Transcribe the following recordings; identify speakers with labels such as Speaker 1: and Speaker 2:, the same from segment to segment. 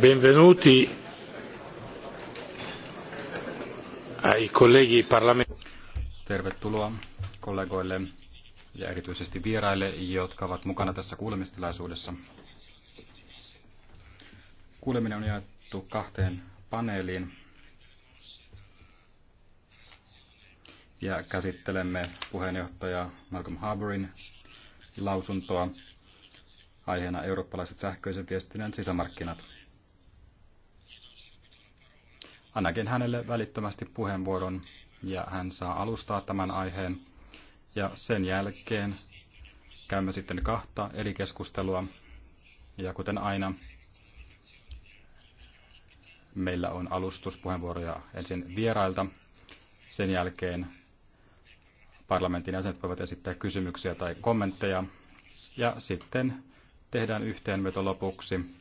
Speaker 1: Benvenuti ai colleghi parlamentari.
Speaker 2: Tervetuloa kollegoille ja erityisesti vieraille, jotka ovat mukana tässä kuulemistilaisuudessa. Kuuleminen on jaettu kahteen paneeliin. Ja käsittelemme puheenjohtaja Malcolm Harbourin lausuntoa aiheena eurooppalaiset sähköisen viestinnän sisämarkkinat. Annakin hänelle välittömästi puheenvuoron ja hän saa alustaa tämän aiheen. Ja sen jälkeen käymme sitten kahta eri keskustelua. Ja kuten aina, meillä on alustuspuheenvuoroja ensin vierailta. Sen jälkeen parlamentin jäsenet voivat esittää kysymyksiä tai kommentteja. Ja sitten tehdään yhteenveto lopuksi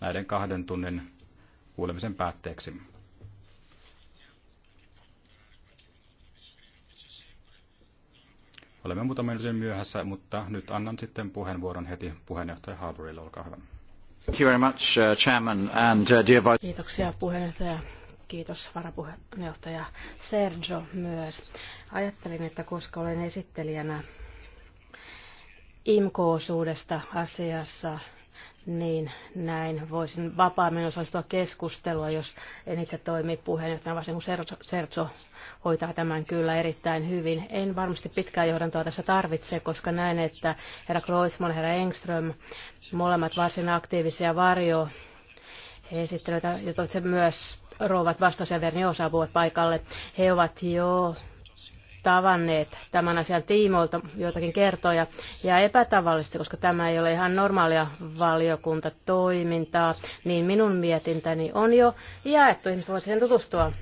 Speaker 2: näiden kahden tunnin kuulemisen päätteeksi. Olemme muutaman minuutin myöhässä, mutta nyt annan sitten puheenvuoron heti puheenjohtaja Harbourille. Olkaa hyvä. Thank you very much, uh, chairman and, uh, dear vice...
Speaker 3: Kiitoksia puheenjohtaja. Kiitos varapuheenjohtaja Sergio myös. Ajattelin, että koska olen esittelijänä IMKO-osuudesta asiassa, niin näin voisin vapaammin osallistua keskustelua, jos en itse toimi puheenjohtajana, varsinkin kun Sertso hoitaa tämän kyllä erittäin hyvin. En varmasti pitkää johdantoa tässä tarvitse, koska näen, että herra Kreutzmann, herra Engström, molemmat varsin aktiivisia varjo esittelyitä, joita myös rouvat vastaus ja Verni paikalle. He ovat jo tavanneet tämän asian tiimoilta joitakin kertoja. Ja epätavallisesti, koska tämä ei ole ihan normaalia valiokuntatoimintaa, niin minun mietintäni on jo jaettu. Ihmiset voivat sen tutustua.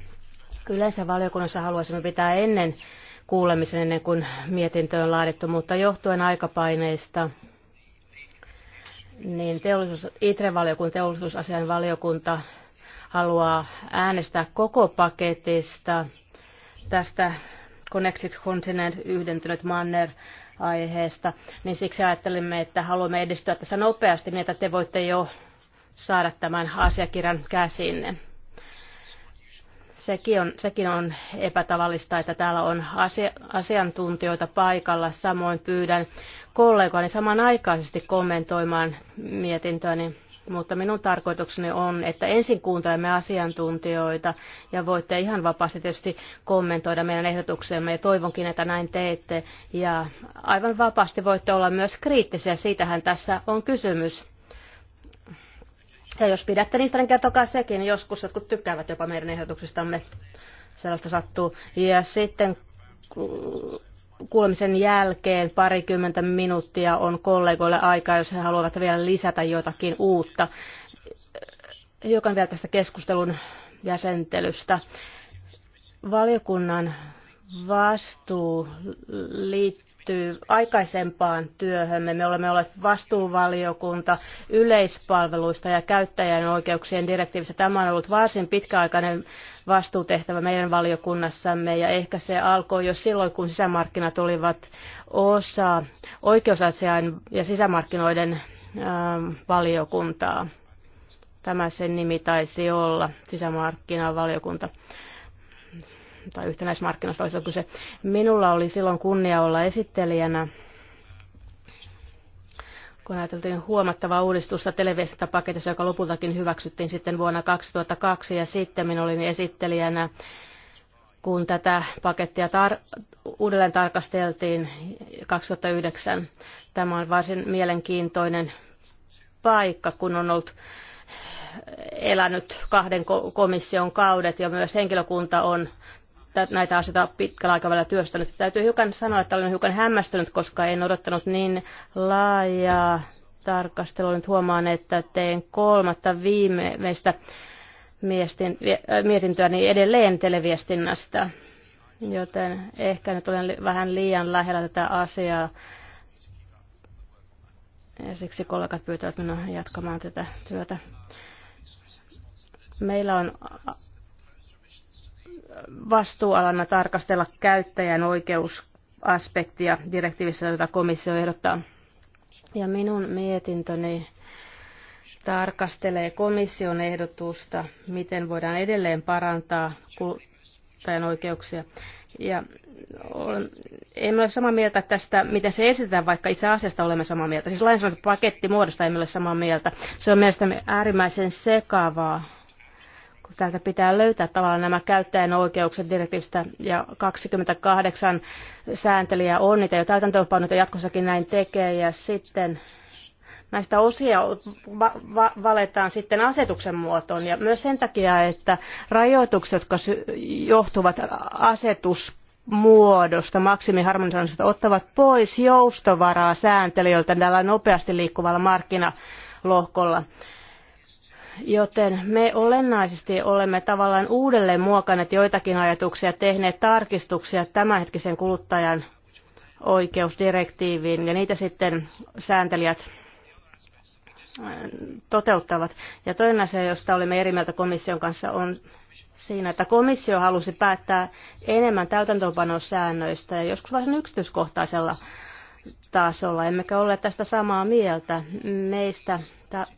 Speaker 3: Yleensä valiokunnassa haluaisimme pitää ennen kuulemisen ennen kuin mietintö on laadittu, mutta johtuen aikapaineista niin teollisuus, ITRE-valiokunta, teollisuusasian valiokunta haluaa äänestää koko paketista tästä Connected Continent, yhdentynyt manner aiheesta, niin siksi ajattelimme, että haluamme edistyä tässä nopeasti niin, että te voitte jo saada tämän asiakirjan käsinne. Sekin on, sekin on epätavallista, että täällä on asia, asiantuntijoita paikalla. Samoin pyydän kollegoani samanaikaisesti kommentoimaan mietintöäni. Niin mutta minun tarkoitukseni on, että ensin kuuntelemme asiantuntijoita ja voitte ihan vapaasti tietysti kommentoida meidän ehdotuksemme ja toivonkin, että näin teette. Ja aivan vapaasti voitte olla myös kriittisiä, siitähän tässä on kysymys. Ja jos pidätte niistä, niin kertokaa sekin. Joskus jotkut tykkäävät jopa meidän ehdotuksistamme. Sellaista sattuu. Ja sitten kuulemisen jälkeen parikymmentä minuuttia on kollegoille aikaa, jos he haluavat vielä lisätä jotakin uutta. Hiukan vielä tästä keskustelun jäsentelystä. Valiokunnan vastuu liittyy liittyy aikaisempaan työhömme. Me olemme olleet vastuuvaliokunta yleispalveluista ja käyttäjän oikeuksien direktiivissä. Tämä on ollut varsin pitkäaikainen vastuutehtävä meidän valiokunnassamme ja ehkä se alkoi jo silloin, kun sisämarkkinat olivat osa oikeusasiain ja sisämarkkinoiden valiokuntaa. Tämä sen nimi taisi olla, sisämarkkinavaliokunta. valiokunta tai yhtenäismarkkinoista olisi kyse. Minulla oli silloin kunnia olla esittelijänä kun ajateltiin huomattavaa uudistusta televisiontapaketissa, joka lopultakin hyväksyttiin sitten vuonna 2002 ja sitten minä olin esittelijänä, kun tätä pakettia tar- uudelleen tarkasteltiin 2009. Tämä on varsin mielenkiintoinen paikka, kun on ollut elänyt kahden komission kaudet ja myös henkilökunta on näitä asioita pitkällä aikavälillä työstänyt. Täytyy hiukan sanoa, että olen hiukan hämmästynyt, koska en odottanut niin laajaa tarkastelua. Nyt huomaan, että teen kolmatta viimeistä äh, mietintöä niin edelleen televiestinnästä. Joten ehkä nyt olen vähän liian lähellä tätä asiaa. Ja siksi kollegat pyytävät minua jatkamaan tätä työtä. Meillä on vastuualana tarkastella käyttäjän oikeusaspektia direktiivissä, jota komissio ehdottaa. Ja minun mietintöni tarkastelee komission ehdotusta, miten voidaan edelleen parantaa kuluttajan oikeuksia. Ja emme ole samaa mieltä tästä, miten se esitetään, vaikka itse asiasta olemme samaa mieltä. Siis lainsäädäntöpaketti muodosta emme ole samaa mieltä. Se on mielestäni äärimmäisen sekavaa täältä pitää löytää tavallaan nämä käyttäjän oikeukset direktiivistä ja 28 sääntelijä on niitä jo täytäntöönpanoita ja jatkossakin näin tekee ja sitten näistä osia va- va- valetaan sitten asetuksen muotoon ja myös sen takia, että rajoitukset, jotka johtuvat asetus muodosta maksimiharmonisoinnista ottavat pois joustovaraa sääntelijöiltä tällä nopeasti liikkuvalla markkinalohkolla. Joten me olennaisesti olemme tavallaan uudelleen muokanneet joitakin ajatuksia, tehneet tarkistuksia tämänhetkisen kuluttajan oikeusdirektiiviin ja niitä sitten sääntelijät äh, toteuttavat. Ja toinen asia, josta olemme eri mieltä komission kanssa, on siinä, että komissio halusi päättää enemmän täytäntöönpanosäännöistä ja joskus varsin yksityiskohtaisella tasolla, emmekä ole tästä samaa mieltä. Meistä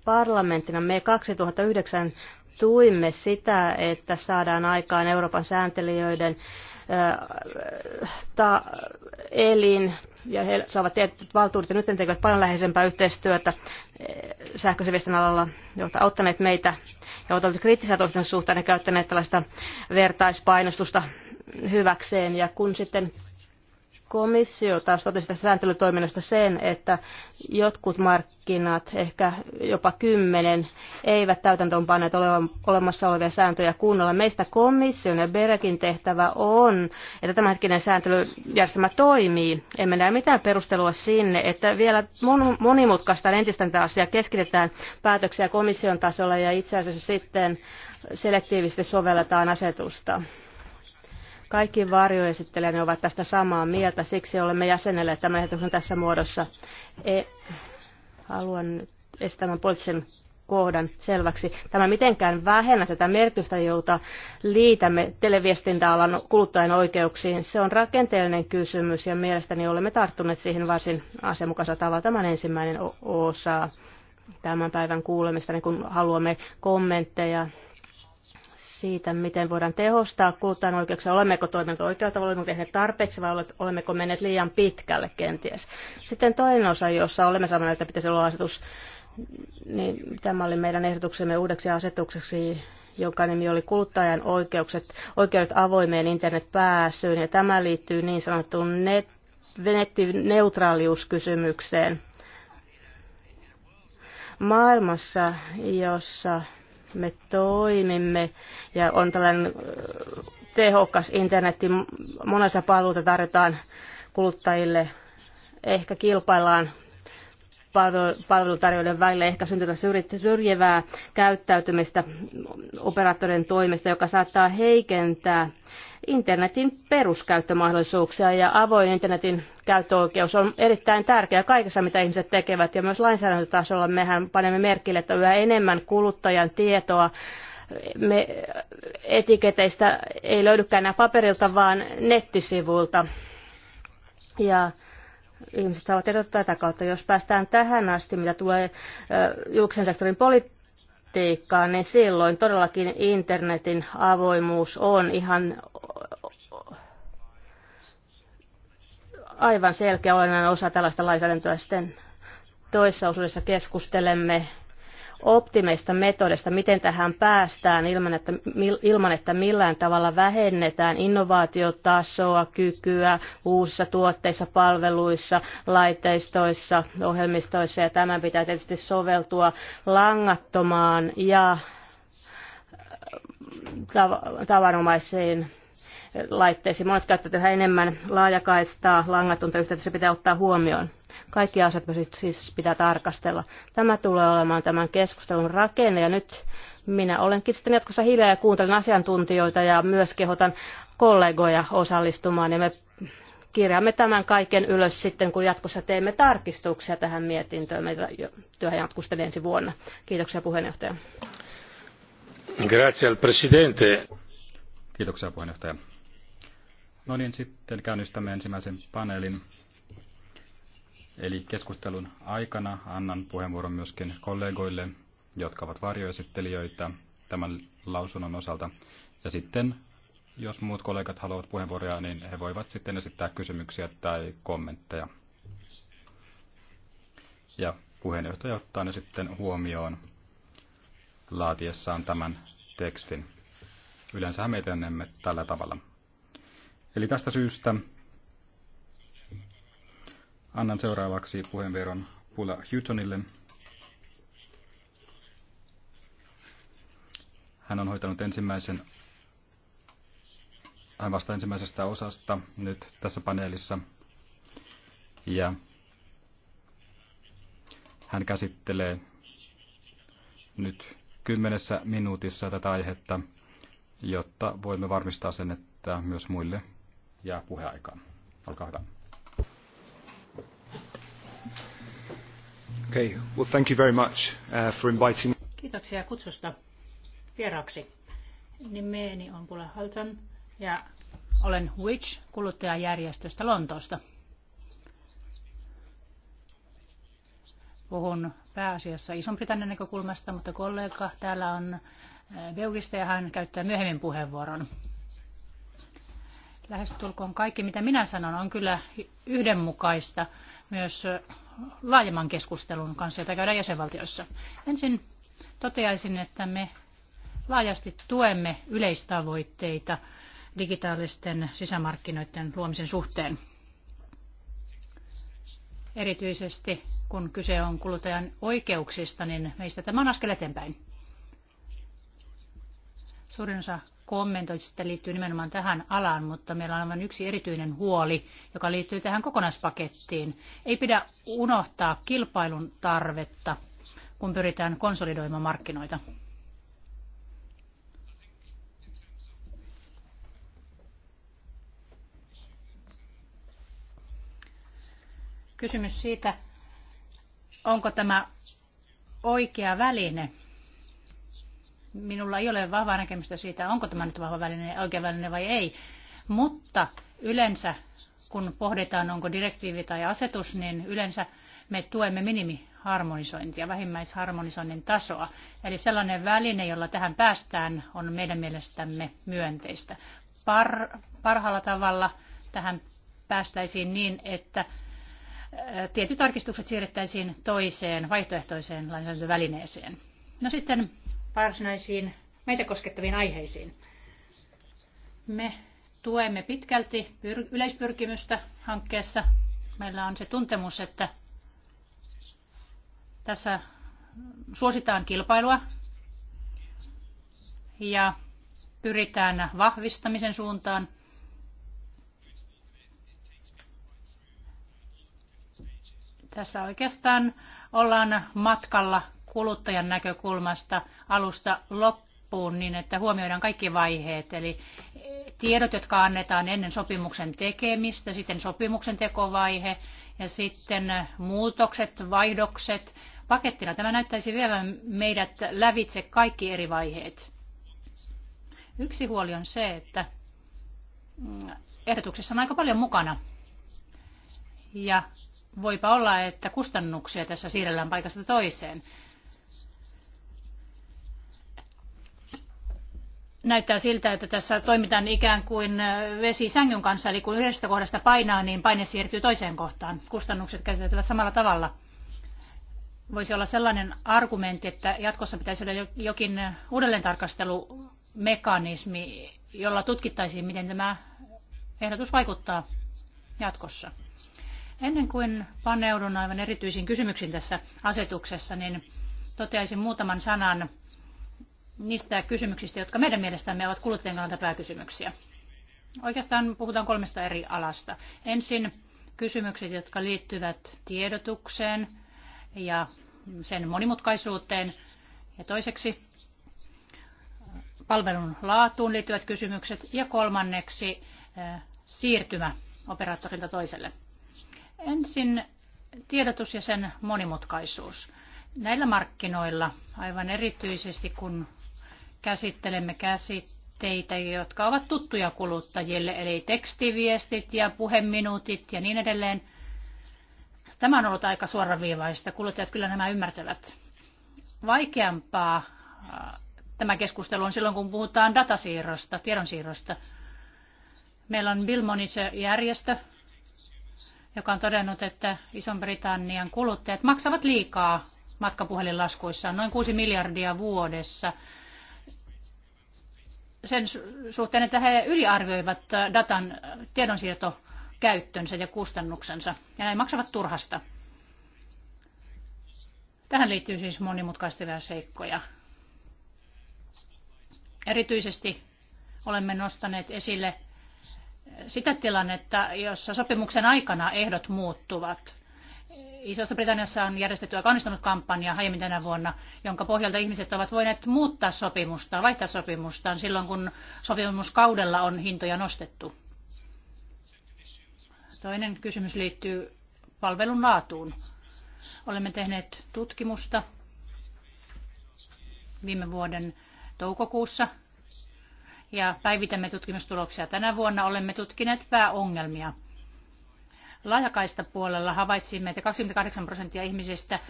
Speaker 3: parlamenttina me 2009 tuimme sitä, että saadaan aikaan Euroopan sääntelijöiden ta, elin ja he saavat tietyt valtuudet ja nyt tekevät paljon läheisempää yhteistyötä sähköisen viestin alalla, jotka auttaneet meitä ja ovat olleet kriittisiä toisten suhteen ja käyttäneet tällaista vertaispainostusta hyväkseen. Ja kun sitten Komissio taas totesi tästä sääntelytoiminnasta sen, että jotkut markkinat, ehkä jopa kymmenen, eivät täytäntöönpaneet olemassa olevia sääntöjä kunnolla. Meistä komission ja Berekin tehtävä on, että tämänhetkinen sääntelyjärjestelmä toimii. Emme näe mitään perustelua sinne, että vielä monimutkaista entistä tätä asiaa keskitetään päätöksiä komission tasolla ja itse asiassa sitten selektiivisesti sovelletaan asetusta. Kaikki varjoesittelijämme ovat tästä samaa mieltä, siksi olemme jäsenelle tämän ehdotuksen tässä muodossa. E- Haluan nyt esittämään poliittisen kohdan selväksi. Tämä mitenkään vähennä tätä merkitystä, jota liitämme televiestintäalan kuluttajan oikeuksiin. Se on rakenteellinen kysymys ja mielestäni olemme tarttuneet siihen varsin asianmukaisella tavalla. Tämän ensimmäinen osa tämän päivän kuulemista, niin kun haluamme kommentteja siitä, miten voidaan tehostaa kuluttajan oikeuksia, olemmeko toimineet oikealla tavalla, olemmeko tehneet tarpeeksi vai olemmeko menneet liian pitkälle kenties. Sitten toinen osa, jossa olemme sanoneet, että pitäisi olla asetus, niin tämä oli meidän ehdotuksemme uudeksi asetukseksi, jonka nimi oli kuluttajan oikeukset, oikeudet avoimeen internetpääsyyn, ja tämä liittyy niin sanottuun net, nettineutraaliuskysymykseen. Maailmassa, jossa me toimimme ja on tällainen tehokas internetti. Monessa palveluita tarjotaan kuluttajille. Ehkä kilpaillaan palvelutarjoajien välillä ehkä syntyvä syrjivää käyttäytymistä operaattorien toimesta, joka saattaa heikentää internetin peruskäyttömahdollisuuksia ja avoin internetin käyttöoikeus on erittäin tärkeä kaikessa, mitä ihmiset tekevät. Ja myös lainsäädäntötasolla mehän panemme merkille, että yhä enemmän kuluttajan tietoa me etiketeistä ei löydykään enää paperilta, vaan nettisivuilta. Ja ihmiset saavat tietoa tätä kautta. Jos päästään tähän asti, mitä tulee julkisen sektorin politiikkaan, politiikkaa, niin silloin todellakin internetin avoimuus on ihan aivan selkeä olennainen osa tällaista lainsäädäntöä. Sitten toisessa osuudessa keskustelemme optimeista metodista, miten tähän päästään ilman että, ilman, että millään tavalla vähennetään innovaatiotasoa, kykyä uusissa tuotteissa, palveluissa, laitteistoissa, ohjelmistoissa ja tämän pitää tietysti soveltua langattomaan ja äh, tavanomaisiin laitteisiin. Monet käyttävät yhä enemmän laajakaistaa, langatonta yhteyttä, se pitää ottaa huomioon. Kaikki asiat siis pitää tarkastella. Tämä tulee olemaan tämän keskustelun rakenne ja nyt minä olenkin sitten jatkossa hiljaa ja kuuntelen asiantuntijoita ja myös kehotan kollegoja osallistumaan ja me kirjaamme tämän kaiken ylös sitten, kun jatkossa teemme tarkistuksia tähän mietintöön. Meitä työhön jatkuu sitten ensi vuonna. Kiitoksia puheenjohtaja.
Speaker 1: Grazie al presidente. Kiitoksia puheenjohtaja.
Speaker 2: No niin, sitten käynnistämme ensimmäisen paneelin. Eli keskustelun aikana annan puheenvuoron myöskin kollegoille, jotka ovat varjoesittelijöitä tämän lausunnon osalta. Ja sitten, jos muut kollegat haluavat puheenvuoroja, niin he voivat sitten esittää kysymyksiä tai kommentteja. Ja puheenjohtaja ottaa ne sitten huomioon laatiessaan tämän tekstin. Yleensä me etenemme tällä tavalla. Eli tästä syystä Annan seuraavaksi puheenvuoron Pula Huttonille. Hän on hoitanut ensimmäisen, hän vasta ensimmäisestä osasta nyt tässä paneelissa. Ja hän käsittelee nyt kymmenessä minuutissa tätä aihetta, jotta voimme varmistaa sen, että myös muille jää puheaikaan. Olkaa hyvä. Okay. Well, thank you very much uh, for inviting
Speaker 4: Kiitoksia kutsusta vieraaksi. Nimeeni on Pula Halton ja olen Witch kuluttajajärjestöstä Lontoosta. Puhun pääasiassa Ison-Britannian näkökulmasta, mutta kollega täällä on äh, Beugista ja hän käyttää myöhemmin puheenvuoron. Lähestulkoon kaikki, mitä minä sanon, on kyllä yhdenmukaista myös laajemman keskustelun kanssa, jota käydään jäsenvaltioissa. Ensin toteaisin, että me laajasti tuemme yleistavoitteita digitaalisten sisämarkkinoiden luomisen suhteen. Erityisesti kun kyse on kuluttajan oikeuksista, niin meistä tämä on askel eteenpäin. Suurin osa että liittyy nimenomaan tähän alaan, mutta meillä on aivan yksi erityinen huoli, joka liittyy tähän kokonaispakettiin. Ei pidä unohtaa kilpailun tarvetta, kun pyritään konsolidoimaan markkinoita. Kysymys siitä, onko tämä oikea väline Minulla ei ole vahvaa näkemystä siitä, onko tämä nyt vahva väline, oikea väline vai ei. Mutta yleensä, kun pohditaan, onko direktiivi tai asetus, niin yleensä me tuemme minimiharmonisointia, vähimmäisharmonisoinnin tasoa. Eli sellainen väline, jolla tähän päästään, on meidän mielestämme myönteistä. Par, parhaalla tavalla tähän päästäisiin niin, että tietyt tarkistukset siirrettäisiin toiseen vaihtoehtoiseen lainsäädäntövälineeseen. No sitten varsinaisiin meitä koskettaviin aiheisiin. Me tuemme pitkälti yleispyrkimystä hankkeessa. Meillä on se tuntemus, että tässä suositaan kilpailua ja pyritään vahvistamisen suuntaan. Tässä oikeastaan ollaan matkalla kuluttajan näkökulmasta alusta loppuun niin, että huomioidaan kaikki vaiheet. Eli eh, tiedot, jotka annetaan ennen sopimuksen tekemistä, sitten sopimuksen tekovaihe ja sitten eh, muutokset, vaihdokset. Pakettina tämä näyttäisi vievän meidät lävitse kaikki eri vaiheet. Yksi huoli on se, että mm, ehdotuksessa on aika paljon mukana. Ja voipa olla, että kustannuksia tässä siirrellään paikasta toiseen. näyttää siltä, että tässä toimitaan ikään kuin äh, vesi sängyn kanssa, eli kun yhdestä kohdasta painaa, niin paine siirtyy toiseen kohtaan. Kustannukset käytetään samalla tavalla. Voisi olla sellainen argumentti, että jatkossa pitäisi olla jokin äh, uudelleentarkastelumekanismi, jolla tutkittaisiin, miten tämä ehdotus vaikuttaa jatkossa. Ennen kuin paneudun aivan erityisiin kysymyksiin tässä asetuksessa, niin toteaisin muutaman sanan niistä kysymyksistä, jotka meidän mielestämme ovat kuluttajien kannalta pääkysymyksiä. Oikeastaan puhutaan kolmesta eri alasta. Ensin kysymykset, jotka liittyvät tiedotukseen ja sen monimutkaisuuteen. Ja toiseksi palvelun laatuun liittyvät kysymykset. Ja kolmanneksi eh, siirtymä operaattorilta toiselle. Ensin tiedotus ja sen monimutkaisuus. Näillä markkinoilla, aivan erityisesti kun käsittelemme käsitteitä, jotka ovat tuttuja kuluttajille, eli tekstiviestit ja puheminuutit ja niin edelleen. Tämä on ollut aika suoraviivaista. Kuluttajat kyllä nämä ymmärtävät. Vaikeampaa äh, tämä keskustelu on silloin, kun puhutaan datasiirrosta, tiedonsiirrosta. Meillä on Bilmonitse-järjestö, joka on todennut, että iso britannian kuluttajat maksavat liikaa matkapuhelinlaskuissaan noin 6 miljardia vuodessa sen suhteen, että he yliarvioivat äh, datan äh, tiedonsiirtokäyttönsä ja kustannuksensa, ja näin maksavat turhasta. Tähän liittyy siis monimutkaistavia seikkoja. Erityisesti olemme nostaneet esille äh, sitä tilannetta, jossa sopimuksen aikana ehdot muuttuvat. Isossa Britanniassa on järjestetty aika onnistunut kampanja aiemmin tänä vuonna, jonka pohjalta ihmiset ovat voineet muuttaa sopimusta, vaihtaa sopimustaan silloin, kun sopimuskaudella on hintoja nostettu. Toinen kysymys liittyy palvelun laatuun. Olemme tehneet tutkimusta viime vuoden toukokuussa ja päivitämme tutkimustuloksia tänä vuonna. Olemme tutkineet pääongelmia – laajakaista puolella havaitsimme, että 28 prosenttia ihmisistä äh,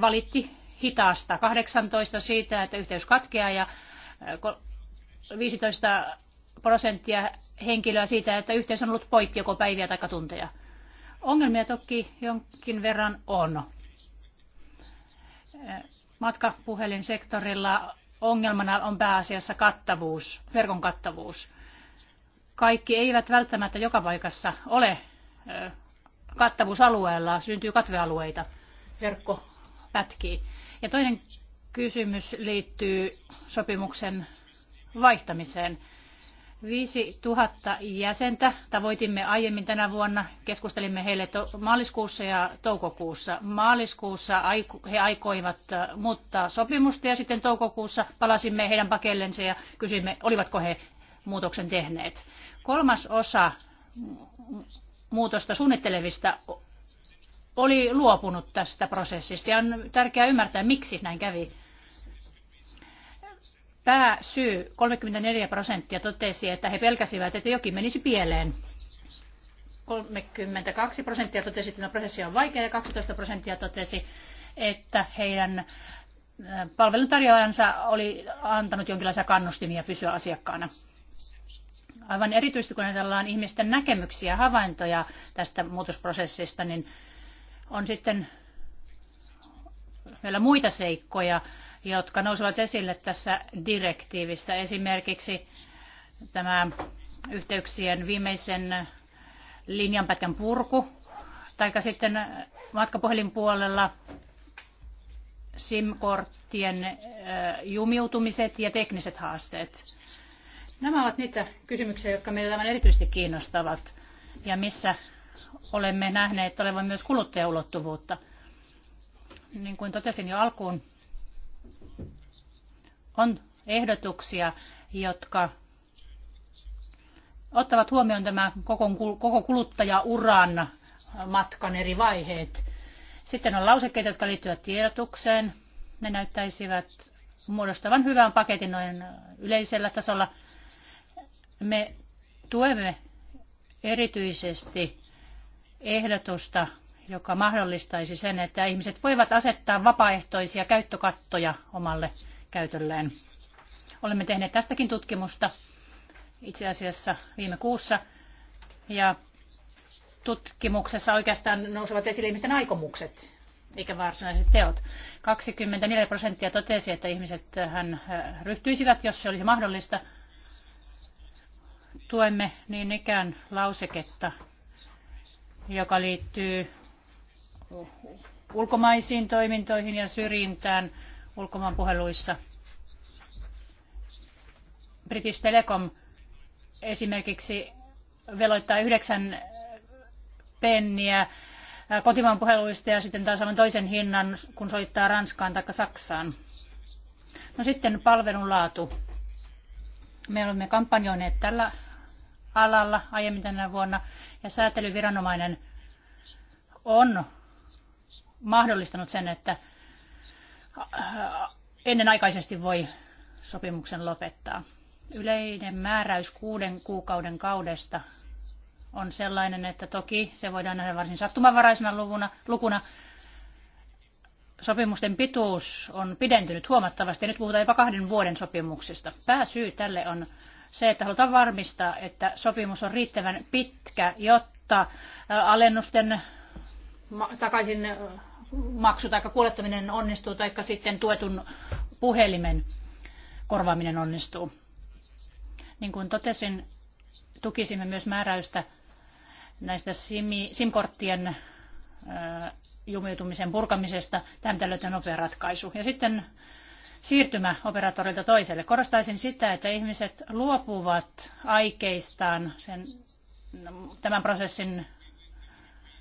Speaker 4: valitti hitaasta, 18 siitä, että yhteys katkeaa ja 15 äh, prosenttia henkilöä siitä, että yhteys on ollut poikki joko päiviä tai tunteja. Ongelmia toki jonkin verran on. Äh, matkapuhelinsektorilla ongelmana on pääasiassa kattavuus, verkon kattavuus. Kaikki eivät välttämättä joka paikassa ole kattavuusalueella, syntyy katvealueita, verkko pätkii. Ja toinen kysymys liittyy sopimuksen vaihtamiseen. 5000 jäsentä tavoitimme aiemmin tänä vuonna. Keskustelimme heille maaliskuussa ja toukokuussa. Maaliskuussa he aikoivat äh, muuttaa sopimusta ja sitten toukokuussa palasimme heidän pakellensa ja kysyimme, olivatko he muutoksen tehneet. Kolmas osa muutosta suunnittelevista oli luopunut tästä prosessista ja on tärkeää ymmärtää, miksi näin kävi. Pääsyy 34 prosenttia totesi, että he pelkäsivät, että jokin menisi pieleen. 32 prosenttia totesi, että prosessi on vaikea ja 12 prosenttia totesi, että heidän palveluntarjoajansa oli antanut jonkinlaisia kannustimia pysyä asiakkaana aivan erityisesti kun ajatellaan ihmisten näkemyksiä ja havaintoja tästä muutosprosessista, niin on sitten vielä muita seikkoja, jotka nousevat esille tässä direktiivissä. Esimerkiksi tämä yhteyksien viimeisen linjanpätkän purku, tai sitten matkapuhelinpuolella SIM-korttien jumiutumiset ja tekniset haasteet. Nämä ovat niitä kysymyksiä, jotka meitä tämän erityisesti kiinnostavat ja missä olemme nähneet olevan myös kuluttajaulottuvuutta. Niin kuin totesin jo alkuun, on ehdotuksia, jotka ottavat huomioon tämän koko kuluttajauran matkan eri vaiheet. Sitten on lausekkeita, jotka liittyvät tiedotukseen. Ne näyttäisivät muodostavan hyvän paketin noin yleisellä tasolla – me tuemme erityisesti ehdotusta, joka mahdollistaisi sen, että ihmiset voivat asettaa vapaaehtoisia käyttökattoja omalle käytölleen. Olemme tehneet tästäkin tutkimusta itse asiassa viime kuussa. Ja tutkimuksessa oikeastaan nousevat esille ihmisten aikomukset, eikä varsinaiset teot. 24 prosenttia totesi, että ihmiset äh, hän äh, ryhtyisivät, jos se olisi mahdollista – Tuemme niin ikään lauseketta, joka liittyy ulkomaisiin toimintoihin ja syrjintään ulkomaanpuheluissa. British Telecom esimerkiksi veloittaa yhdeksän penniä kotimaan puheluista ja sitten taas on toisen hinnan, kun soittaa Ranskaan tai Saksaan. No sitten palvelun laatu. Me olemme kampanjoineet tällä alalla aiemmin tänä vuonna ja säätelyviranomainen on mahdollistanut sen, että äh, ennenaikaisesti voi sopimuksen lopettaa. Yleinen määräys kuuden kuukauden kaudesta on sellainen, että toki se voidaan nähdä varsin sattumanvaraisena luvuna, lukuna. Sopimusten pituus on pidentynyt huomattavasti. Nyt puhutaan jopa kahden vuoden sopimuksista. Pääsyy tälle on se, että halutaan varmistaa, että sopimus on riittävän pitkä, jotta alennusten takaisin maksu tai kuljettaminen onnistuu, tai sitten tuetun puhelimen korvaaminen onnistuu. Niin kuin totesin, tukisimme myös määräystä näistä SIM-korttien jumiutumisen purkamisesta. Tämä pitää löytää nopea ratkaisu. Ja sitten siirtymä toiselle. Korostaisin sitä, että ihmiset luopuvat aikeistaan sen, tämän prosessin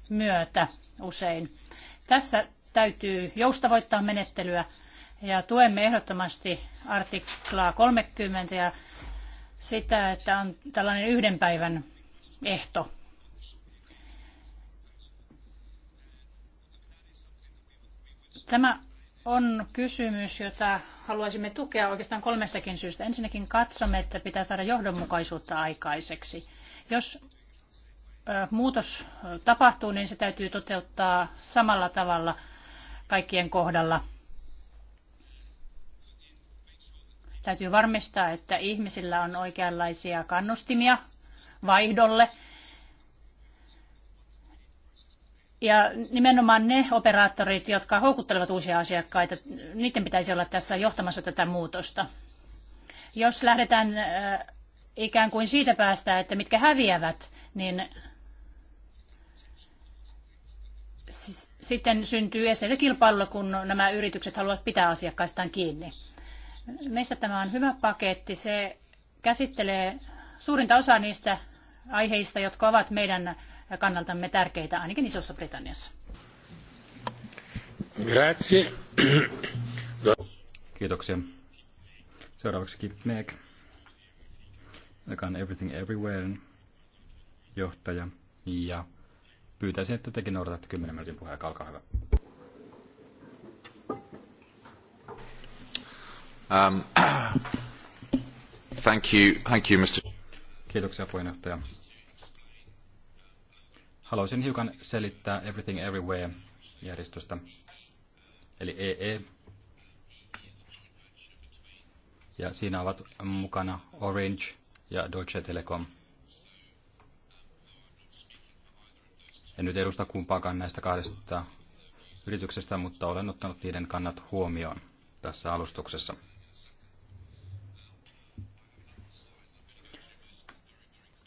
Speaker 4: myötä usein. Tässä täytyy joustavoittaa menettelyä ja tuemme ehdottomasti artiklaa 30 ja sitä, että on tällainen yhden päivän ehto. Tämä on kysymys, jota haluaisimme tukea oikeastaan kolmestakin syystä. Ensinnäkin katsomme, että pitää saada johdonmukaisuutta aikaiseksi. Jos muutos tapahtuu, niin se täytyy toteuttaa samalla tavalla kaikkien kohdalla. Täytyy varmistaa, että ihmisillä on oikeanlaisia kannustimia vaihdolle – ja nimenomaan ne operaattorit, jotka houkuttelevat uusia asiakkaita, niiden pitäisi olla tässä johtamassa tätä muutosta. Jos lähdetään äh, ikään kuin siitä päästä, että mitkä häviävät, niin sitten syntyy esteitä kilpailulla, kun nämä yritykset haluavat pitää asiakkaistaan kiinni. Meistä tämä on hyvä paketti. Se käsittelee suurinta osaa niistä aiheista, jotka ovat meidän kannaltamme tärkeitä ainakin Isossa Britanniassa.
Speaker 1: Grazie.
Speaker 2: Kiitoksia. Seuraavaksi Kip Meg, joka on Everything Everywhere johtaja. Ja pyytäisin, että tekin noudatatte 10 minuutin puheen. Olkaa hyvä.
Speaker 4: Um, thank you, thank you, Mr.
Speaker 2: Kiitoksia puheenjohtaja. Haluaisin hiukan selittää Everything Everywhere-järjestöstä, eli EE. E ja siinä ovat mukana Orange ja Deutsche Telekom. En nyt edusta kumpaakaan näistä kahdesta yrityksestä, mutta olen ottanut niiden kannat huomioon tässä alustuksessa.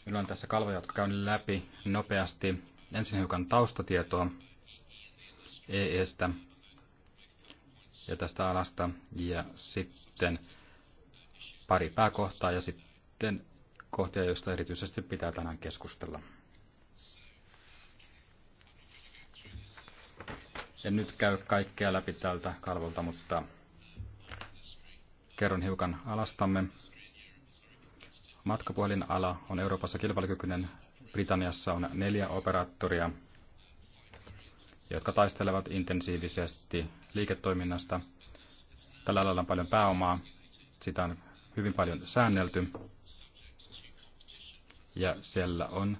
Speaker 2: Minulla on tässä kalvoja, jotka käyn läpi nopeasti. Ensin hiukan taustatietoa EEstä ja tästä alasta ja sitten pari pääkohtaa ja sitten kohtia, joista erityisesti pitää tänään keskustella. En nyt käy kaikkea läpi tältä kalvolta, mutta kerron hiukan alastamme Matkapuhelin ala on Euroopassa kilpailukykyinen. Britanniassa on neljä operaattoria, jotka taistelevat intensiivisesti liiketoiminnasta. Tällä alalla on paljon pääomaa, sitä on hyvin paljon säännelty ja siellä on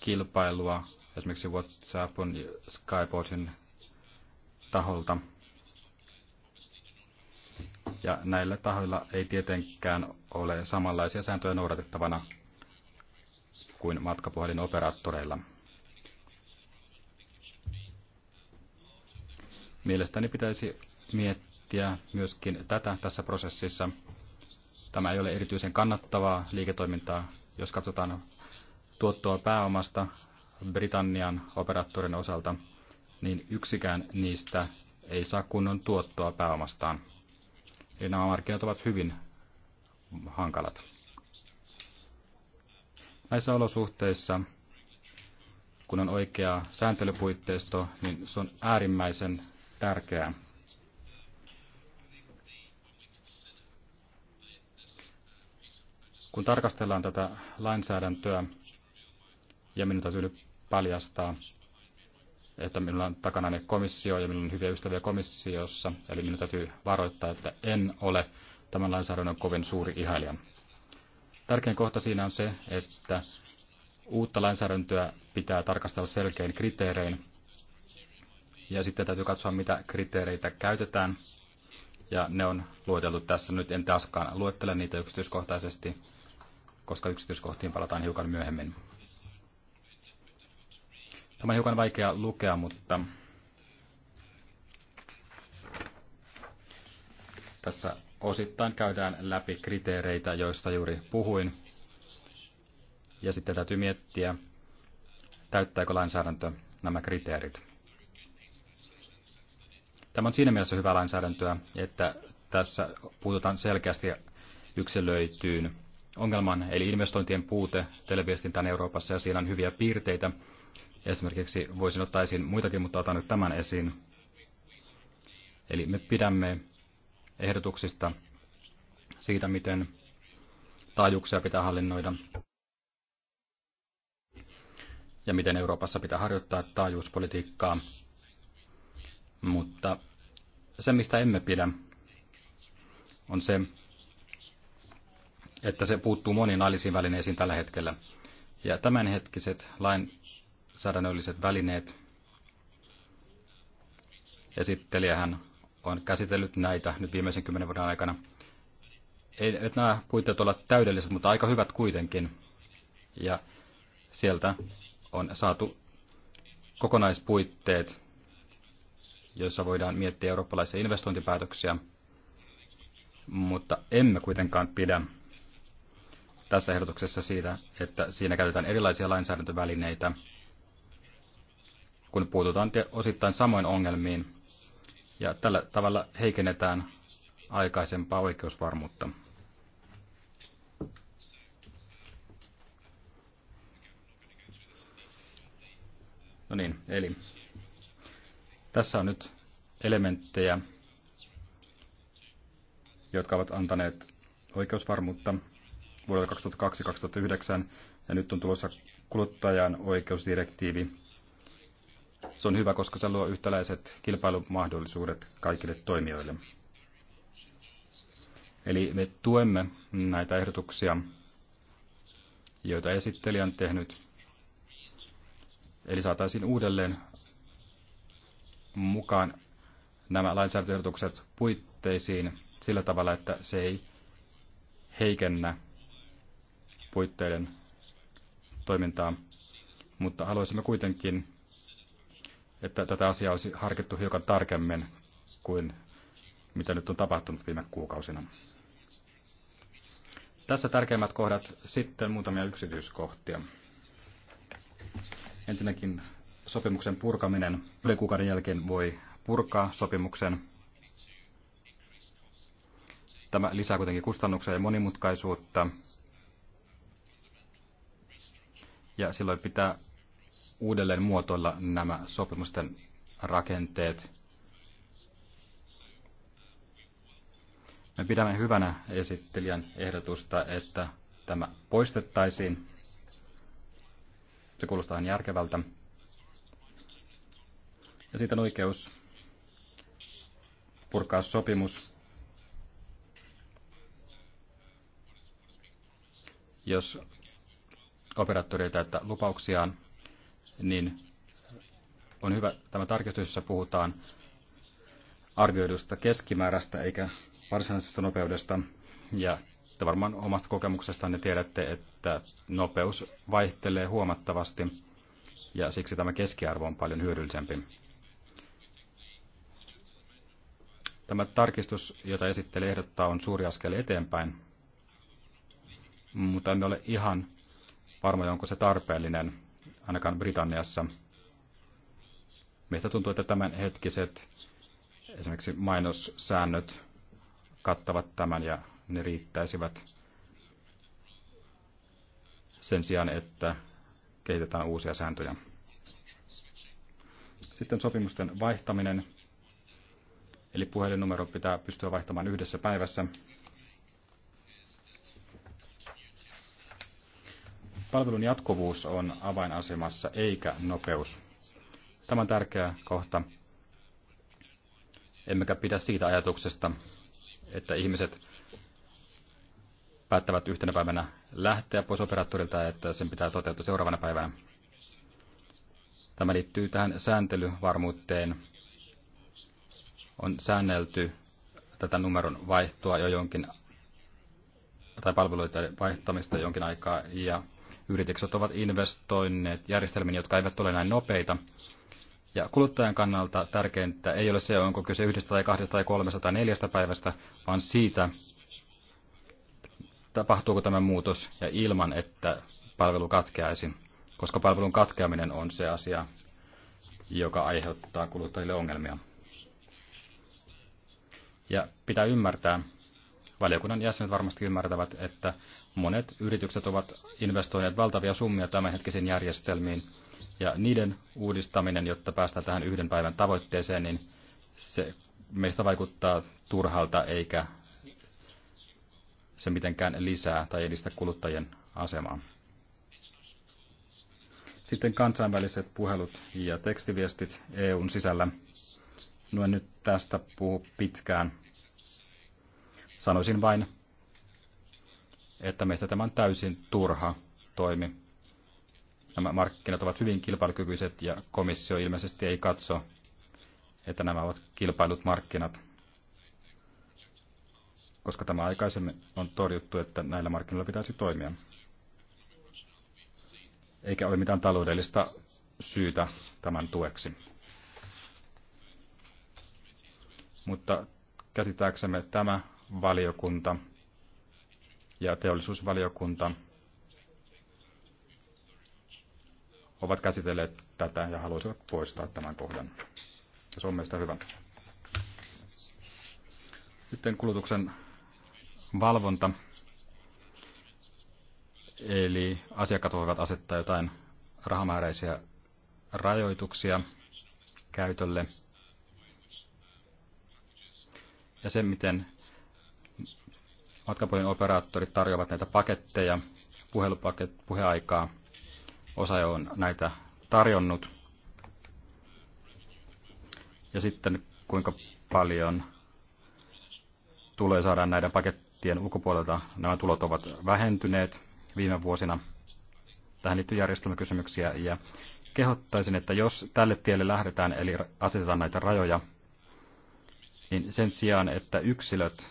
Speaker 2: kilpailua esimerkiksi WhatsAppin, Skyportin taholta ja näillä tahoilla ei tietenkään ole samanlaisia sääntöjä noudatettavana kuin matkapuhelinoperaattoreilla. Mielestäni pitäisi miettiä myöskin tätä tässä prosessissa. Tämä ei ole erityisen kannattavaa liiketoimintaa, jos katsotaan tuottoa pääomasta Britannian operaattorin osalta, niin yksikään niistä ei saa kunnon tuottoa pääomastaan. Eli nämä markkinat ovat hyvin hankalat. Näissä olosuhteissa, kun on oikea sääntelypuitteisto, niin se on äärimmäisen tärkeää. Kun tarkastellaan tätä lainsäädäntöä, ja minun täytyy paljastaa, että minulla on takana ne komissio ja minulla on hyviä ystäviä komissiossa, eli minun täytyy varoittaa, että en ole tämän lainsäädännön kovin suuri ihailija. Tärkein kohta siinä on se, että uutta lainsäädäntöä pitää tarkastella selkein kriteerein, ja sitten täytyy katsoa, mitä kriteereitä käytetään, ja ne on lueteltu tässä. Nyt en taaskaan luettele niitä yksityiskohtaisesti, koska yksityiskohtiin palataan hiukan myöhemmin. Tämä on hiukan vaikea lukea, mutta tässä osittain käydään läpi kriteereitä, joista juuri puhuin. Ja sitten täytyy miettiä, täyttääkö lainsäädäntö nämä kriteerit. Tämä on siinä mielessä hyvää lainsäädäntöä, että tässä puututaan selkeästi yksilöityyn ongelman, eli investointien puute televiestintään Euroopassa, ja siinä on hyviä piirteitä, Esimerkiksi voisin ottaa esiin muitakin, mutta otan nyt tämän esiin. Eli me pidämme ehdotuksista siitä, miten taajuuksia pitää hallinnoida ja miten Euroopassa pitää harjoittaa taajuuspolitiikkaa. Mutta se, mistä emme pidä, on se, että se puuttuu moniin välineisiin tällä hetkellä. Ja tämänhetkiset lain säädännölliset välineet. Esittelijähän on käsitellyt näitä nyt viimeisen kymmenen vuoden aikana. Ei nyt nämä puitteet olla täydelliset, mutta aika hyvät kuitenkin. Ja sieltä on saatu kokonaispuitteet, joissa voidaan miettiä eurooppalaisia investointipäätöksiä, mutta emme kuitenkaan pidä tässä ehdotuksessa siitä, että siinä käytetään erilaisia lainsäädäntövälineitä kun puututaan osittain samoin ongelmiin, ja tällä tavalla heikennetään aikaisempaa oikeusvarmuutta. No niin, eli tässä on nyt elementtejä, jotka ovat antaneet oikeusvarmuutta vuodelta 2002-2009, ja nyt on tulossa kuluttajan oikeusdirektiivi se on hyvä, koska se luo yhtäläiset kilpailumahdollisuudet kaikille toimijoille. Eli me tuemme näitä ehdotuksia, joita esittelijä on tehnyt. Eli saataisiin uudelleen mukaan nämä lainsäädäntöehdotukset puitteisiin sillä tavalla, että se ei heikennä puitteiden toimintaa. Mutta haluaisimme kuitenkin että tätä asiaa olisi harkittu hiukan tarkemmin kuin mitä nyt on tapahtunut viime kuukausina. Tässä tärkeimmät kohdat, sitten muutamia yksityiskohtia. Ensinnäkin sopimuksen purkaminen. Yli kuukauden jälkeen voi purkaa sopimuksen. Tämä lisää kuitenkin kustannuksia ja monimutkaisuutta. Ja silloin pitää uudelleen muotoilla nämä sopimusten rakenteet. Me pidämme hyvänä esittelijän ehdotusta, että tämä poistettaisiin. Se kuulostaa ihan järkevältä. Ja siitä on oikeus purkaa sopimus, jos operaattori ei täyttä lupauksiaan niin on hyvä tämä tarkistus, jossa puhutaan arvioidusta keskimäärästä eikä varsinaisesta nopeudesta. Ja te varmaan omasta kokemuksestanne tiedätte, että nopeus vaihtelee huomattavasti ja siksi tämä keskiarvo on paljon hyödyllisempi. Tämä tarkistus, jota esittelee ehdottaa, on suuri askel eteenpäin, mutta emme ole ihan varma, onko se tarpeellinen ainakaan Britanniassa. Meistä tuntuu, että tämänhetkiset esimerkiksi mainossäännöt kattavat tämän ja ne riittäisivät sen sijaan, että kehitetään uusia sääntöjä. Sitten sopimusten vaihtaminen. Eli puhelinnumero pitää pystyä vaihtamaan yhdessä päivässä. Palvelun jatkuvuus on avainasemassa eikä nopeus. Tämä on tärkeä kohta. Emmekä pidä siitä ajatuksesta, että ihmiset päättävät yhtenä päivänä lähteä pois operaattorilta ja että sen pitää toteutua seuraavana päivänä. Tämä liittyy tähän sääntelyvarmuuteen. On säännelty tätä numeron vaihtoa jo jonkin tai palveluiden vaihtamista jonkin aikaa ja Yritykset ovat investoineet järjestelmiin, jotka eivät ole näin nopeita. Ja kuluttajan kannalta tärkeintä ei ole se, onko kyse yhdestä tai kahdesta tai kolmesta tai neljästä päivästä, vaan siitä, tapahtuuko tämä muutos ja ilman, että palvelu katkeaisi, koska palvelun katkeaminen on se asia, joka aiheuttaa kuluttajille ongelmia. Ja pitää ymmärtää, valiokunnan jäsenet varmasti ymmärtävät, että monet yritykset ovat investoineet valtavia summia tämänhetkisiin järjestelmiin, ja niiden uudistaminen, jotta päästään tähän yhden päivän tavoitteeseen, niin se meistä vaikuttaa turhalta, eikä se mitenkään lisää tai edistä kuluttajien asemaa. Sitten kansainväliset puhelut ja tekstiviestit EUn sisällä. No en nyt tästä puhu pitkään. Sanoisin vain, että meistä tämä on täysin turha toimi. Nämä markkinat ovat hyvin kilpailukykyiset ja komissio ilmeisesti ei katso, että nämä ovat kilpailut markkinat, koska tämä aikaisemmin on torjuttu, että näillä markkinoilla pitäisi toimia. Eikä ole mitään taloudellista syytä tämän tueksi. Mutta käsittääksemme tämä valiokunta – ja teollisuusvaliokunta ovat käsitelleet tätä ja haluaisivat poistaa tämän kohdan. Se on meistä hyvä. Sitten kulutuksen valvonta. Eli asiakkaat voivat asettaa jotain rahamääräisiä rajoituksia käytölle. Ja se, miten Matkapuhelinoperaattorit operaattorit tarjoavat näitä paketteja, puhelupaket, puheaikaa. Osa jo on näitä tarjonnut. Ja sitten kuinka paljon tulee saada näiden pakettien ulkopuolelta. Nämä tulot ovat vähentyneet viime vuosina. Tähän liittyy järjestelmäkysymyksiä ja kehottaisin, että jos tälle tielle lähdetään, eli asetetaan näitä rajoja, niin sen sijaan, että yksilöt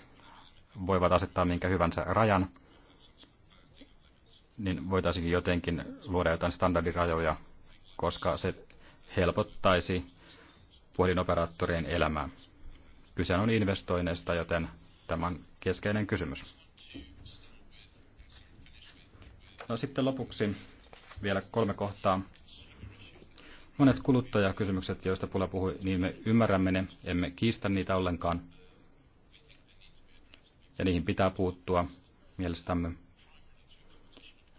Speaker 2: voivat asettaa minkä hyvänsä rajan, niin voitaisiin jotenkin luoda jotain standardirajoja, koska se helpottaisi puhelinoperaattorien elämää. Kyse on investoinneista, joten tämä on keskeinen kysymys. No sitten lopuksi vielä kolme kohtaa. Monet kuluttajakysymykset, joista Pula puhui, niin me ymmärrämme ne, emme kiistä niitä ollenkaan – ja niihin pitää puuttua mielestämme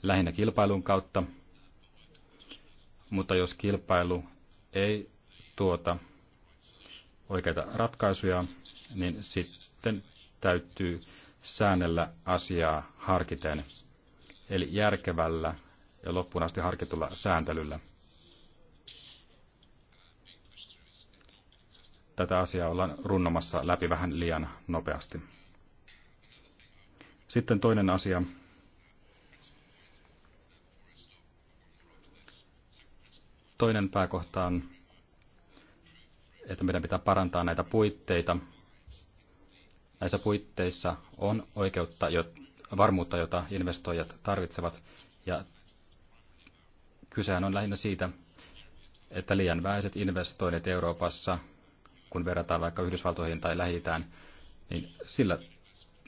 Speaker 2: lähinnä kilpailun kautta. Mutta jos kilpailu ei tuota oikeita ratkaisuja, niin sitten täytyy säännellä asiaa harkiten, eli järkevällä ja loppuun asti harkitulla sääntelyllä. Tätä asiaa ollaan runnomassa läpi vähän liian nopeasti. Sitten toinen asia. Toinen pääkohta on, että meidän pitää parantaa näitä puitteita. Näissä puitteissa on oikeutta, varmuutta, jota investoijat tarvitsevat. Ja kysehän on lähinnä siitä, että liian vähäiset investoinnit Euroopassa, kun verrataan vaikka Yhdysvaltoihin tai lähitään, niin sillä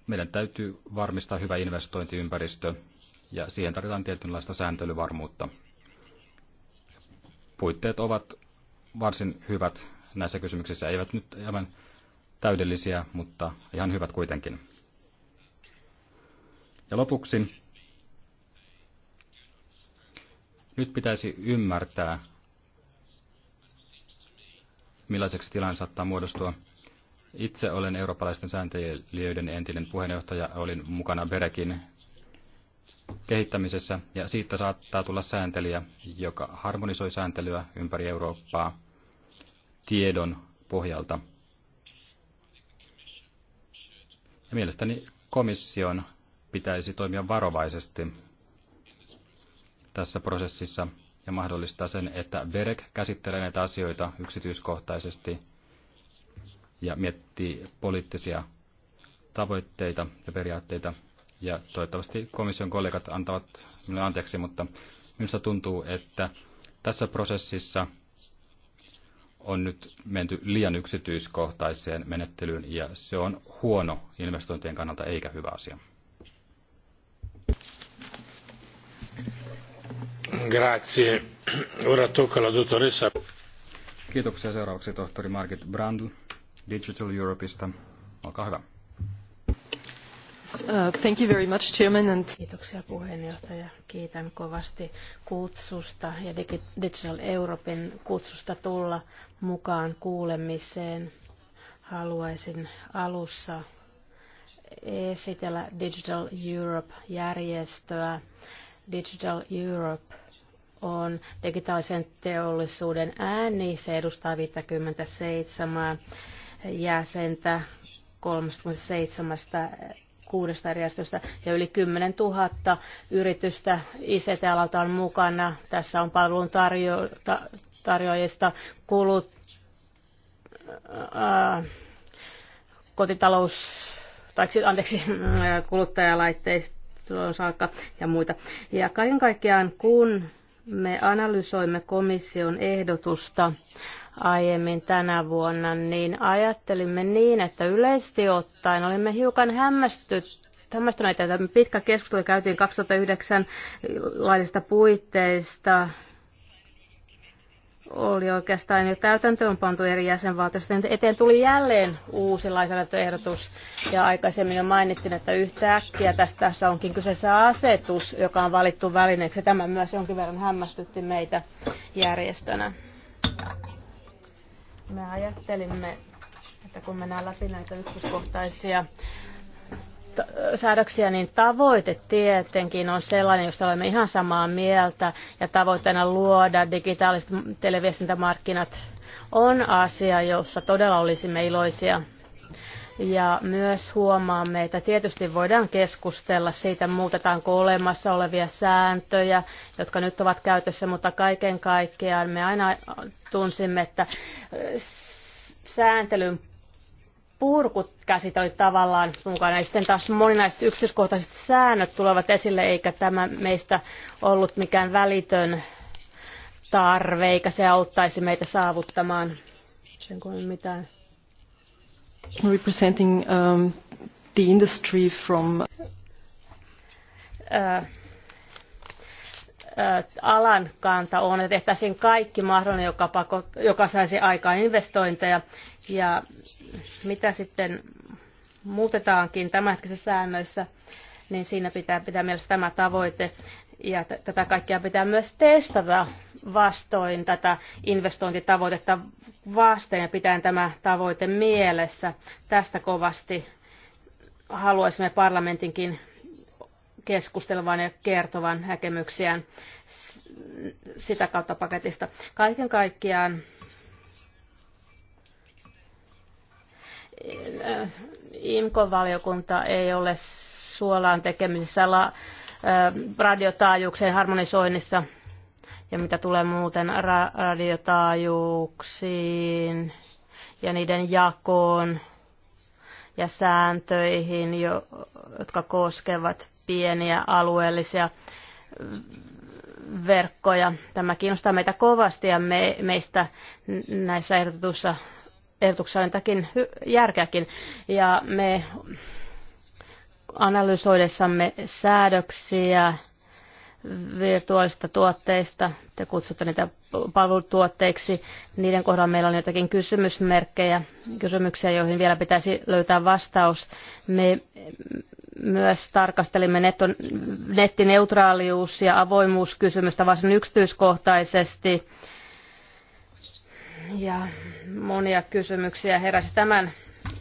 Speaker 2: meidän täytyy varmistaa hyvä investointiympäristö ja siihen tarvitaan tietynlaista sääntelyvarmuutta. Puitteet ovat varsin hyvät näissä kysymyksissä, eivät nyt aivan täydellisiä, mutta ihan hyvät kuitenkin. Ja lopuksi nyt pitäisi ymmärtää, millaiseksi tilanne saattaa muodostua. Itse olen eurooppalaisten sääntelijöiden entinen puheenjohtaja, olin mukana Berekin kehittämisessä, ja siitä saattaa tulla sääntelijä, joka harmonisoi sääntelyä ympäri Eurooppaa tiedon pohjalta. Ja mielestäni komission pitäisi toimia varovaisesti tässä prosessissa ja mahdollistaa sen, että BEREC käsittelee näitä asioita yksityiskohtaisesti – ja miettii poliittisia tavoitteita ja periaatteita. Ja toivottavasti komission kollegat antavat minulle anteeksi, mutta minusta tuntuu, että tässä prosessissa on nyt menty liian yksityiskohtaiseen menettelyyn ja se on huono investointien kannalta eikä hyvä asia. Grazie. Ora tocca alla dottoressa. Kiitoksia seuraavaksi tohtori Margit Brandl. Digital Europeista. Olkaa hyvä.
Speaker 3: Uh, thank you very much, Chairman. And... Kiitoksia puheenjohtaja. Kiitän kovasti kutsusta ja Digital Europein kutsusta tulla mukaan kuulemiseen. Haluaisin alussa esitellä Digital Europe-järjestöä. Digital Europe on digitaalisen teollisuuden ääni. Se edustaa 57 jäsentä 37 kuudesta järjestöstä ja yli 10 000 yritystä ICT-alalta on mukana. Tässä on palvelun tarjo- ta- tarjoajista kulut, ää, äh, kotitalous, tai anteeksi, äh, kuluttajalaitteista saakka ja muita. Ja kaiken kaikkiaan, kun me analysoimme komission ehdotusta, aiemmin tänä vuonna, niin ajattelimme niin, että yleisesti ottaen olimme hiukan hämmästyneitä. että pitkä keskustelu käytiin 2009 laillisista puitteista. Oli oikeastaan jo täytäntöön pantu eri jäsenvaltioista. Niin eteen tuli jälleen uusi lainsäädäntöehdotus. Ja aikaisemmin jo mainittiin, että yhtäkkiä tästä onkin kyseessä asetus, joka on valittu välineeksi. Tämä myös jonkin verran hämmästytti meitä järjestönä. Me ajattelimme, että kun mennään läpi näitä yksityiskohtaisia säädöksiä, niin tavoite tietenkin on sellainen, josta olemme ihan samaa mieltä, ja tavoitteena luoda digitaaliset televiestintämarkkinat on asia, jossa todella olisimme iloisia ja myös huomaamme, että tietysti voidaan keskustella siitä, muutetaanko olemassa olevia sääntöjä, jotka nyt ovat käytössä, mutta kaiken kaikkiaan me aina tunsimme, että sääntelyn purkut käsitöi tavallaan mukana. Ja sitten taas moninaiset yksityiskohtaiset säännöt tulevat esille, eikä tämä meistä ollut mikään välitön tarve, eikä se auttaisi meitä saavuttamaan sen kuin mitään
Speaker 2: representing um, the industry from
Speaker 3: uh, alan kanta on, että tehtäisiin kaikki mahdollinen, joka, pako, joka saisi aikaan investointeja. Ja mitä sitten muutetaankin tämänhetkisissä säännöissä, niin siinä pitää pitää mielessä tämä tavoite. Ja tätä kaikkea pitää myös testata vastoin tätä investointitavoitetta vasten ja pitäen tämä tavoite mielessä. Tästä kovasti haluaisimme parlamentinkin keskustelevan ja kertovan näkemyksiään sitä kautta paketista. Kaiken kaikkiaan eh, IMKO-valiokunta ei ole suolaan tekemisessä. la- radiotaajuuksien harmonisoinnissa ja mitä tulee muuten ra- radiotaajuuksiin ja niiden jakoon ja sääntöihin, jo, jotka koskevat pieniä alueellisia verkkoja. Tämä kiinnostaa meitä kovasti ja me, meistä näissä ehdotuksissa on jotakin järkeäkin. Ja me analysoidessamme säädöksiä virtuaalista tuotteista, te kutsutte niitä palvelutuotteiksi, niiden kohdalla meillä on jotakin kysymysmerkkejä, kysymyksiä, joihin vielä pitäisi löytää vastaus. Me myös tarkastelimme netton, nettineutraalius- ja avoimuuskysymystä varsin yksityiskohtaisesti. Ja monia kysymyksiä heräsi tämän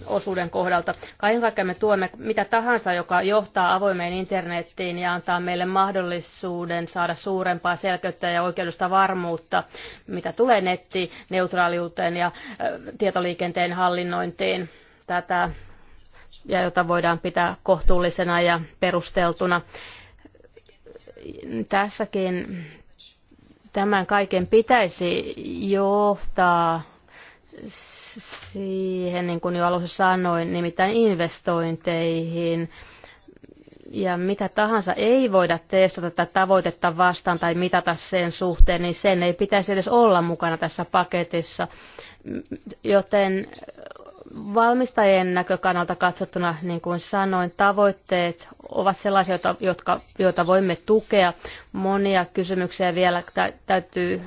Speaker 3: osuuden kohdalta. Kaiken kaikkiaan me tuemme mitä tahansa, joka johtaa avoimeen internettiin ja antaa meille mahdollisuuden saada suurempaa selkeyttä ja oikeudesta varmuutta, mitä tulee nettineutraaliuteen ja tietoliikenteen hallinnointiin. Tätä ja jota voidaan pitää kohtuullisena ja perusteltuna. Tässäkin tämän kaiken pitäisi johtaa siihen, niin kuin jo alussa sanoin, nimittäin investointeihin. Ja mitä tahansa ei voida testata tätä tavoitetta vastaan tai mitata sen suhteen, niin sen ei pitäisi edes olla mukana tässä paketissa. Joten valmistajien näkökannalta katsottuna, niin kuin sanoin, tavoitteet ovat sellaisia, joita, jotka, joita voimme tukea. Monia kysymyksiä vielä täytyy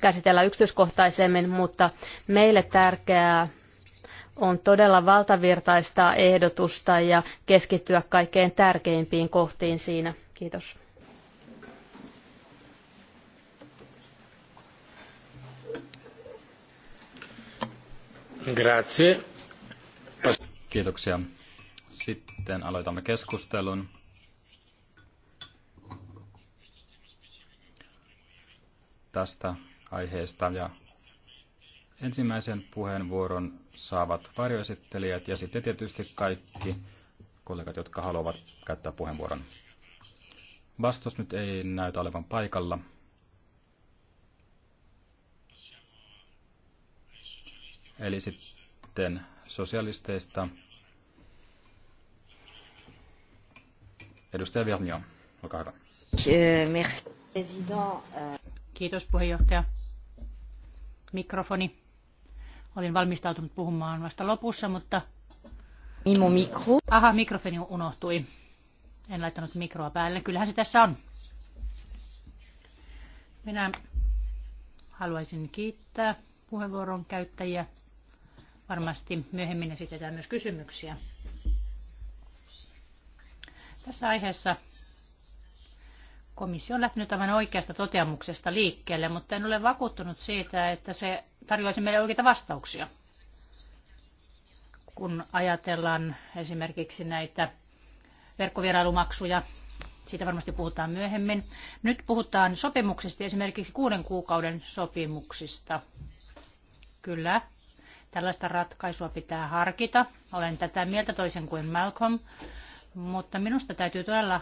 Speaker 3: käsitellä yksityiskohtaisemmin, mutta meille tärkeää on todella valtavirtaista ehdotusta ja keskittyä kaikkein tärkeimpiin kohtiin siinä. Kiitos.
Speaker 1: Grazie.
Speaker 2: Kiitoksia. Sitten aloitamme keskustelun. Tästä aiheesta ja ensimmäisen puheenvuoron saavat varjoesittelijät ja sitten tietysti kaikki kollegat, jotka haluavat käyttää puheenvuoron. Vastus nyt ei näytä olevan paikalla. Eli sitten sosialisteista edustaja Vernion, olkaa hyvä.
Speaker 4: Kiitos puheenjohtaja. Mikrofoni. Olin valmistautunut puhumaan vasta lopussa, mutta... Minun mikro. Aha, mikrofoni unohtui. En laittanut mikroa päälle. Kyllähän se tässä on. Minä haluaisin kiittää puheenvuoron käyttäjiä. Varmasti myöhemmin esitetään myös kysymyksiä. Tässä aiheessa Komissio on lähtenyt aivan oikeasta toteamuksesta liikkeelle, mutta en ole vakuuttunut siitä, että se tarjoaisi meille oikeita vastauksia. Kun ajatellaan esimerkiksi näitä verkkovierailumaksuja, siitä varmasti puhutaan myöhemmin. Nyt puhutaan sopimuksista, esimerkiksi kuuden kuukauden sopimuksista. Kyllä, tällaista ratkaisua pitää harkita. Olen tätä mieltä toisen kuin Malcolm, mutta minusta täytyy todella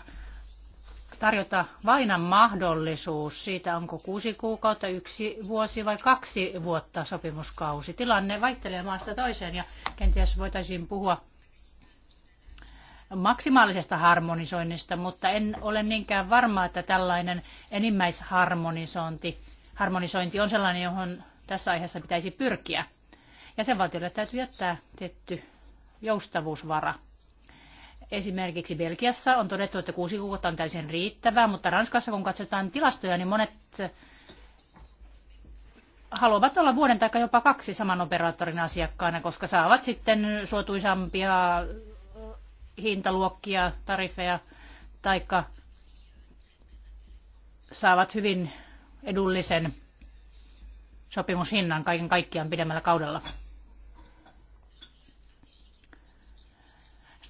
Speaker 4: tarjota vainan mahdollisuus siitä, onko kuusi kuukautta, yksi vuosi vai kaksi vuotta sopimuskausi. Tilanne vaihtelee maasta toiseen ja kenties voitaisiin puhua maksimaalisesta harmonisoinnista, mutta en ole niinkään varma, että tällainen enimmäisharmonisointi harmonisointi on sellainen, johon tässä aiheessa pitäisi pyrkiä. Jäsenvaltioille täytyy jättää tietty joustavuusvara. Esimerkiksi Belgiassa on todettu, että kuusi kuukautta on täysin riittävää, mutta Ranskassa kun katsotaan tilastoja, niin monet eh, haluavat olla vuoden tai jopa kaksi saman operaattorin asiakkaana, koska saavat sitten suotuisampia eh, hintaluokkia, tarifeja, taikka saavat hyvin edullisen sopimushinnan kaiken kaikkiaan pidemmällä kaudella.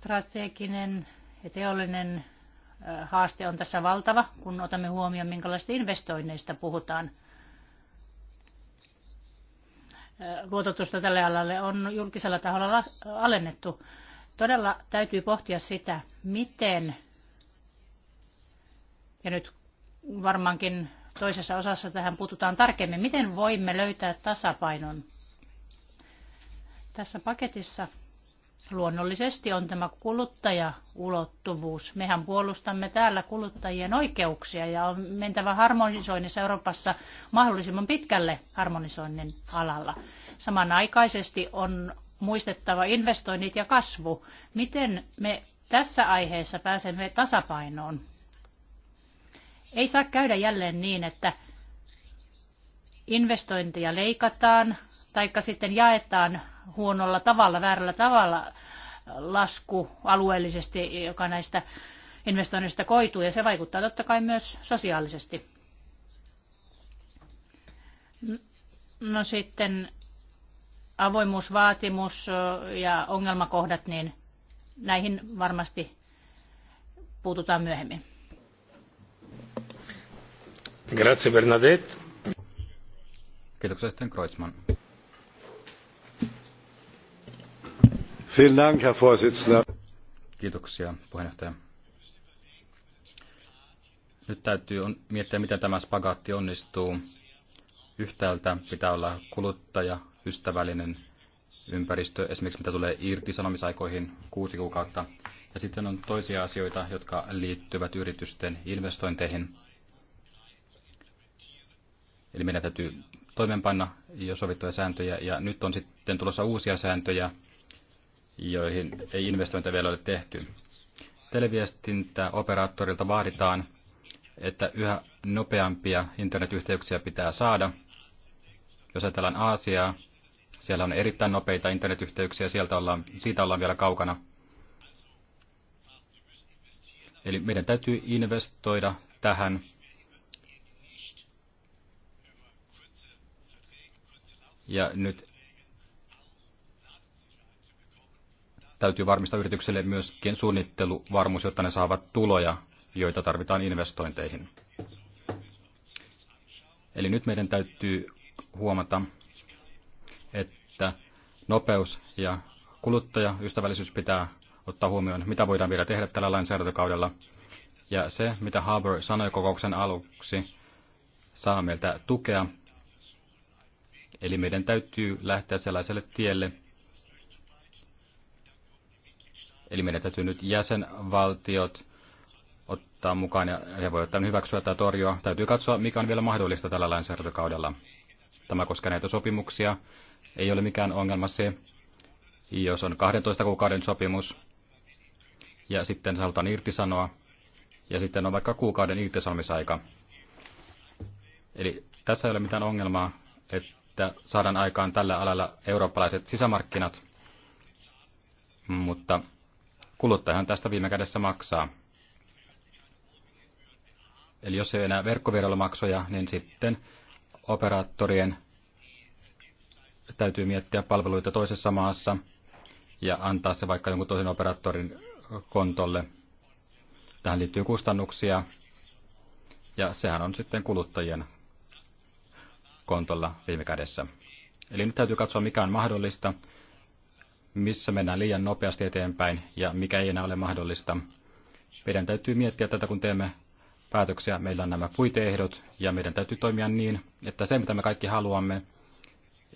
Speaker 4: Strateginen ja teollinen haaste on tässä valtava, kun otamme huomioon, minkälaista investoinneista puhutaan. Luototusta tälle alalle on julkisella taholla alennettu. Todella täytyy pohtia sitä, miten, ja nyt varmaankin toisessa osassa tähän puututaan tarkemmin, miten voimme löytää tasapainon tässä paketissa luonnollisesti on tämä kuluttajaulottuvuus. Mehän puolustamme täällä kuluttajien oikeuksia ja on mentävä harmonisoinnissa Euroopassa mahdollisimman pitkälle harmonisoinnin alalla. Samanaikaisesti on muistettava investoinnit ja kasvu. Miten me tässä aiheessa pääsemme tasapainoon? Ei saa käydä jälleen niin, että investointeja leikataan, taikka sitten jaetaan huonolla tavalla, väärällä tavalla lasku alueellisesti, joka näistä investoinnista koituu, ja se vaikuttaa totta kai myös sosiaalisesti. No sitten avoimuusvaatimus ja ongelmakohdat, niin näihin varmasti puututaan myöhemmin.
Speaker 1: Grazie Bernadette.
Speaker 2: Kiitoksia sitten Kreutzmann. Kiitoksia, puheenjohtaja. Nyt täytyy on, miettiä, miten tämä spagaatti onnistuu. Yhtäältä pitää olla kuluttajaystävällinen ympäristö, esimerkiksi mitä tulee irtisanomisaikoihin kuusi kuukautta. Ja sitten on toisia asioita, jotka liittyvät yritysten investointeihin. Eli meidän täytyy toimeenpanna jo sovittuja sääntöjä, ja nyt on sitten tulossa uusia sääntöjä, joihin ei investointeja vielä ole tehty. Televiestintäoperaattorilta vaaditaan, että yhä nopeampia internetyhteyksiä pitää saada. Jos ajatellaan Aasiaa, siellä on erittäin nopeita internetyhteyksiä, sieltä ollaan, siitä ollaan vielä kaukana. Eli meidän täytyy investoida tähän. Ja nyt täytyy varmistaa yrityksille myöskin suunnitteluvarmuus, jotta ne saavat tuloja, joita tarvitaan investointeihin. Eli nyt meidän täytyy huomata, että nopeus ja kuluttajaystävällisyys pitää ottaa huomioon, mitä voidaan vielä tehdä tällä lainsäädäntökaudella. Ja se, mitä Harbour sanoi kokouksen aluksi, saa meiltä tukea. Eli meidän täytyy lähteä sellaiselle tielle, Eli meidän täytyy nyt jäsenvaltiot ottaa mukaan ja he voivat tämän hyväksyä tai torjua. Täytyy katsoa, mikä on vielä mahdollista tällä lainsäädäntökaudella. Tämä koskee näitä sopimuksia. Ei ole mikään ongelma se, jos on 12 kuukauden sopimus ja sitten se halutaan irtisanoa ja sitten on vaikka kuukauden irtisanomisaika. Eli tässä ei ole mitään ongelmaa, että saadaan aikaan tällä alalla eurooppalaiset sisämarkkinat, mutta kuluttajahan tästä viime kädessä maksaa. Eli jos ei ole enää maksoja, niin sitten operaattorien täytyy miettiä palveluita toisessa maassa ja antaa se vaikka jonkun toisen operaattorin kontolle. Tähän liittyy kustannuksia ja sehän on sitten kuluttajien kontolla viime kädessä. Eli nyt täytyy katsoa, mikä on mahdollista missä mennään liian nopeasti eteenpäin ja mikä ei enää ole mahdollista. Meidän täytyy miettiä tätä, kun teemme päätöksiä. Meillä on nämä puiteehdot ja meidän täytyy toimia niin, että se mitä me kaikki haluamme,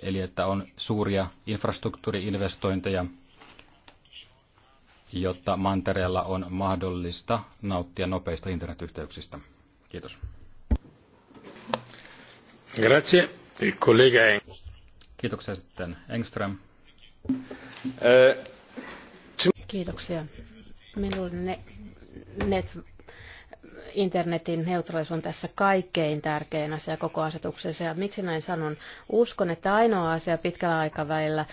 Speaker 2: eli että on suuria infrastruktuuriinvestointeja, jotta mantereella on mahdollista nauttia nopeista internetyhteyksistä. Kiitos. Grazie, kollega Kiitoksia sitten Engström.
Speaker 3: Kiitoksia. Minulle net, internetin neutraalisuus on tässä kaikkein tärkein asia koko asetuksessa. Ja miksi näin sanon? Uskon, että ainoa asia pitkällä aikavälillä,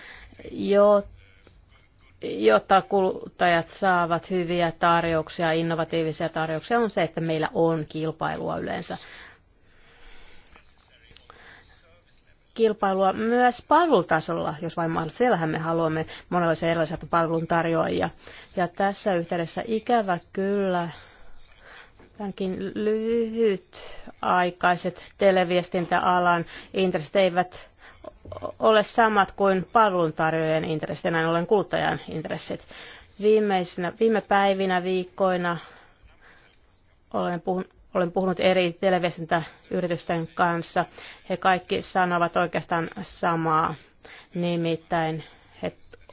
Speaker 3: jotta kuluttajat saavat hyviä tarjouksia, innovatiivisia tarjouksia, on se, että meillä on kilpailua yleensä kilpailua myös palvelutasolla, jos vain mahdollista. Siellähän me haluamme monenlaisia erilaisia palveluntarjoajia. Ja tässä yhteydessä ikävä kyllä tämänkin lyhytaikaiset televiestintäalan intressit eivät ole samat kuin palveluntarjoajien intressit ja näin ollen kuluttajan intressit. Viimeisinä, viime päivinä, viikkoina olen puhun, olen puhunut eri televisintäyritysten kanssa. He kaikki sanovat oikeastaan samaa. Nimittäin he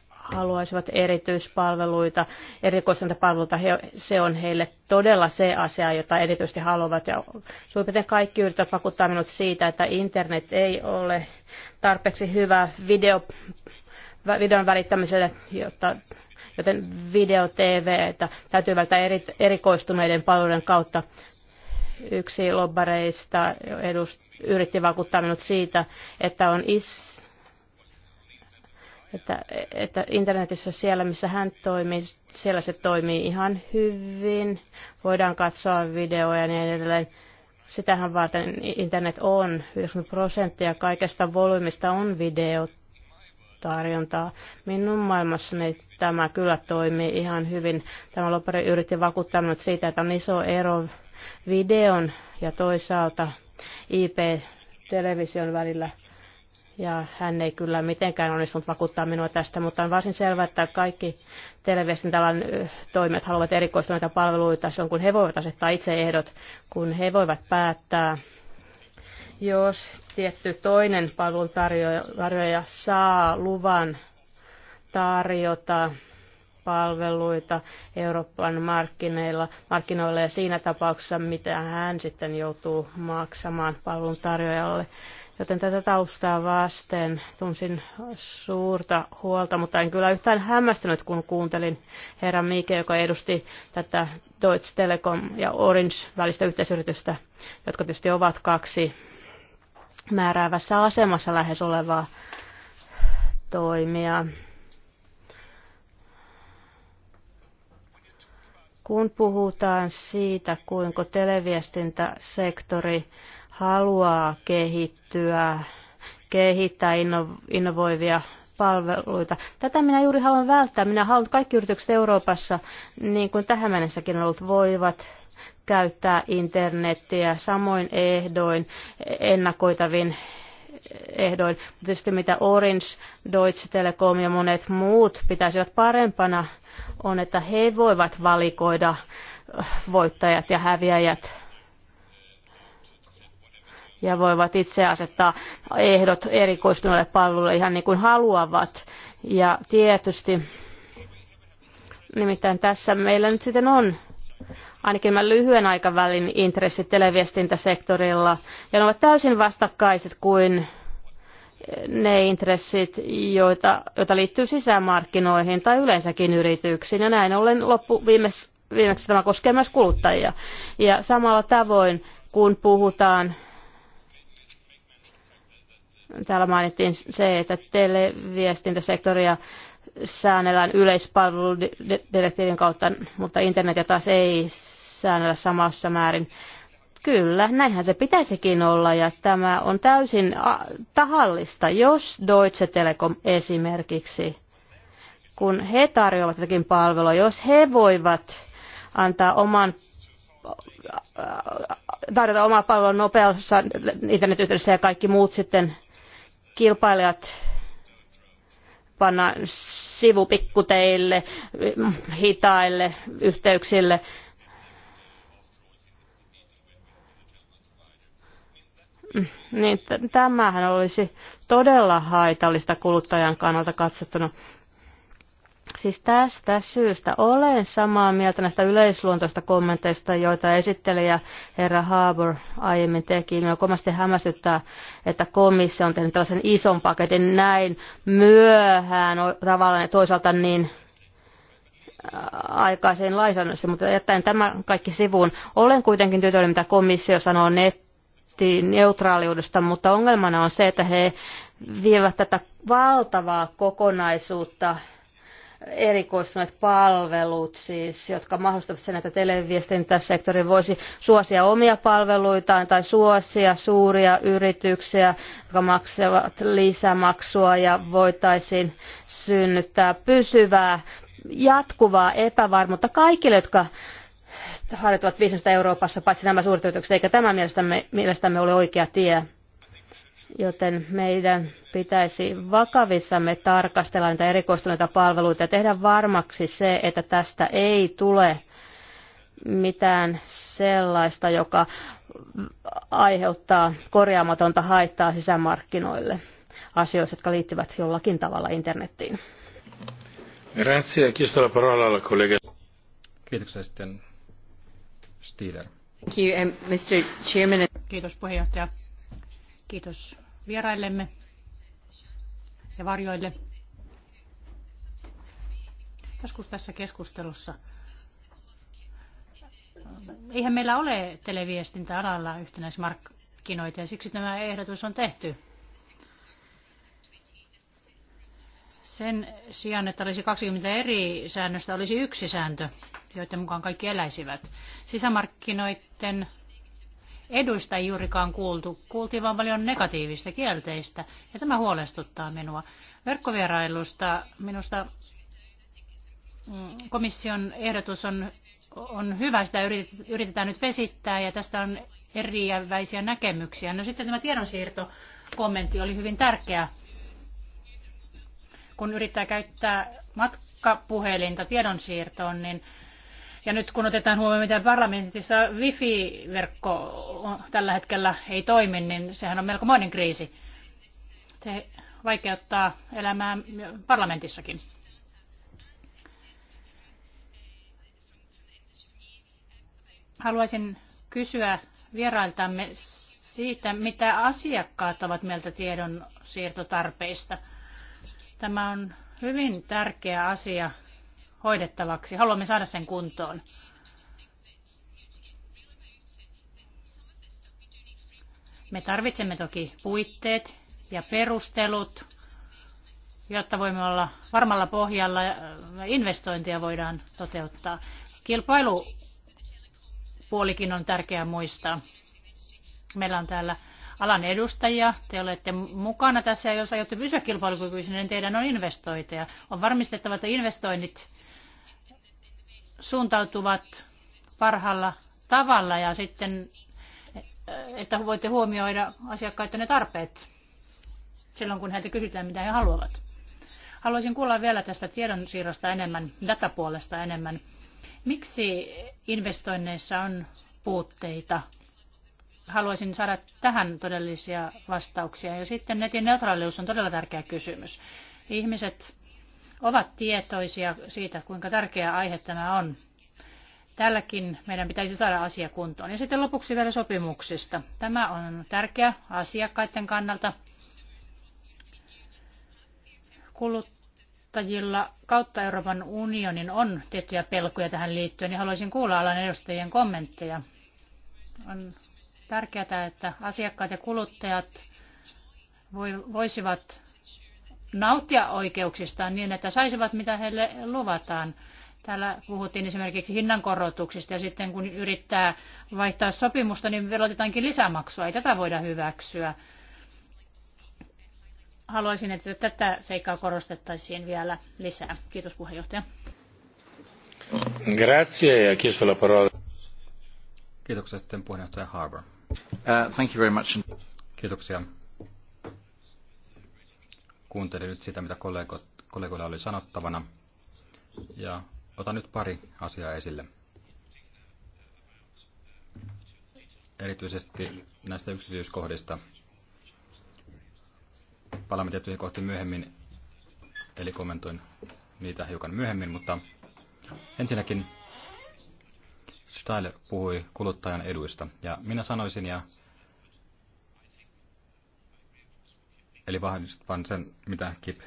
Speaker 3: haluaisivat erityispalveluita, erikoisantapalveluita, he, se on heille todella se asia, jota erityisesti haluavat. Ja suurin kaikki yrittävät vakuuttaa minut siitä, että internet ei ole tarpeeksi hyvä video, videon välittämiselle, jotta, joten video, TV, että täytyy välttää eri, erikoistuneiden palveluiden kautta Yksi lobbareista edust- yritti vakuuttaa minut siitä, että on is, että, että internetissä siellä, missä hän toimii, siellä se toimii ihan hyvin. Voidaan katsoa videoja ja niin edelleen. Sitähän varten internet on. 90 prosenttia kaikesta volyymista on videotarjontaa. Minun maailmassani tämä kyllä toimii ihan hyvin. Tämä loppari yritti vakuuttaa minut siitä, että on iso ero videon ja toisaalta IP-television välillä. Ja hän ei kyllä mitenkään onnistunut vakuuttaa minua tästä, mutta on varsin selvää, että kaikki televiestintäalan toimijat haluavat erikoistua näitä palveluita silloin, kun he voivat asettaa itse ehdot, kun he voivat päättää, jos tietty toinen palveluntarjoaja saa luvan tarjota palveluita Euroopan markkinoilla, markkinoilla ja siinä tapauksessa, mitä hän sitten joutuu maksamaan palveluntarjoajalle. Joten tätä taustaa vasten tunsin suurta huolta, mutta en kyllä yhtään hämmästynyt, kun kuuntelin herra Mike, joka edusti tätä Deutsche Telekom ja Orange välistä yhteisyritystä, jotka tietysti ovat kaksi määräävässä asemassa lähes olevaa toimia Kun puhutaan siitä, kuinka televiestintäsektori haluaa kehittyä, kehittää innovoivia palveluita. Tätä minä juuri haluan välttää. Minä haluan, että kaikki yritykset Euroopassa, niin kuin tähän mennessäkin ollut, voivat käyttää internettiä samoin ehdoin ennakoitavin ehdoin. Mutta tietysti mitä Orange, Deutsche Telekom ja monet muut pitäisivät parempana on, että he voivat valikoida äh, voittajat ja häviäjät ja voivat itse asettaa ehdot erikoistuneille palveluille ihan niin kuin haluavat. Ja tietysti, nimittäin tässä meillä nyt sitten on ainakin lyhyen aikavälin intressit televiestintäsektorilla, ja ne ovat täysin vastakkaiset kuin ne intressit, joita, joita liittyy sisämarkkinoihin tai yleensäkin yrityksiin. Ja näin ollen loppu viimeksi, viimeksi tämä koskee myös kuluttajia. Ja samalla tavoin, kun puhutaan täällä mainittiin se, että televiestintäsektoria säännellään yleispalveludirektiivin kautta, mutta internetiä taas ei säännellä samassa määrin. Kyllä, näinhän se pitäisikin olla ja tämä on täysin tahallista, jos Deutsche Telekom esimerkiksi, kun he tarjoavat jotakin palvelua, jos he voivat antaa oman tarjota omaa palvelua nopeassa internetyhteydessä ja kaikki muut sitten kilpailijat panna sivupikkuteille, hitaille yhteyksille. Niin, tämähän olisi todella haitallista kuluttajan kannalta katsottuna. Siis tästä syystä olen samaa mieltä näistä yleisluontoista kommenteista, joita esittelijä herra Harbour aiemmin teki. Minua kovasti hämmästyttää, että komissio on tehnyt tällaisen ison paketin näin myöhään tavallaan ja toisaalta niin äh, aikaisin lainsäädännössä, mutta jättäen tämä kaikki sivuun. Olen kuitenkin tyytyväinen, mitä komissio sanoo nettineutraaliudesta, mutta ongelmana on se, että he vievät tätä valtavaa kokonaisuutta erikoistuneet palvelut, siis, jotka mahdollistavat sen, että televiestintäsektori voisi suosia omia palveluitaan tai suosia suuria yrityksiä, jotka maksavat lisämaksua ja voitaisiin synnyttää pysyvää, jatkuvaa epävarmuutta kaikille, jotka harjoittavat bisnestä Euroopassa, paitsi nämä suuret yritykset, eikä tämä mielestämme, mielestämme ole oikea tie joten meidän pitäisi vakavissamme tarkastella näitä erikoistuneita palveluita ja tehdä varmaksi se, että tästä ei tule mitään sellaista, joka aiheuttaa korjaamatonta haittaa sisämarkkinoille asioissa, jotka liittyvät jollakin tavalla internettiin.
Speaker 1: Kiitoksia sitten Stieler.
Speaker 3: Um,
Speaker 4: Kiitos puheenjohtaja. Kiitos vieraillemme ja varjoille. Joskus tässä keskustelussa. Eihän meillä ole televiestintäalalla yhtenäismarkkinoita ja siksi tämä ehdotus on tehty. Sen sijaan, että olisi 20 eri säännöstä, olisi yksi sääntö, joiden mukaan kaikki eläisivät. Sisämarkkinoiden eduista ei juurikaan kuultu. Kuultiin vaan paljon negatiivista kielteistä ja tämä huolestuttaa minua. Verkkovierailusta minusta mm, komission ehdotus on, on hyvä, sitä yritetään nyt vesittää ja tästä on eriäväisiä näkemyksiä. No sitten tämä tiedonsiirto kommentti oli hyvin tärkeä. Kun yrittää käyttää matkapuhelinta tiedonsiirtoon, niin ja nyt kun otetaan huomioon, miten parlamentissa wifi-verkko tällä hetkellä ei toimi, niin sehän on melkomoinen kriisi. Se vaikeuttaa elämää parlamentissakin. Haluaisin kysyä vierailtamme siitä, mitä asiakkaat ovat mieltä tiedon siirtotarpeista. Tämä on hyvin tärkeä asia hoidettavaksi. Haluamme saada sen kuntoon. Me tarvitsemme toki puitteet ja perustelut, jotta voimme olla varmalla pohjalla ja investointia voidaan toteuttaa. Kilpailupuolikin on tärkeää muistaa. Meillä on täällä alan edustajia, te olette mukana tässä ja jos aiotte pysyä kilpailukykyisenä, niin teidän on investointeja. On varmistettava, että investoinnit suuntautuvat parhaalla tavalla ja sitten, että voitte huomioida asiakkaiden tarpeet silloin, kun heiltä kysytään, mitä he haluavat. Haluaisin kuulla vielä tästä tiedonsiirrosta enemmän, datapuolesta enemmän. Miksi investoinneissa on puutteita? Haluaisin saada tähän todellisia vastauksia. Ja sitten netin neutraalius on todella tärkeä kysymys. Ihmiset ovat tietoisia siitä, kuinka tärkeä aihe tämä on. Tälläkin meidän pitäisi saada asia kuntoon. Ja sitten lopuksi vielä sopimuksista. Tämä on tärkeä asiakkaiden kannalta. Kuluttajilla kautta Euroopan unionin on tiettyjä pelkoja tähän liittyen, niin haluaisin kuulla alan edustajien kommentteja. On tärkeää, että asiakkaat ja kuluttajat voisivat nauttia oikeuksistaan niin, että saisivat mitä heille luvataan. Täällä puhuttiin esimerkiksi hinnankorotuksista ja sitten kun yrittää vaihtaa sopimusta, niin velotetaankin lisämaksua. Ei tätä voida hyväksyä. Haluaisin, että tätä seikkaa korostettaisiin vielä lisää. Kiitos puheenjohtaja.
Speaker 1: Grazie ja chiesto la parola. Kiitoksia sitten
Speaker 2: puheenjohtaja Harbour. Uh, thank you very much. Kiitoksia kuuntelin nyt sitä, mitä kollegoilla oli sanottavana, ja otan nyt pari asiaa esille. Erityisesti näistä yksityiskohdista. Palaamme tiettyihin kohti myöhemmin, eli kommentoin niitä hiukan myöhemmin, mutta ensinnäkin Steil puhui kuluttajan eduista, ja minä sanoisin, ja Eli vain sen, mitä Kip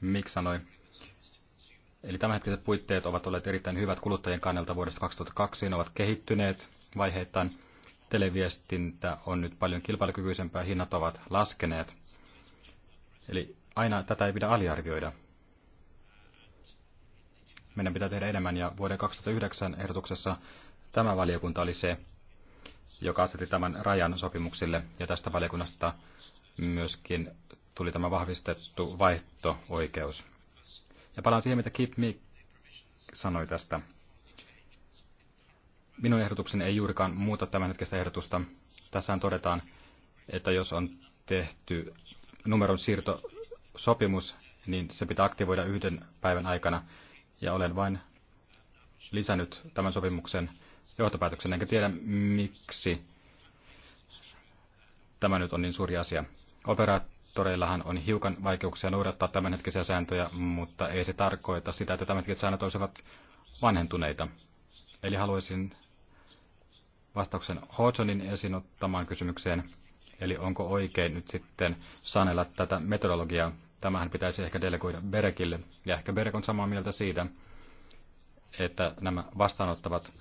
Speaker 2: Mik sanoi. Eli tämänhetkiset puitteet ovat olleet erittäin hyvät kuluttajien kannalta vuodesta 2002. Ne ovat kehittyneet vaiheittain. Televiestintä on nyt paljon kilpailukykyisempää, hinnat ovat laskeneet. Eli aina tätä ei pidä aliarvioida. Meidän pitää tehdä enemmän ja vuoden 2009 ehdotuksessa tämä valiokunta oli se, joka asetti tämän rajan sopimuksille ja tästä valiokunnasta myöskin tuli tämä vahvistettu vaihto-oikeus. Ja palaan siihen, mitä Kip Meek sanoi tästä. Minun ehdotukseni ei juurikaan muuta tämän hetkestä ehdotusta. Tässähän todetaan, että jos on tehty numeron siirtosopimus, niin se pitää aktivoida yhden päivän aikana. Ja olen vain lisännyt tämän sopimuksen johtopäätöksen, enkä tiedä miksi tämä nyt on niin suuri asia. Operaattoreillahan on hiukan vaikeuksia noudattaa tämänhetkisiä sääntöjä, mutta ei se tarkoita sitä, että tämänhetkiset säännöt olisivat vanhentuneita. Eli haluaisin vastauksen Hodgsonin esiin ottamaan kysymykseen. Eli onko oikein nyt sitten sanella tätä metodologiaa? Tämähän pitäisi ehkä delegoida Berekille, ja ehkä Berek on samaa mieltä siitä, että nämä vastaanottavat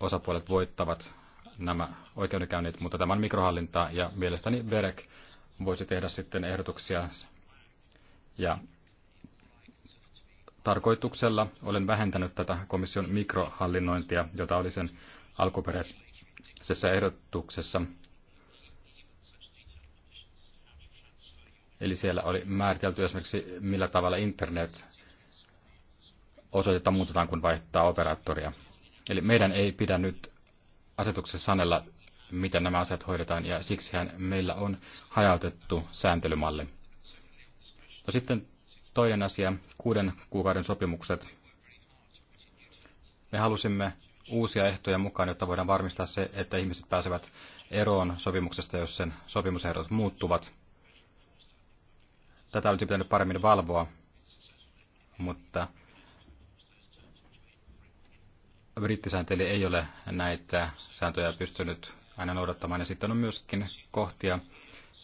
Speaker 2: osapuolet voittavat nämä oikeudenkäynnit, mutta tämä on mikrohallintaa, ja mielestäni Berek voisi tehdä sitten ehdotuksia. Ja tarkoituksella olen vähentänyt tätä komission mikrohallinnointia, jota oli sen alkuperäisessä ehdotuksessa. Eli siellä oli määritelty esimerkiksi, millä tavalla internet osoitetta muutetaan, kun vaihtaa operaattoria. Eli meidän ei pidä nyt asetuksessa sanella miten nämä asiat hoidetaan, ja siksihän meillä on hajautettu sääntelymalli. No sitten toinen asia, kuuden kuukauden sopimukset. Me halusimme uusia ehtoja mukaan, jotta voidaan varmistaa se, että ihmiset pääsevät eroon sopimuksesta, jos sen sopimusehdot muuttuvat. Tätä olisi pitänyt paremmin valvoa, mutta brittisääntely ei ole näitä sääntöjä pystynyt aina noudattamaan. Ja sitten on myöskin kohtia,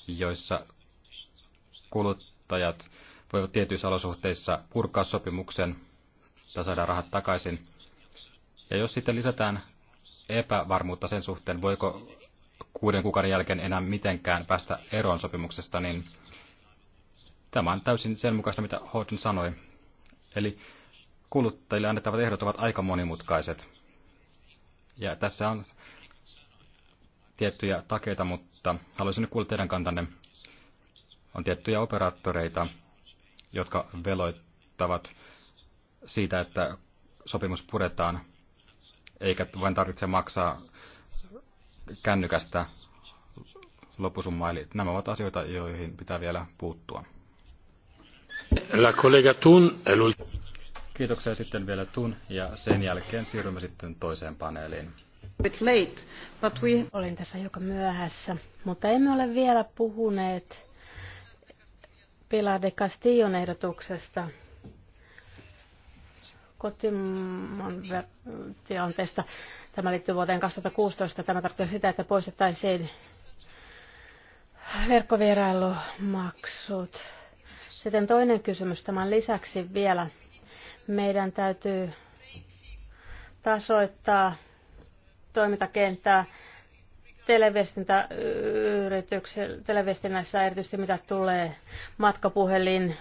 Speaker 2: joissa kuluttajat voivat tietyissä olosuhteissa purkaa sopimuksen tai saada rahat takaisin. Ja jos sitten lisätään epävarmuutta sen suhteen, voiko kuuden kuukauden jälkeen enää mitenkään päästä eroon sopimuksesta, niin tämä on täysin sen mukaista, mitä Horton sanoi. Eli kuluttajille annettavat ehdot ovat aika monimutkaiset. Ja tässä on tiettyjä takeita, mutta haluaisin nyt kuulla teidän kantanne. On tiettyjä operaattoreita, jotka veloittavat siitä, että sopimus puretaan, eikä vain tarvitse maksaa kännykästä loppusummaa. Eli nämä ovat asioita, joihin pitää vielä puuttua.
Speaker 1: La collega Tun,
Speaker 2: Kiitoksia sitten vielä Tun ja sen jälkeen siirrymme sitten toiseen paneeliin.
Speaker 3: Olin tässä joka myöhässä, mutta emme ole vielä puhuneet Pilar de Castillon ehdotuksesta kotimaan tilanteesta. Tämä liittyy vuoteen 2016. Tämä tarkoittaa sitä, että poistettaisiin verkkovierailumaksut. Sitten toinen kysymys tämän lisäksi vielä. Meidän täytyy tasoittaa toimintakenttää televestinnässä erityisesti mitä tulee matkapuhelin,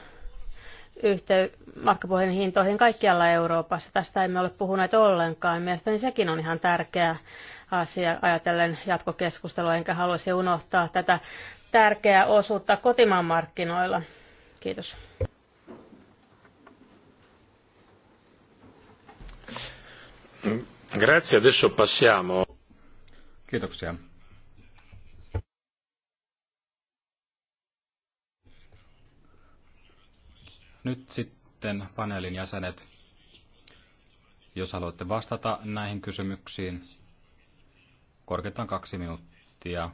Speaker 3: yhtey- matkapuhelin hintoihin kaikkialla Euroopassa. Tästä emme ole puhuneet ollenkaan. Mielestäni sekin on ihan tärkeä asia ajatellen jatkokeskustelua, enkä haluaisi unohtaa tätä tärkeää osuutta kotimaan markkinoilla. Kiitos. Mm.
Speaker 1: Grazie, adesso passiamo. Kiitoksia.
Speaker 2: Nyt sitten paneelin jäsenet, jos haluatte vastata näihin kysymyksiin, korkeintaan kaksi minuuttia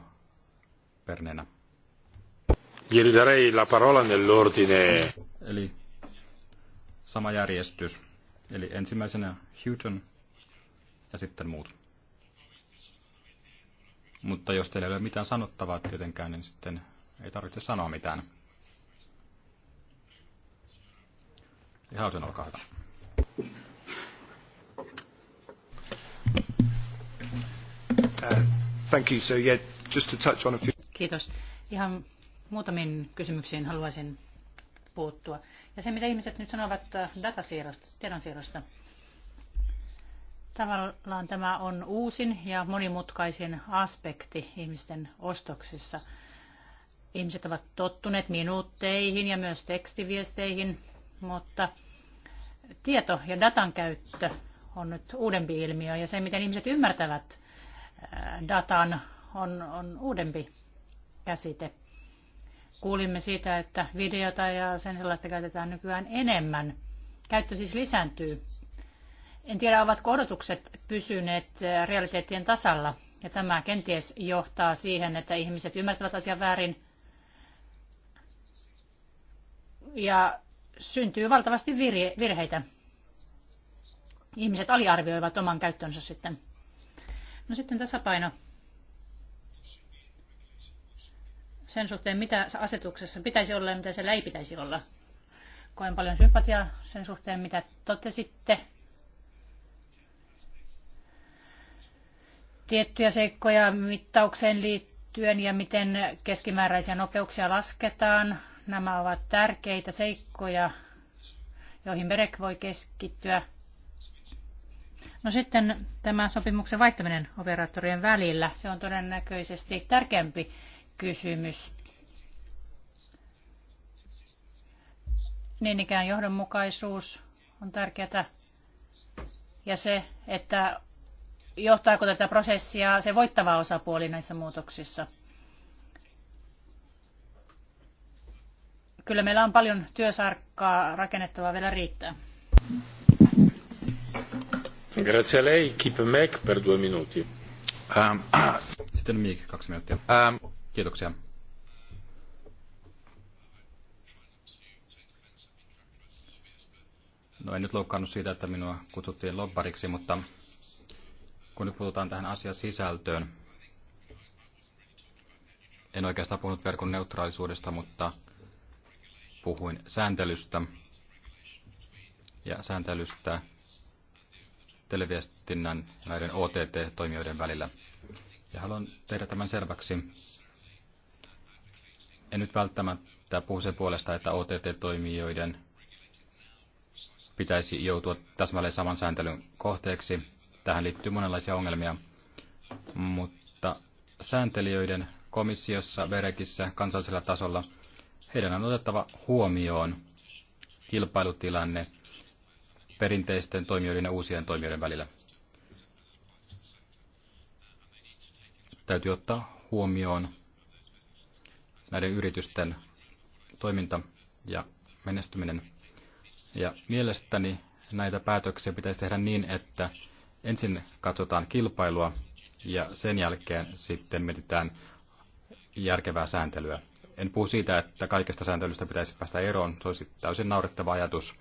Speaker 2: per nenä.
Speaker 1: Gli darei la parola nell'ordine.
Speaker 2: Eli sama järjestys. Eli ensimmäisenä Houghton ja sitten muut. Mutta jos teillä ei ole mitään sanottavaa tietenkään, niin sitten ei tarvitse sanoa mitään. Ihan olkaa hyvä.
Speaker 4: Uh, thank you. So, yeah, just to touch on a few... Kiitos. Ihan muutamiin kysymyksiin haluaisin puuttua. Ja se, mitä ihmiset nyt sanovat uh, datasiirrosta, tiedonsiirrosta, Tavallaan tämä on uusin ja monimutkaisin aspekti ihmisten ostoksissa. Ihmiset ovat tottuneet minuutteihin ja myös tekstiviesteihin, mutta tieto ja datan käyttö on nyt uudempi ilmiö ja se, miten ihmiset ymmärtävät datan, on, on uudempi käsite. Kuulimme siitä, että videota ja sen sellaista käytetään nykyään enemmän. Käyttö siis lisääntyy en tiedä, ovatko odotukset pysyneet eh, realiteettien tasalla. Ja tämä kenties johtaa siihen, että ihmiset ymmärtävät asian väärin. Ja syntyy valtavasti virheitä. Ihmiset aliarvioivat oman käyttönsä sitten. No sitten tasapaino sen suhteen, mitä asetuksessa pitäisi olla ja mitä siellä ei pitäisi olla. Koen paljon sympatiaa sen suhteen, mitä totesitte tiettyjä seikkoja mittaukseen liittyen ja miten keskimääräisiä nopeuksia lasketaan. Nämä ovat tärkeitä seikkoja, joihin Berek voi keskittyä. No sitten tämä sopimuksen vaihtaminen operaattorien välillä, se on todennäköisesti tärkeämpi kysymys. Niin ikään johdonmukaisuus on tärkeää ja se, että johtaako tätä prosessia se voittava osapuoli näissä muutoksissa? Kyllä meillä on paljon työsarkkaa rakennettavaa vielä riittää.
Speaker 1: Grazie a lei, keep Mac per due minuti. Ähm, Sitten Miik, kaksi minuuttia. Ähm. Kiitoksia.
Speaker 2: No en nyt loukkaannut siitä, että minua kutsuttiin lobbariksi, mutta kun nyt puhutaan tähän asian sisältöön. En oikeastaan puhunut verkon neutraalisuudesta, mutta puhuin sääntelystä ja sääntelystä televiestinnän näiden OTT-toimijoiden välillä. Ja haluan tehdä tämän selväksi. En nyt välttämättä puhu sen puolesta, että OTT-toimijoiden pitäisi joutua täsmälleen saman sääntelyn kohteeksi, Tähän liittyy monenlaisia ongelmia, mutta sääntelijöiden komissiossa, Verekissä, kansallisella tasolla, heidän on otettava huomioon kilpailutilanne perinteisten toimijoiden ja uusien toimijoiden välillä. Täytyy ottaa huomioon näiden yritysten toiminta ja menestyminen. Ja mielestäni näitä päätöksiä pitäisi tehdä niin, että Ensin katsotaan kilpailua ja sen jälkeen sitten mietitään järkevää sääntelyä. En puhu siitä, että kaikesta sääntelystä pitäisi päästä eroon. Se olisi täysin naurettava ajatus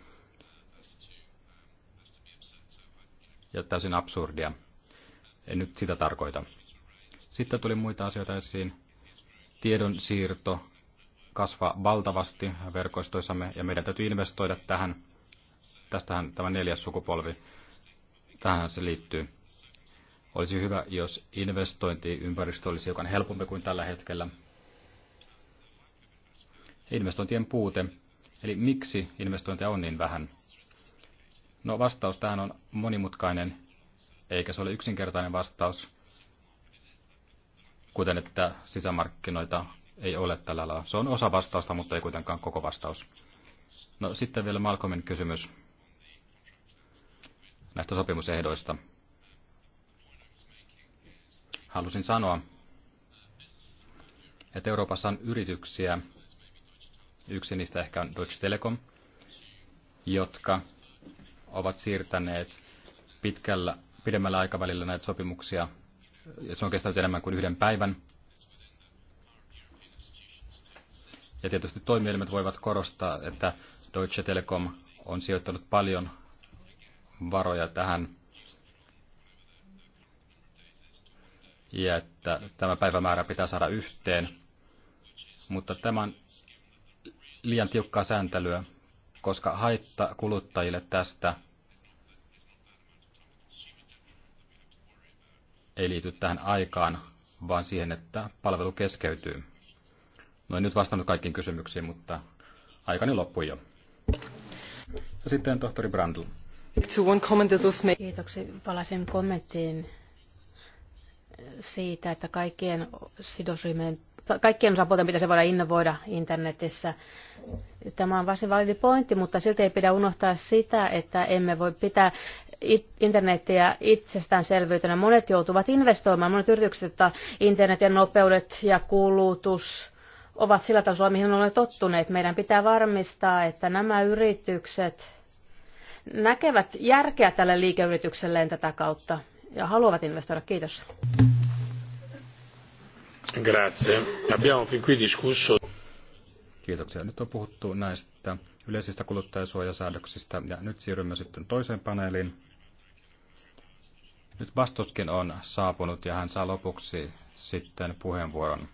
Speaker 2: ja täysin absurdia. En nyt sitä tarkoita. Sitten tuli muita asioita esiin. Tiedon siirto kasvaa valtavasti verkostoissamme ja meidän täytyy investoida tähän. Tästähän tämä neljäs sukupolvi Tähän se liittyy. Olisi hyvä, jos investointiympäristö olisi hiukan helpompi kuin tällä hetkellä. Investointien puute. Eli miksi investointeja on niin vähän? No vastaus tähän on monimutkainen, eikä se ole yksinkertainen vastaus, kuten että sisämarkkinoita ei ole tällä lailla. Se on osa vastausta, mutta ei kuitenkaan koko vastaus. No sitten vielä Malcolmin kysymys näistä sopimusehdoista. Halusin sanoa, että Euroopassa on yrityksiä, yksi niistä ehkä on Deutsche Telekom, jotka ovat siirtäneet pitkällä, pidemmällä aikavälillä näitä sopimuksia. Se on kestänyt enemmän kuin yhden päivän. Ja tietysti toimielimet voivat korostaa, että Deutsche Telekom on sijoittanut paljon varoja tähän ja että tämä päivämäärä pitää saada yhteen. Mutta tämä on liian tiukkaa sääntelyä, koska haitta kuluttajille tästä ei liity tähän aikaan, vaan siihen, että palvelu keskeytyy. No en nyt vastannut kaikkiin kysymyksiin, mutta aikani loppui jo. sitten tohtori Brandl.
Speaker 3: Kiitoksia. Palasin kommenttiin siitä, että kaikkien sidosryhmien kaikkien osapuolten pitäisi voida innovoida internetissä. Tämä on varsin validi pointti, mutta silti ei pidä unohtaa sitä, että emme voi pitää internetiä itsestäänselvyytenä. Monet joutuvat investoimaan, monet yritykset, että internetin nopeudet ja kulutus ovat sillä tasolla, mihin olemme tottuneet. Meidän pitää varmistaa, että nämä yritykset näkevät järkeä tälle liikeyritykselleen tätä kautta ja haluavat investoida. Kiitos.
Speaker 1: Grazie. Abbiamo fin qui discusso. Kiitoksia.
Speaker 2: Nyt on puhuttu näistä yleisistä kuluttajasuojasäädöksistä ja nyt siirrymme sitten toiseen paneeliin. Nyt Bastoskin on saapunut ja hän saa lopuksi sitten puheenvuoron.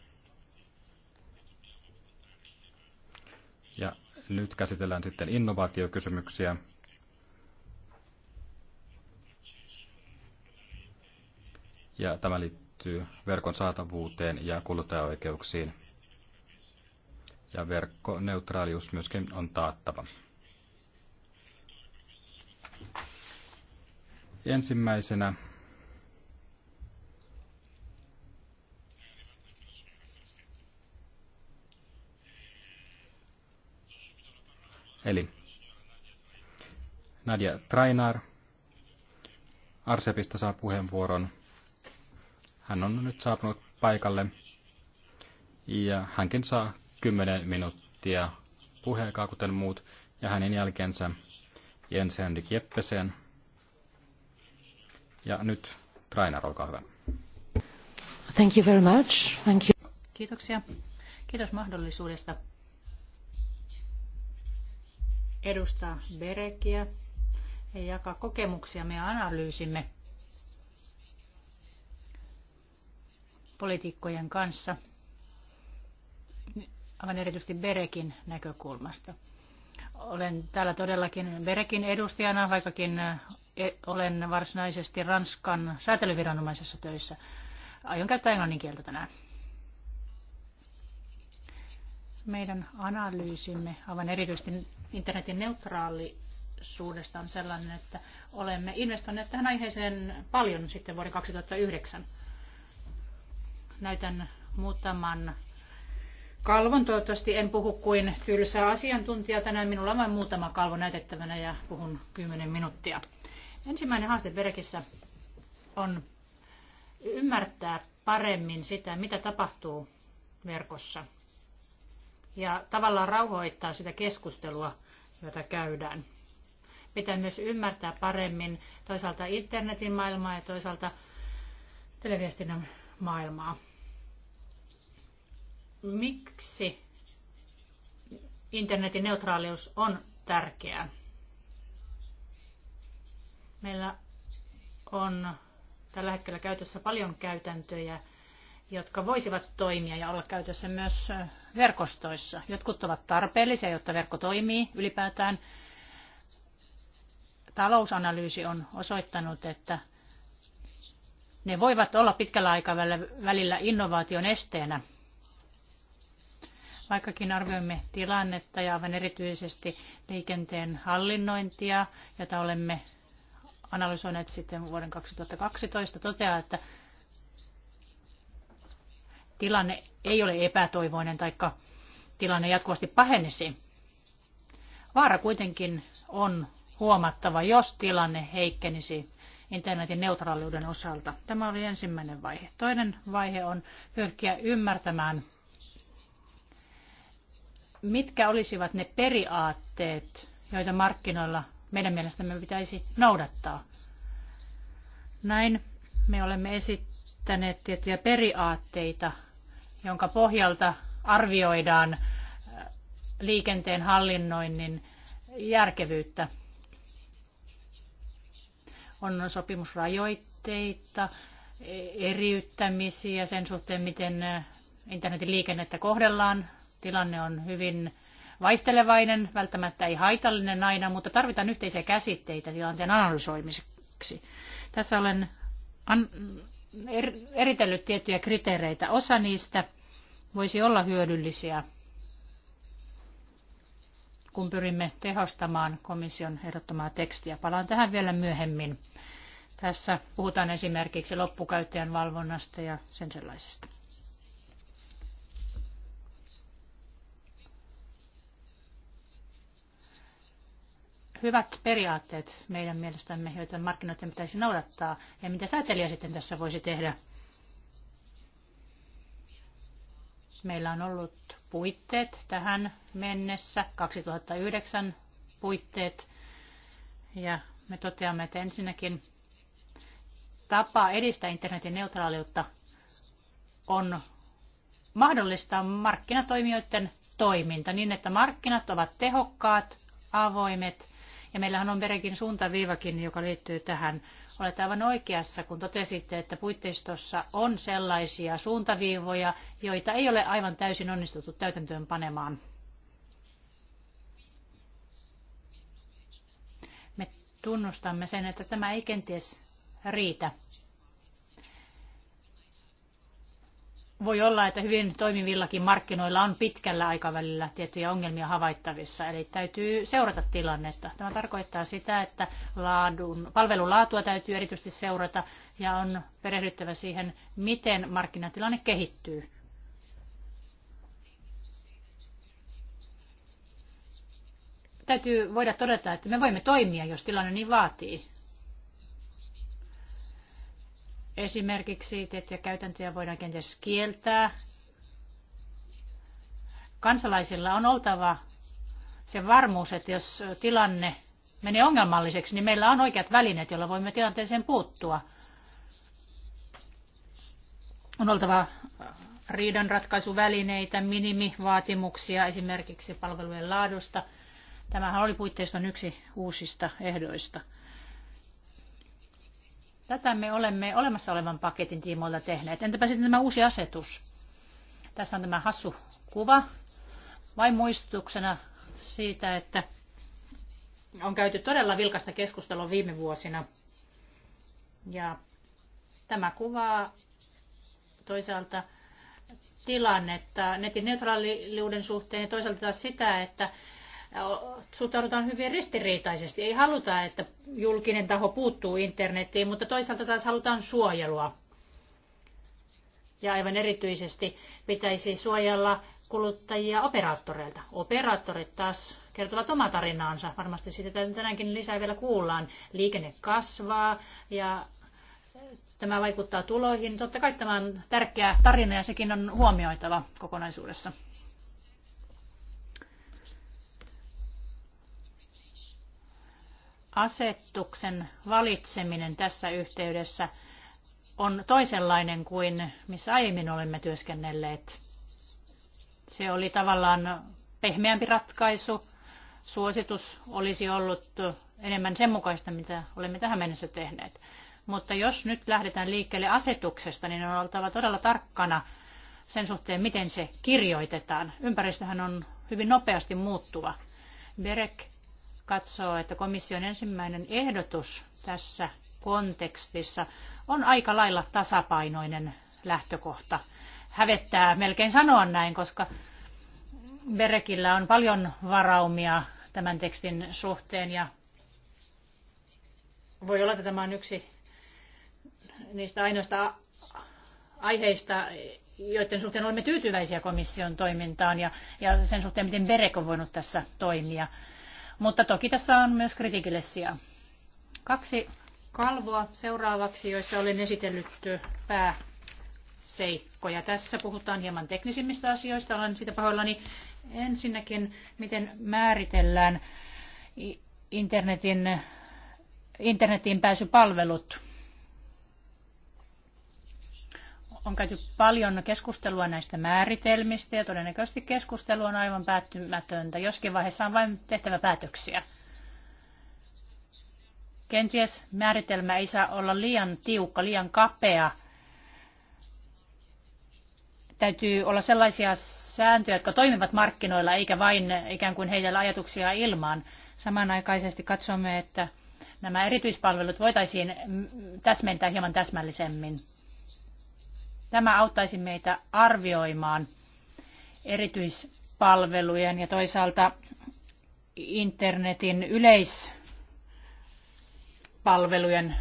Speaker 2: Ja nyt käsitellään sitten innovaatiokysymyksiä. ja tämä liittyy verkon saatavuuteen ja kuluttajaoikeuksiin. Ja verkkoneutraalius myöskin on taattava. Ensimmäisenä eli Nadia Trainar Arsepista saa puheenvuoron hän on nyt saapunut paikalle ja hänkin saa 10 minuuttia puheekaa, kuten muut, ja hänen jälkeensä Jens Henrik Jeppesen. Ja nyt Trainer, olkaa hyvä.
Speaker 4: Thank you very much. Thank you. Kiitoksia. Kiitos mahdollisuudesta edustaa Berekiä ja jakaa kokemuksia meidän analyysimme poliitikkojen kanssa, aivan erityisesti Berekin näkökulmasta. Olen täällä todellakin Berekin edustajana, vaikkakin eh, olen varsinaisesti Ranskan säätelyviranomaisessa töissä. Aion käyttää englannin kieltä tänään. Meidän analyysimme, aivan erityisesti internetin neutraalisuudesta, on sellainen, että olemme investoineet tähän aiheeseen paljon sitten vuoden 2009 näytän muutaman kalvon. Toivottavasti en puhu kuin tylsää asiantuntijaa tänään. Minulla on vain muutama kalvo näytettävänä ja puhun 10 minuuttia. Ensimmäinen haaste Berekissä on ymmärtää paremmin sitä, mitä tapahtuu verkossa. Ja tavallaan rauhoittaa sitä keskustelua, jota käydään. Pitää myös ymmärtää paremmin toisaalta internetin maailmaa ja toisaalta televiestinnän maailmaa. Miksi internetin neutraalius on tärkeää? Meillä on tällä hetkellä käytössä paljon käytäntöjä, jotka voisivat toimia ja olla käytössä myös verkostoissa. Jotkut ovat tarpeellisia, jotta verkko toimii ylipäätään. Talousanalyysi on osoittanut, että ne voivat olla pitkällä aikavälillä innovaation esteenä. Vaikkakin arvioimme tilannetta ja aivan erityisesti liikenteen hallinnointia, jota olemme analysoineet sitten vuoden 2012, toteaa, että tilanne ei ole epätoivoinen tai tilanne jatkuvasti pahenisi. Vaara kuitenkin on huomattava, jos tilanne heikkenisi internetin neutraaliuden osalta. Tämä oli ensimmäinen vaihe. Toinen vaihe on pyrkiä ymmärtämään, mitkä olisivat ne periaatteet, joita markkinoilla meidän mielestämme pitäisi noudattaa. Näin me olemme esittäneet tiettyjä periaatteita, jonka pohjalta arvioidaan äh, liikenteen hallinnoinnin järkevyyttä on sopimusrajoitteita, eriyttämisiä sen suhteen, miten äh, internetin liikennettä kohdellaan. Tilanne on hyvin vaihtelevainen, välttämättä ei haitallinen aina, mutta tarvitaan yhteisiä käsitteitä tilanteen analysoimiseksi. Tässä olen an- er- eritellyt tiettyjä kriteereitä. Osa niistä voisi olla hyödyllisiä, kun pyrimme tehostamaan komission ehdottomaa tekstiä. Palaan tähän vielä myöhemmin. Tässä puhutaan esimerkiksi loppukäyttäjän valvonnasta ja sen sellaisesta. hyvät periaatteet meidän mielestämme, joita markkinoiden pitäisi noudattaa, ja mitä säätelijä sitten tässä voisi tehdä? Meillä on ollut puitteet tähän mennessä, 2009 puitteet, ja me toteamme, että ensinnäkin tapa edistää internetin neutraaliutta on mahdollistaa markkinatoimijoiden toiminta niin, että markkinat ovat tehokkaat, avoimet ja meillähän on perekin suuntaviivakin, joka liittyy tähän. Olet aivan oikeassa, kun totesitte, että puitteistossa on sellaisia suuntaviivoja, joita ei ole aivan täysin onnistuttu täytäntöön panemaan. Me tunnustamme sen, että tämä ei kenties riitä. Voi olla, että hyvin toimivillakin markkinoilla on pitkällä aikavälillä tiettyjä ongelmia havaittavissa, eli täytyy seurata tilannetta. Tämä tarkoittaa sitä, että laadun, palvelun laatua täytyy erityisesti seurata ja on perehdyttävä siihen, miten markkinatilanne kehittyy. täytyy voida todeta, että me voimme toimia, jos tilanne niin vaatii. Esimerkiksi tiettyjä käytäntöjä voidaan kenties kieltää. Kansalaisilla on oltava se varmuus, että jos tilanne menee ongelmalliseksi, niin meillä on oikeat välineet, joilla voimme tilanteeseen puuttua. On oltava riidanratkaisuvälineitä, minimivaatimuksia esimerkiksi palvelujen laadusta. Tämähän oli puitteiston yksi uusista ehdoista. Tätä me olemme olemassa olevan paketin tiimoilta tehneet. Entäpä sitten tämä uusi asetus? Tässä on tämä hassu kuva. Vain muistutuksena siitä, että on käyty todella vilkasta keskustelua viime vuosina. Ja tämä kuvaa toisaalta tilannetta netin neutraaliuden suhteen ja toisaalta taas sitä, että suhtaudutaan hyvin ristiriitaisesti. Ei haluta, että julkinen taho puuttuu internettiin, mutta toisaalta taas halutaan suojelua. Ja aivan erityisesti pitäisi suojella kuluttajia operaattoreilta. Operaattorit taas kertovat oma tarinaansa. Varmasti siitä tänäänkin lisää vielä kuullaan. Liikenne kasvaa ja tämä vaikuttaa tuloihin. Totta kai tämä on tärkeä tarina ja sekin on huomioitava kokonaisuudessa. asetuksen valitseminen tässä yhteydessä on toisenlainen kuin missä aiemmin olemme työskennelleet. Se oli tavallaan pehmeämpi ratkaisu. Suositus olisi ollut enemmän sen mukaista, mitä olemme tähän mennessä tehneet. Mutta jos nyt lähdetään liikkeelle asetuksesta, niin on oltava todella tarkkana sen suhteen, miten se kirjoitetaan. Ympäristöhän on hyvin nopeasti muuttuva. Berek katsoo, että komission ensimmäinen ehdotus tässä kontekstissa on aika lailla tasapainoinen lähtökohta. Hävettää melkein sanoa näin, koska Berekillä on paljon varaumia tämän tekstin suhteen ja voi olla, että tämä on yksi niistä ainoista aiheista, joiden suhteen olemme tyytyväisiä komission toimintaan ja, ja sen suhteen, miten Berek on voinut tässä toimia. Mutta toki tässä on myös kritiikille sijaa. Kaksi kalvoa seuraavaksi, joissa olen esitellyt pääseikkoja. Tässä puhutaan hieman teknisimmistä asioista, olen siitä pahoillani. Ensinnäkin, miten määritellään internetin, internetin pääsypalvelut. on käyty paljon keskustelua näistä määritelmistä ja todennäköisesti keskustelu on aivan päättymätöntä. Joskin vaiheessa on vain tehtävä päätöksiä. Kenties määritelmä ei saa olla liian tiukka, liian kapea. Täytyy olla sellaisia sääntöjä, jotka toimivat markkinoilla, eikä vain ikään kuin heitellä ajatuksia ilmaan. Samanaikaisesti katsomme, että nämä erityispalvelut voitaisiin täsmentää hieman täsmällisemmin. Tämä auttaisi meitä arvioimaan erityispalvelujen ja toisaalta internetin yleispalvelujen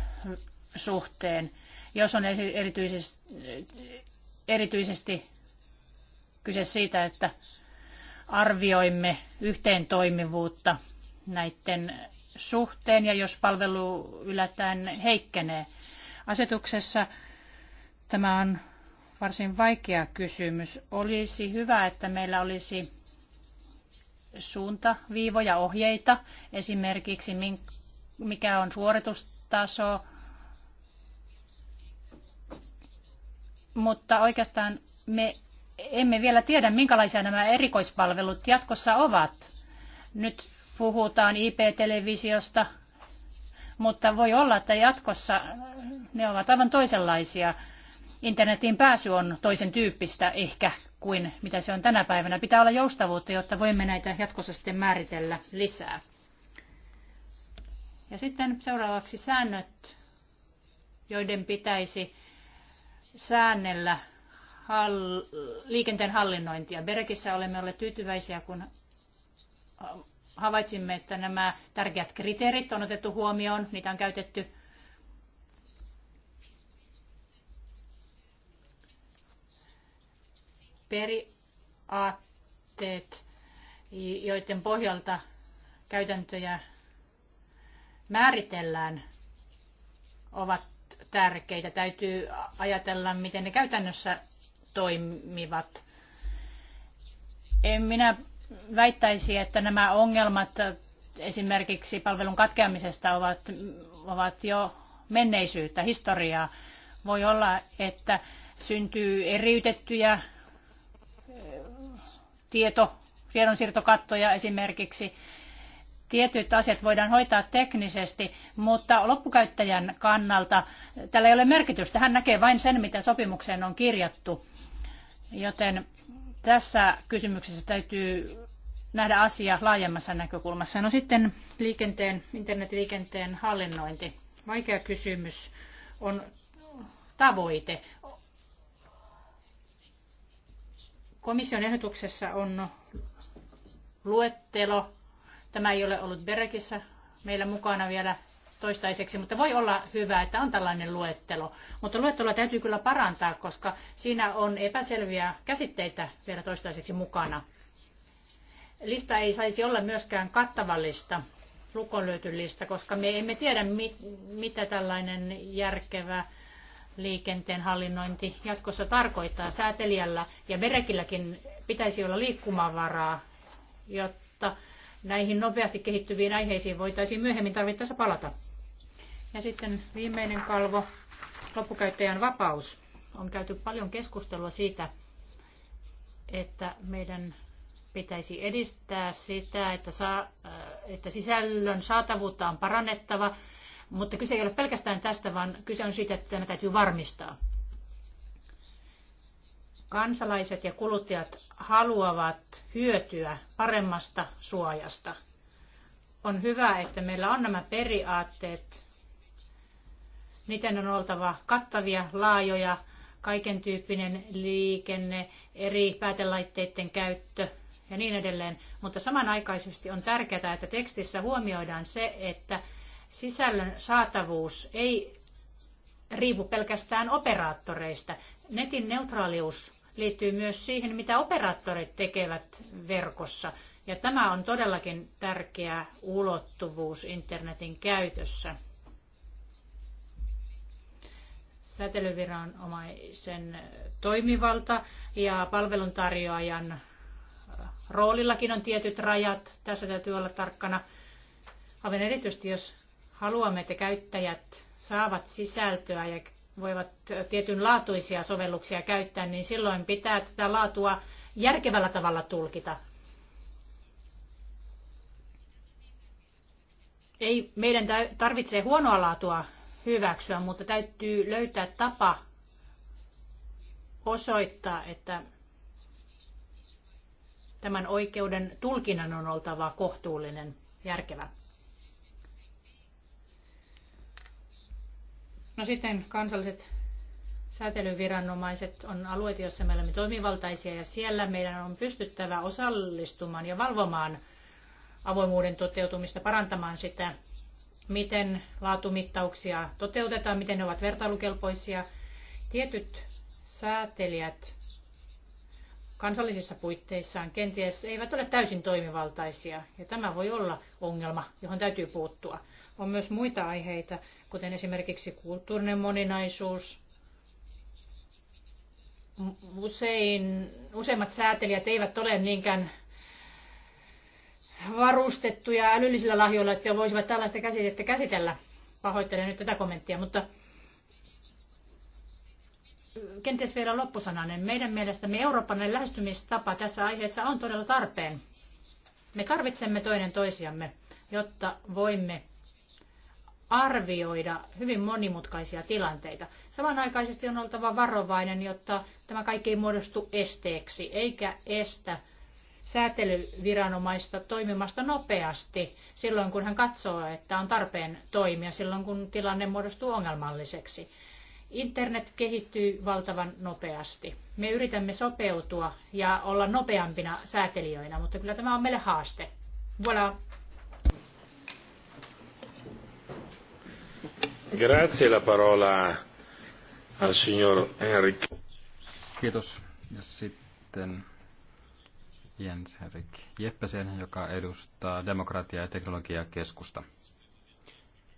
Speaker 4: suhteen, jos on erityisesti, erityisesti kyse siitä, että arvioimme yhteen toimivuutta näiden suhteen ja jos palvelu yllättäen heikkenee. Asetuksessa tämä on varsin vaikea kysymys. Olisi hyvä, että meillä olisi suuntaviivoja, ohjeita, esimerkiksi mikä on suoritustaso, mutta oikeastaan me emme vielä tiedä, minkälaisia nämä erikoispalvelut jatkossa ovat. Nyt puhutaan IP-televisiosta, mutta voi olla, että jatkossa ne ovat aivan toisenlaisia internetin pääsy on toisen tyyppistä ehkä kuin mitä se on tänä päivänä. Pitää olla joustavuutta, jotta voimme näitä jatkossa sitten määritellä lisää. Ja sitten seuraavaksi säännöt, joiden pitäisi säännellä hall- liikenteen hallinnointia. Berekissä olemme olleet tyytyväisiä, kun havaitsimme, että nämä tärkeät kriteerit on otettu huomioon, niitä on käytetty periaatteet, joiden pohjalta käytäntöjä määritellään, ovat tärkeitä. Täytyy ajatella, miten ne käytännössä toimivat. En minä väittäisi, että nämä ongelmat esimerkiksi palvelun katkeamisesta ovat, ovat jo menneisyyttä, historiaa. Voi olla, että syntyy eriytettyjä tieto, tiedonsiirtokattoja esimerkiksi. Tietyt asiat voidaan hoitaa teknisesti, mutta loppukäyttäjän kannalta tällä ei ole merkitystä. Hän näkee vain sen, mitä sopimukseen on kirjattu. Joten tässä kysymyksessä täytyy nähdä asia laajemmassa näkökulmassa. No sitten liikenteen, internetliikenteen hallinnointi. Vaikea kysymys on tavoite. Komission ehdotuksessa on luettelo. Tämä ei ole ollut Berekissä meillä mukana vielä toistaiseksi, mutta voi olla hyvä, että on tällainen luettelo. Mutta luetteloa täytyy kyllä parantaa, koska siinä on epäselviä käsitteitä vielä toistaiseksi mukana. Lista ei saisi olla myöskään kattavallista, lukon lista, koska me emme tiedä, mitä tällainen järkevä liikenteen hallinnointi jatkossa tarkoittaa. Säätelijällä ja Berekilläkin pitäisi olla liikkumavaraa, jotta näihin nopeasti kehittyviin aiheisiin voitaisiin myöhemmin tarvittaessa palata. Ja sitten viimeinen kalvo, loppukäyttäjän vapaus. On käyty paljon keskustelua siitä, että meidän pitäisi edistää sitä, että, saa, äh, että sisällön saatavuutta on parannettava mutta kyse ei ole pelkästään tästä, vaan kyse on siitä, että tämä täytyy varmistaa. Kansalaiset ja kuluttajat haluavat hyötyä paremmasta suojasta. On hyvä, että meillä on nämä periaatteet. Niiden on oltava kattavia, laajoja, kaiken tyyppinen liikenne, eri päätelaitteiden käyttö ja niin edelleen. Mutta samanaikaisesti on tärkeää, että tekstissä huomioidaan se, että sisällön saatavuus ei riipu pelkästään operaattoreista. Netin neutraalius liittyy myös siihen, mitä operaattorit tekevät verkossa. Ja tämä on todellakin tärkeä ulottuvuus internetin käytössä. Säteilyviranomaisen toimivalta ja palveluntarjoajan roolillakin on tietyt rajat. Tässä täytyy olla tarkkana. Aivan erityisesti, jos Haluamme, että käyttäjät saavat sisältöä ja voivat tietynlaatuisia sovelluksia käyttää, niin silloin pitää tätä laatua järkevällä tavalla tulkita. Ei meidän tarvitse huonoa laatua hyväksyä, mutta täytyy löytää tapa osoittaa, että tämän oikeuden tulkinnan on oltava kohtuullinen, järkevä. No sitten kansalliset säätelyviranomaiset on alueita, joissa me olemme toimivaltaisia ja siellä meidän on pystyttävä osallistumaan ja valvomaan avoimuuden toteutumista, parantamaan sitä, miten laatumittauksia toteutetaan, miten ne ovat vertailukelpoisia. Tietyt säätelijät kansallisissa puitteissaan kenties eivät ole täysin toimivaltaisia, ja tämä voi olla ongelma, johon täytyy puuttua. On myös muita aiheita, kuten esimerkiksi kulttuurinen moninaisuus. Usein, useimmat säätelijät eivät ole niinkään varustettuja älyllisillä lahjoilla, että voisivat tällaista käsitettä käsitellä. Pahoittelen nyt tätä kommenttia, mutta kenties vielä loppusananen. Meidän mielestämme eurooppalainen lähestymistapa tässä aiheessa on todella tarpeen. Me tarvitsemme toinen toisiamme, jotta voimme arvioida hyvin monimutkaisia tilanteita. Samanaikaisesti on oltava varovainen, jotta tämä kaikki ei muodostu esteeksi eikä estä säätelyviranomaista toimimasta nopeasti silloin, kun hän katsoo, että on tarpeen toimia silloin, kun tilanne muodostuu ongelmalliseksi. Internet kehittyy valtavan nopeasti. Me yritämme sopeutua ja olla nopeampina säätelijöinä, mutta kyllä tämä on meille haaste.
Speaker 3: Voilà.
Speaker 1: Grazie la parola al signor Henrik. Kiitos.
Speaker 2: Ja sitten Jens Henrik Jeppesen, joka edustaa demokratia- ja teknologiakeskusta.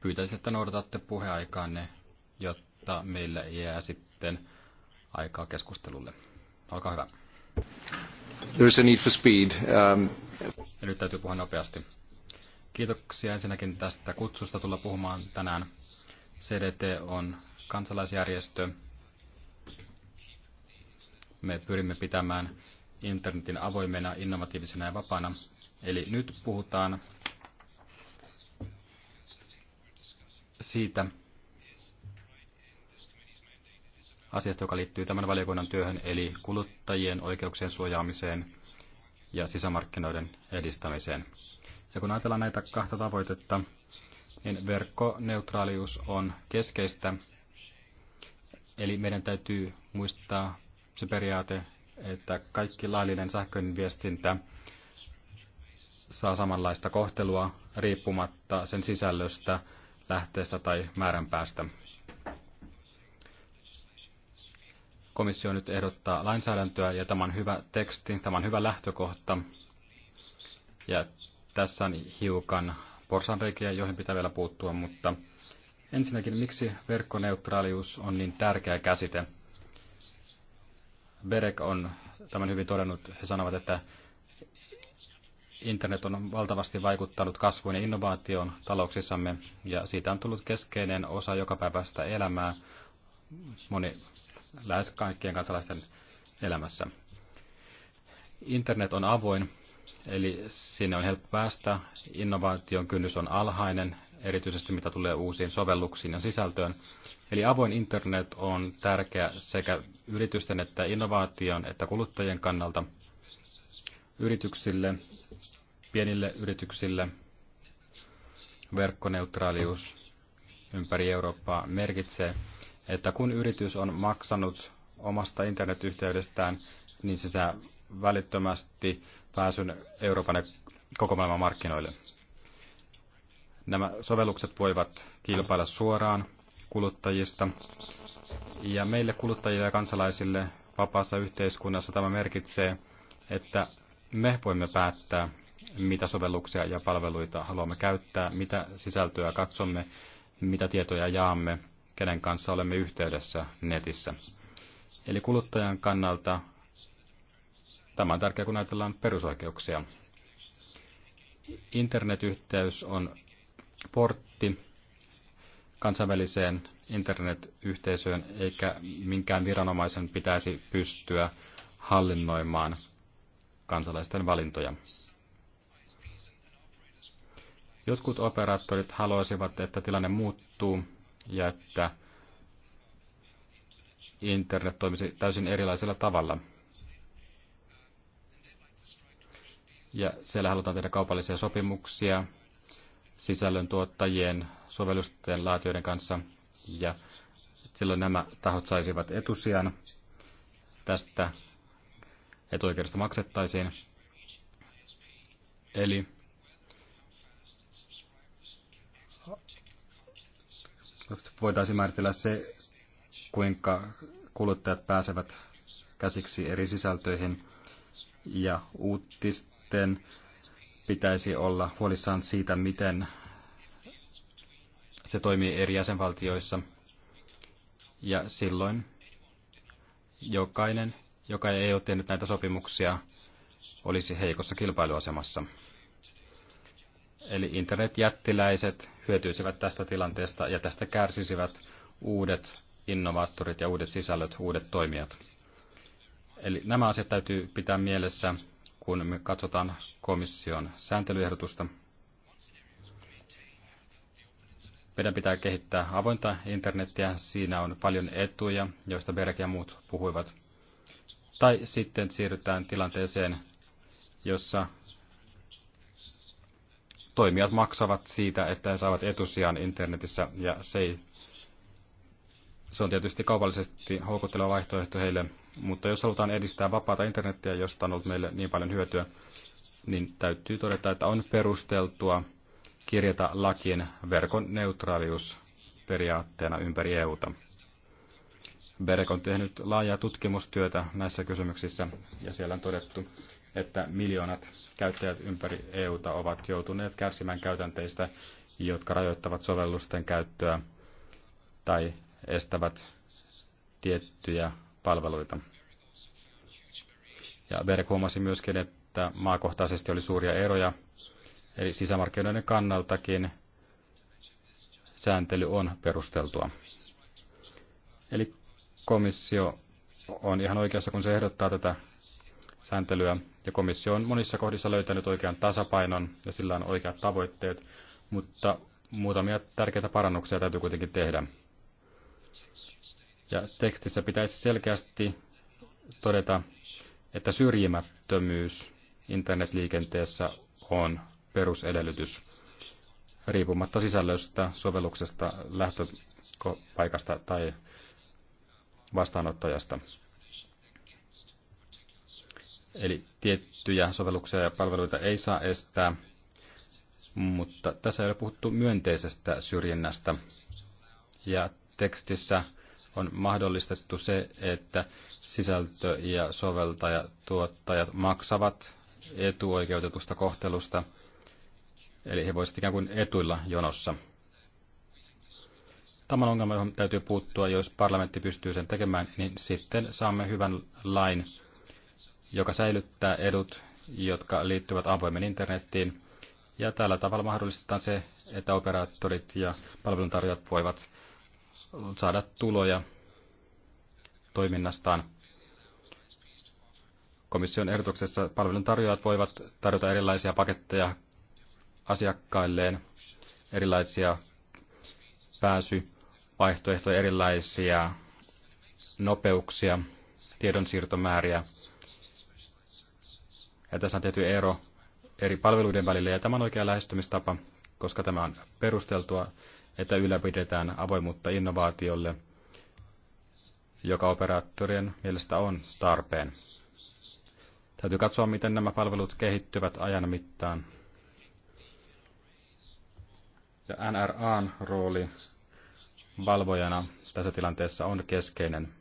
Speaker 2: Pyytäisin, että noudatatte puheaikaanne, jotta meille jää sitten aikaa keskustelulle. Olkaa hyvä. There's a need for speed. Um... Ja nyt täytyy puhua nopeasti. Kiitoksia ensinnäkin tästä kutsusta tulla puhumaan tänään. CDT on kansalaisjärjestö. Me pyrimme pitämään internetin avoimena, innovatiivisena ja vapaana. Eli nyt puhutaan siitä asiasta, joka liittyy tämän valiokunnan työhön, eli kuluttajien oikeuksien suojaamiseen ja sisämarkkinoiden edistämiseen. Ja kun ajatellaan näitä kahta tavoitetta, niin verkkoneutraalius on keskeistä. Eli meidän täytyy muistaa se periaate, että kaikki laillinen sähköinen viestintä saa samanlaista kohtelua riippumatta sen sisällöstä, lähteestä tai määränpäästä. Komissio nyt ehdottaa lainsäädäntöä ja tämä on hyvä teksti, tämä on hyvä lähtökohta. Ja tässä on hiukan porsanreikiä, joihin pitää vielä puuttua, mutta ensinnäkin miksi verkkoneutraalius on niin tärkeä käsite? Berek on tämän hyvin todennut, he sanovat, että internet on valtavasti vaikuttanut kasvuun ja innovaatioon talouksissamme, ja siitä on tullut keskeinen osa joka päivästä elämää moni, lähes kaikkien kansalaisten elämässä. Internet on avoin, Eli sinne on helppo päästä. Innovaation kynnys on alhainen, erityisesti mitä tulee uusiin sovelluksiin ja sisältöön. Eli avoin internet on tärkeä sekä yritysten että innovaation että kuluttajien kannalta yrityksille, pienille yrityksille. Verkkoneutraalius ympäri Eurooppaa merkitsee, että kun yritys on maksanut omasta internetyhteydestään, niin se saa välittömästi pääsyn Euroopan ja koko maailman markkinoille. Nämä sovellukset voivat kilpailla suoraan kuluttajista. Ja meille kuluttajille ja kansalaisille vapaassa yhteiskunnassa tämä merkitsee, että me voimme päättää, mitä sovelluksia ja palveluita haluamme käyttää, mitä sisältöä katsomme, mitä tietoja jaamme, kenen kanssa olemme yhteydessä netissä. Eli kuluttajan kannalta Tämä on tärkeää, kun ajatellaan perusoikeuksia. Internetyhteys on portti kansainväliseen internetyhteisöön, eikä minkään viranomaisen pitäisi pystyä hallinnoimaan kansalaisten valintoja. Jotkut operaattorit haluaisivat, että tilanne muuttuu ja että internet toimisi täysin erilaisella tavalla – ja siellä halutaan tehdä kaupallisia sopimuksia sisällön tuottajien, sovellusten laatijoiden kanssa ja silloin nämä tahot saisivat etusijan. Tästä etuoikeudesta maksettaisiin. Eli voitaisiin määritellä se, kuinka kuluttajat pääsevät käsiksi eri sisältöihin ja uutista sitten pitäisi olla huolissaan siitä, miten se toimii eri jäsenvaltioissa. Ja silloin jokainen, joka ei ole tehnyt näitä sopimuksia, olisi heikossa kilpailuasemassa. Eli internetjättiläiset hyötyisivät tästä tilanteesta ja tästä kärsisivät uudet innovaattorit ja uudet sisällöt, uudet toimijat. Eli nämä asiat täytyy pitää mielessä, kun me katsotaan komission sääntelyehdotusta. Meidän pitää kehittää avointa internettiä. Siinä on paljon etuja, joista Berg ja muut puhuivat. Tai sitten siirrytään tilanteeseen, jossa toimijat maksavat siitä, että he saavat etusijan internetissä, ja se, ei, se on tietysti kaupallisesti houkutteleva vaihtoehto heille, mutta jos halutaan edistää vapaata internettiä, josta on ollut meille niin paljon hyötyä, niin täytyy todeta, että on perusteltua kirjata lakien verkon neutraalius periaatteena ympäri EUta. BEREK on tehnyt laajaa tutkimustyötä näissä kysymyksissä ja siellä on todettu, että miljoonat käyttäjät ympäri EUta ovat joutuneet kärsimään käytänteistä, jotka rajoittavat sovellusten käyttöä tai estävät tiettyjä palveluita. Ja Berg huomasi myöskin, että maakohtaisesti oli suuria eroja, eli sisämarkkinoiden kannaltakin sääntely on perusteltua. Eli komissio on ihan oikeassa, kun se ehdottaa tätä sääntelyä, ja komissio on monissa kohdissa löytänyt oikean tasapainon, ja sillä on oikeat tavoitteet, mutta muutamia tärkeitä parannuksia täytyy kuitenkin tehdä. Ja tekstissä pitäisi selkeästi todeta, että syrjimättömyys internetliikenteessä on perusedellytys riippumatta sisällöstä, sovelluksesta, lähtöpaikasta tai vastaanottajasta. Eli tiettyjä sovelluksia ja palveluita ei saa estää, mutta tässä ei ole puhuttu myönteisestä syrjinnästä. Ja tekstissä on mahdollistettu se, että sisältö- ja soveltajatuottajat maksavat etuoikeutetusta kohtelusta, eli he voisivat ikään kuin etuilla jonossa. Tämä on ongelma, johon täytyy puuttua. Jos parlamentti pystyy sen tekemään, niin sitten saamme hyvän lain, joka säilyttää edut, jotka liittyvät avoimen internettiin. Ja tällä tavalla mahdollistetaan se, että operaattorit ja palveluntarjoajat voivat saada tuloja toiminnastaan. Komission ehdotuksessa palveluntarjoajat voivat tarjota erilaisia paketteja asiakkailleen, erilaisia pääsyvaihtoehtoja, erilaisia nopeuksia, tiedonsiirtomääriä. Ja tässä on tehty ero eri palveluiden välillä, ja tämä on oikea lähestymistapa, koska tämä on perusteltua että ylläpidetään avoimuutta innovaatiolle, joka operaattorien mielestä on tarpeen. Täytyy katsoa, miten nämä palvelut kehittyvät ajan mittaan. Ja NRAn rooli valvojana tässä tilanteessa on keskeinen.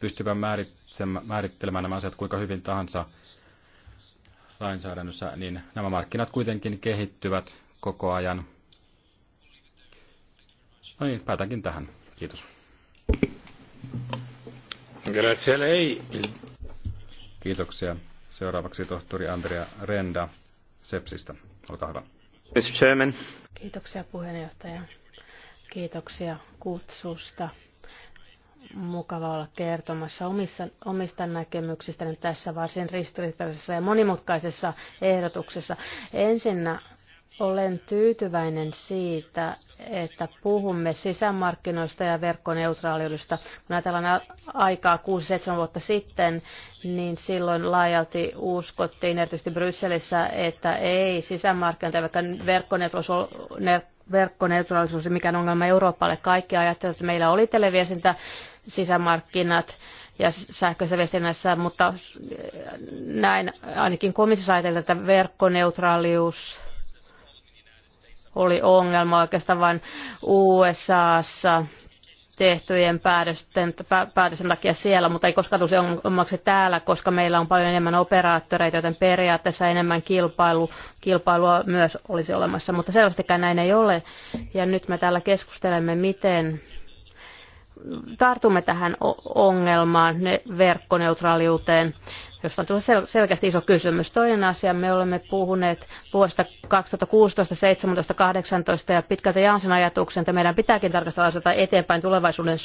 Speaker 2: Pystyvän määrittelemään nämä asiat kuinka hyvin tahansa, lainsäädännössä, niin nämä markkinat kuitenkin kehittyvät koko ajan. No niin, päätänkin tähän. Kiitos. Grazie lei. Kiitoksia. Seuraavaksi tohtori Andrea Renda Sepsistä. Olkaa hyvä. Mr. Chairman.
Speaker 3: Kiitoksia puheenjohtaja. Kiitoksia kutsusta mukava olla kertomassa omissa, omista nyt tässä varsin ristiriitaisessa ja monimutkaisessa ehdotuksessa. Ensinnä olen tyytyväinen siitä, että puhumme sisämarkkinoista ja verkkoneutraaliudesta. Kun ajatellaan aikaa 6-7 vuotta sitten, niin silloin laajalti uskottiin, erityisesti Brysselissä, että ei sisämarkkinoita, vaikka verkkoneutraaliudesta verkkoneutraalisuus ja mikään ongelma Euroopalle. Kaikki ajattelivat, että meillä oli televiesintä, sisämarkkinat ja sähköisessä viestinnässä, mutta äh, näin ainakin komissio ajateltiin, että verkkoneutraalius oli ongelma oikeastaan vain USAssa tehtyjen päätösten, päätösten takia siellä, mutta ei koskaan tule ongelmaksi täällä, koska meillä on paljon enemmän operaattoreita, joten periaatteessa enemmän kilpailu, kilpailua myös olisi olemassa, mutta selvästikään näin ei ole. Ja nyt me täällä keskustelemme, miten tartumme tähän ongelmaan, verkkoneutraaliuteen josta on tullut sel- selkeästi iso kysymys. Toinen asia, me olemme puhuneet vuodesta 2016, 17, 18 ja pitkältä sen ajatuksen, että meidän pitääkin tarkastella asioita eteenpäin tulevaisuuden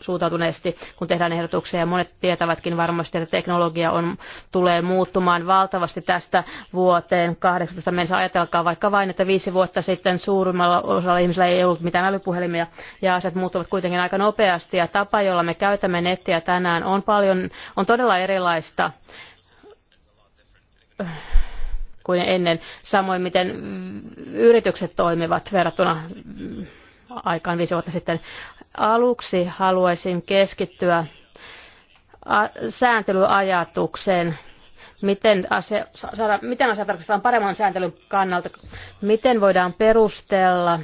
Speaker 3: suuntautuneesti, kun tehdään ehdotuksia. Ja monet tietävätkin varmasti, että teknologia on, tulee muuttumaan valtavasti tästä vuoteen 18 mennessä. Ajatelkaa vaikka vain, että viisi vuotta sitten suurimmalla osalla ihmisillä ei ollut mitään älypuhelimia ja asiat muuttuvat kuitenkin aika nopeasti ja tapa, jolla me käytämme nettiä tänään on paljon, on todella erilaista kuin ennen. Samoin miten yritykset toimivat verrattuna aikaan viisi vuotta sitten. Aluksi haluaisin keskittyä sääntelyajatukseen miten asia, saada, miten asia tarkastellaan paremman sääntelyn kannalta, miten voidaan perustella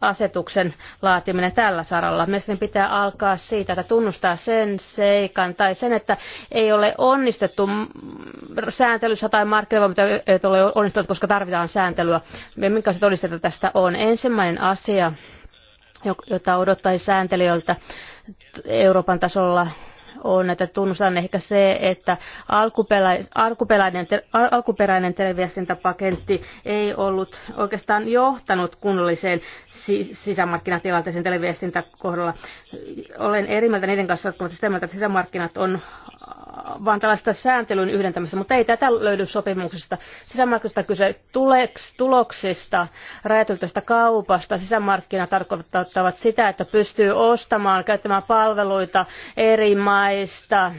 Speaker 3: asetuksen laatiminen tällä saralla. Mielestäni pitää alkaa siitä, että tunnustaa sen seikan tai sen, että ei ole onnistettu sääntelyssä tai markkinoilla, ei ole onnistunut, koska tarvitaan sääntelyä. Minkä se todisteita tästä on? Ensimmäinen asia, jota odottaisi sääntelijöiltä Euroopan tasolla on, että tunnustan ehkä se, että alkuperäinen, alkuperäinen televiestintäpaketti ei ollut oikeastaan johtanut kunnolliseen sisämarkkinatilanteeseen televiestintäkohdalla. Olen eri mieltä niiden kanssa, jotka sitä mieltä, että sisämarkkinat on äh, vaan tällaista sääntelyn yhdentämistä, mutta ei tätä löydy sopimuksesta. Sisämarkkinoista kyse tuleks, tuloksista, rajatulta kaupasta. Sisämarkkina tarkoittavat sitä, että pystyy ostamaan, käyttämään palveluita eri maissa näistä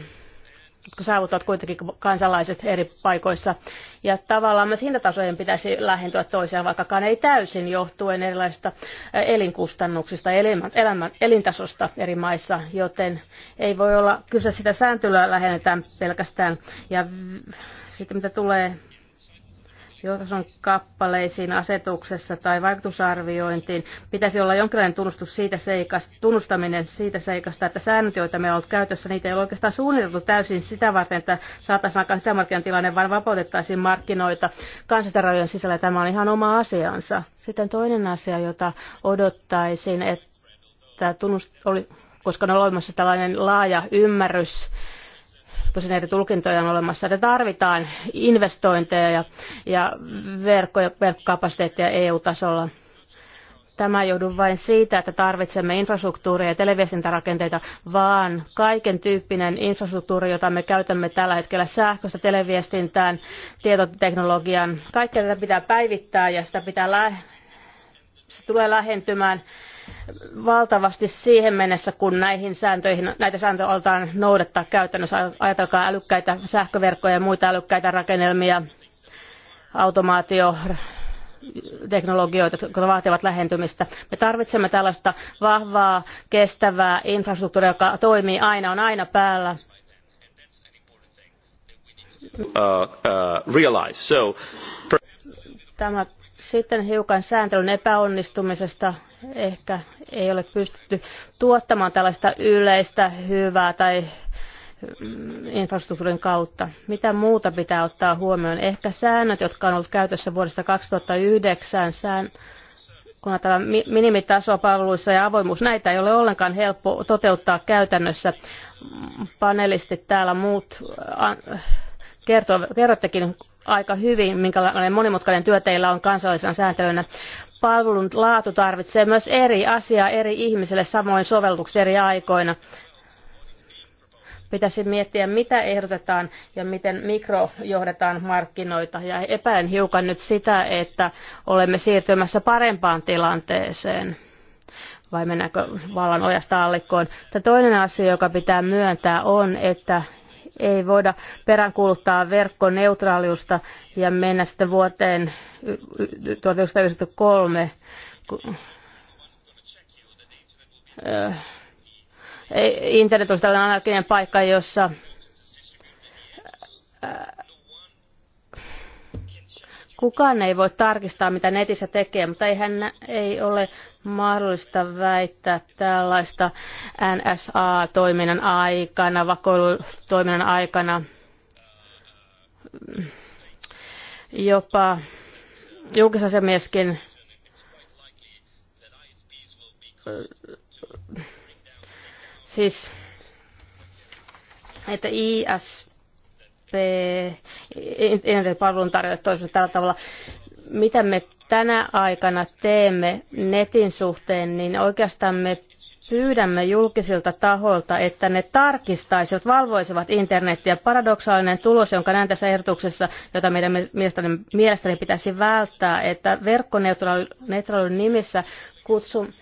Speaker 3: jotka saavuttavat kuitenkin kansalaiset eri paikoissa. Ja tavallaan myös hintatasojen pitäisi lähentyä toisiaan, vaikkakaan ei täysin johtuen erilaisista elinkustannuksista elämän, elämän, elintasosta eri maissa, joten ei voi olla kyse sitä sääntelyä lähennetään pelkästään. Ja sitten mitä tulee on kappaleisiin asetuksessa tai vaikutusarviointiin pitäisi olla jonkinlainen tunnustus siitä seikasta, tunnustaminen siitä seikasta, että säännöt, joita meillä on ollut käytössä, niitä ei ole oikeastaan suunniteltu täysin sitä varten, että saataisiin aikaan sisämarkkinan tilanne, vaan vapautettaisiin markkinoita kansallisten sisällä. Tämä on ihan oma asiansa. Sitten toinen asia, jota odottaisin, että tunnust, oli, koska on olemassa tällainen laaja ymmärrys tosin eri tulkintoja on olemassa, että tarvitaan investointeja ja, ja verkko- ja verkkokapasiteettia EU-tasolla. Tämä ei johdu vain siitä, että tarvitsemme infrastruktuuria ja televiestintärakenteita, vaan kaiken tyyppinen infrastruktuuri, jota me käytämme tällä hetkellä sähköstä televiestintään, tietoteknologian. Kaikkea tätä pitää päivittää ja sitä pitää lä- se tulee lähentymään valtavasti siihen mennessä, kun näihin sääntöihin, näitä sääntöjä aletaan noudattaa käytännössä. Ajatelkaa älykkäitä sähköverkkoja ja muita älykkäitä rakennelmia, automaatio, teknologioita, jotka vaativat lähentymistä. Me tarvitsemme tällaista vahvaa, kestävää infrastruktuuria, joka toimii aina, on aina päällä.
Speaker 1: Uh, uh,
Speaker 3: Tämä sitten hiukan sääntelyn epäonnistumisesta ehkä ei ole pystytty tuottamaan tällaista yleistä hyvää tai mm, infrastruktuurin kautta. Mitä muuta pitää ottaa huomioon? Ehkä säännöt, jotka on ollut käytössä vuodesta 2009, sään, kun tämä minimitaso palveluissa ja avoimuus, näitä ei ole ollenkaan helppo toteuttaa käytännössä. Panelistit täällä muut kertoo, kerrottekin aika hyvin, minkälainen monimutkainen työ teillä on kansallisena sääntelynä palvelun laatu tarvitsee myös eri asiaa eri ihmisille samoin sovelluksia eri aikoina. Pitäisi miettiä, mitä ehdotetaan ja miten mikrojohdetaan markkinoita. Ja epäilen hiukan nyt sitä, että olemme siirtymässä parempaan tilanteeseen vai mennäänkö vallan ojasta allikkoon. Tämä toinen asia, joka pitää myöntää, on, että ei voida peräänkuuluttaa verkkoneutraaliusta ja mennä sitten vuoteen 1993 internet on tällainen anarkinen paikka, jossa Kukaan ei voi tarkistaa, mitä netissä tekee, mutta eihän ei ole mahdollista väittää tällaista NSA-toiminnan aikana, vakoilutoiminnan aikana jopa julkisasemieskin siis että IS internet-palvelun tarjoajat toisivat tällä tavalla. Mitä me tänä aikana teemme netin suhteen, niin oikeastaan me pyydämme julkisilta tahoilta, että ne tarkistaisivat, valvoisivat internetiä. Paradoksaalinen tulos, jonka näen tässä ehdotuksessa, jota meidän mielestäni, mielestäni pitäisi välttää, että verkkoneutraalin nimissä kutsun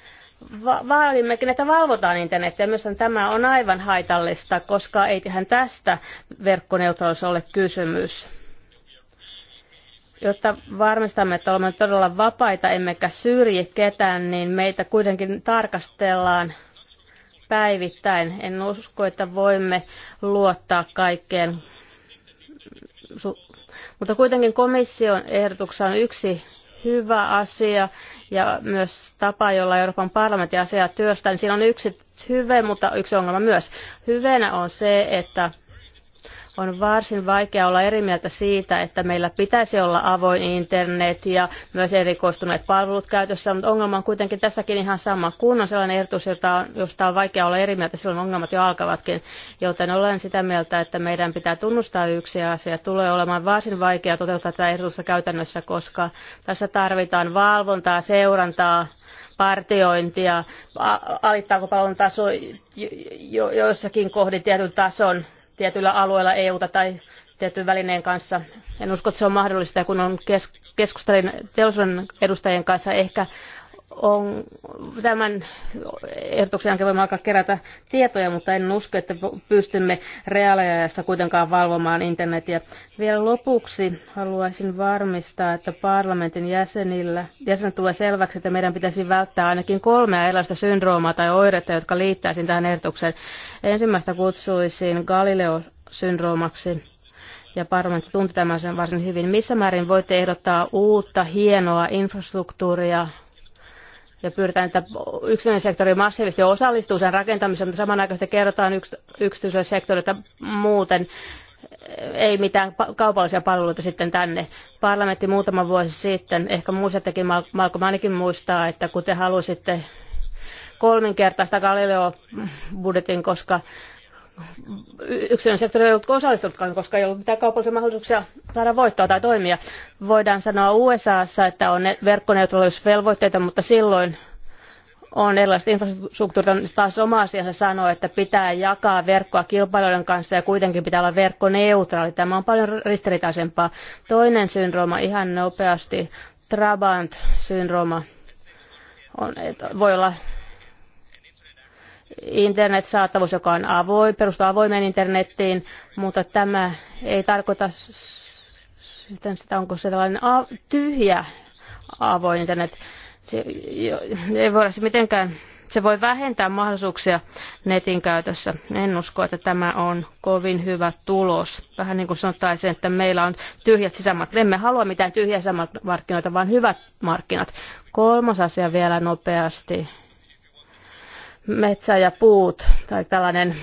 Speaker 3: va- vaadimmekin, että valvotaan internetiä. Myös tämä on aivan haitallista, koska eiköhän tästä verkkoneutraalisuus ole kysymys. Jotta varmistamme, että olemme todella vapaita emmekä syrji ketään, niin meitä kuitenkin tarkastellaan päivittäin. En usko, että voimme luottaa kaikkeen. Mutta kuitenkin komission ehdotuksessa on yksi hyvä asia ja myös tapa, jolla Euroopan parlamentti asiaa työstää, niin siinä on yksi hyve, mutta yksi ongelma myös. Hyvänä on se, että on varsin vaikea olla eri mieltä siitä, että meillä pitäisi olla avoin internet ja myös erikoistuneet palvelut käytössä, mutta ongelma on kuitenkin tässäkin ihan sama. Kun on sellainen ehdotus, jota josta on vaikea olla eri mieltä, silloin ongelmat jo alkavatkin. Joten olen sitä mieltä, että meidän pitää tunnustaa yksi asia. Tulee olemaan varsin vaikea toteuttaa tätä ehdotusta käytännössä, koska tässä tarvitaan valvontaa, seurantaa, partiointia, alittaako palvelun taso jossakin kohdin tietyn tason tietyllä alueella EUta tai tietyn välineen kanssa. En usko, että se on mahdollista, kun on kes- keskustelin teollisuuden edustajien kanssa. Ehkä on, tämän ehdotuksen jälkeen voimme alkaa kerätä tietoja, mutta en usko, että pystymme reaaliajassa kuitenkaan valvomaan internetiä. Vielä lopuksi haluaisin varmistaa, että parlamentin jäsenillä, jäsenet tulee selväksi, että meidän pitäisi välttää ainakin kolmea erilaista syndroomaa tai oiretta, jotka liittäisiin tähän ehdotukseen. Ensimmäistä kutsuisin Galileo-syndroomaksi ja parlamentti tunti tämän sen varsin hyvin. Missä määrin voitte ehdottaa uutta hienoa infrastruktuuria ja pyritään, että yksityinen sektori massiivisesti osallistuu sen rakentamiseen, mutta samanaikaisesti kerrotaan yks, yksityiselle sektorille, että muuten ei mitään kaupallisia palveluita sitten tänne. Parlamentti muutama vuosi sitten, ehkä muistattekin, Malko ainakin muistaa, että kun te halusitte kolminkertaista Galileo-budjetin, koska yksilön sektori ei ollut osallistunutkaan, koska ei ollut mitään kaupallisia mahdollisuuksia saada voittoa tai toimia. Voidaan sanoa USAssa, että on verkkoneutraalisuusvelvoitteita, mutta silloin on erilaiset infrastruktuurit, on taas oma asiansa sanoa, että pitää jakaa verkkoa kilpailijoiden kanssa ja kuitenkin pitää olla verkkoneutraali. Tämä on paljon ristiriitaisempaa. Toinen syndrooma ihan nopeasti, Trabant-syndrooma, on, voi olla internetsaatavuus, joka on avoin, perustuu avoimeen internettiin, mutta tämä ei tarkoita sitten sitä, onko se tällainen tyhjä avoin internet. Se ei voida se mitenkään, se voi vähentää mahdollisuuksia netin käytössä. En usko, että tämä on kovin hyvä tulos. Vähän niin kuin sanottaisiin, että meillä on tyhjät sisämarkkinat. Emme halua mitään tyhjiä sisämarkkinoita, vaan hyvät markkinat. Kolmas asia vielä nopeasti metsä ja puut tai tällainen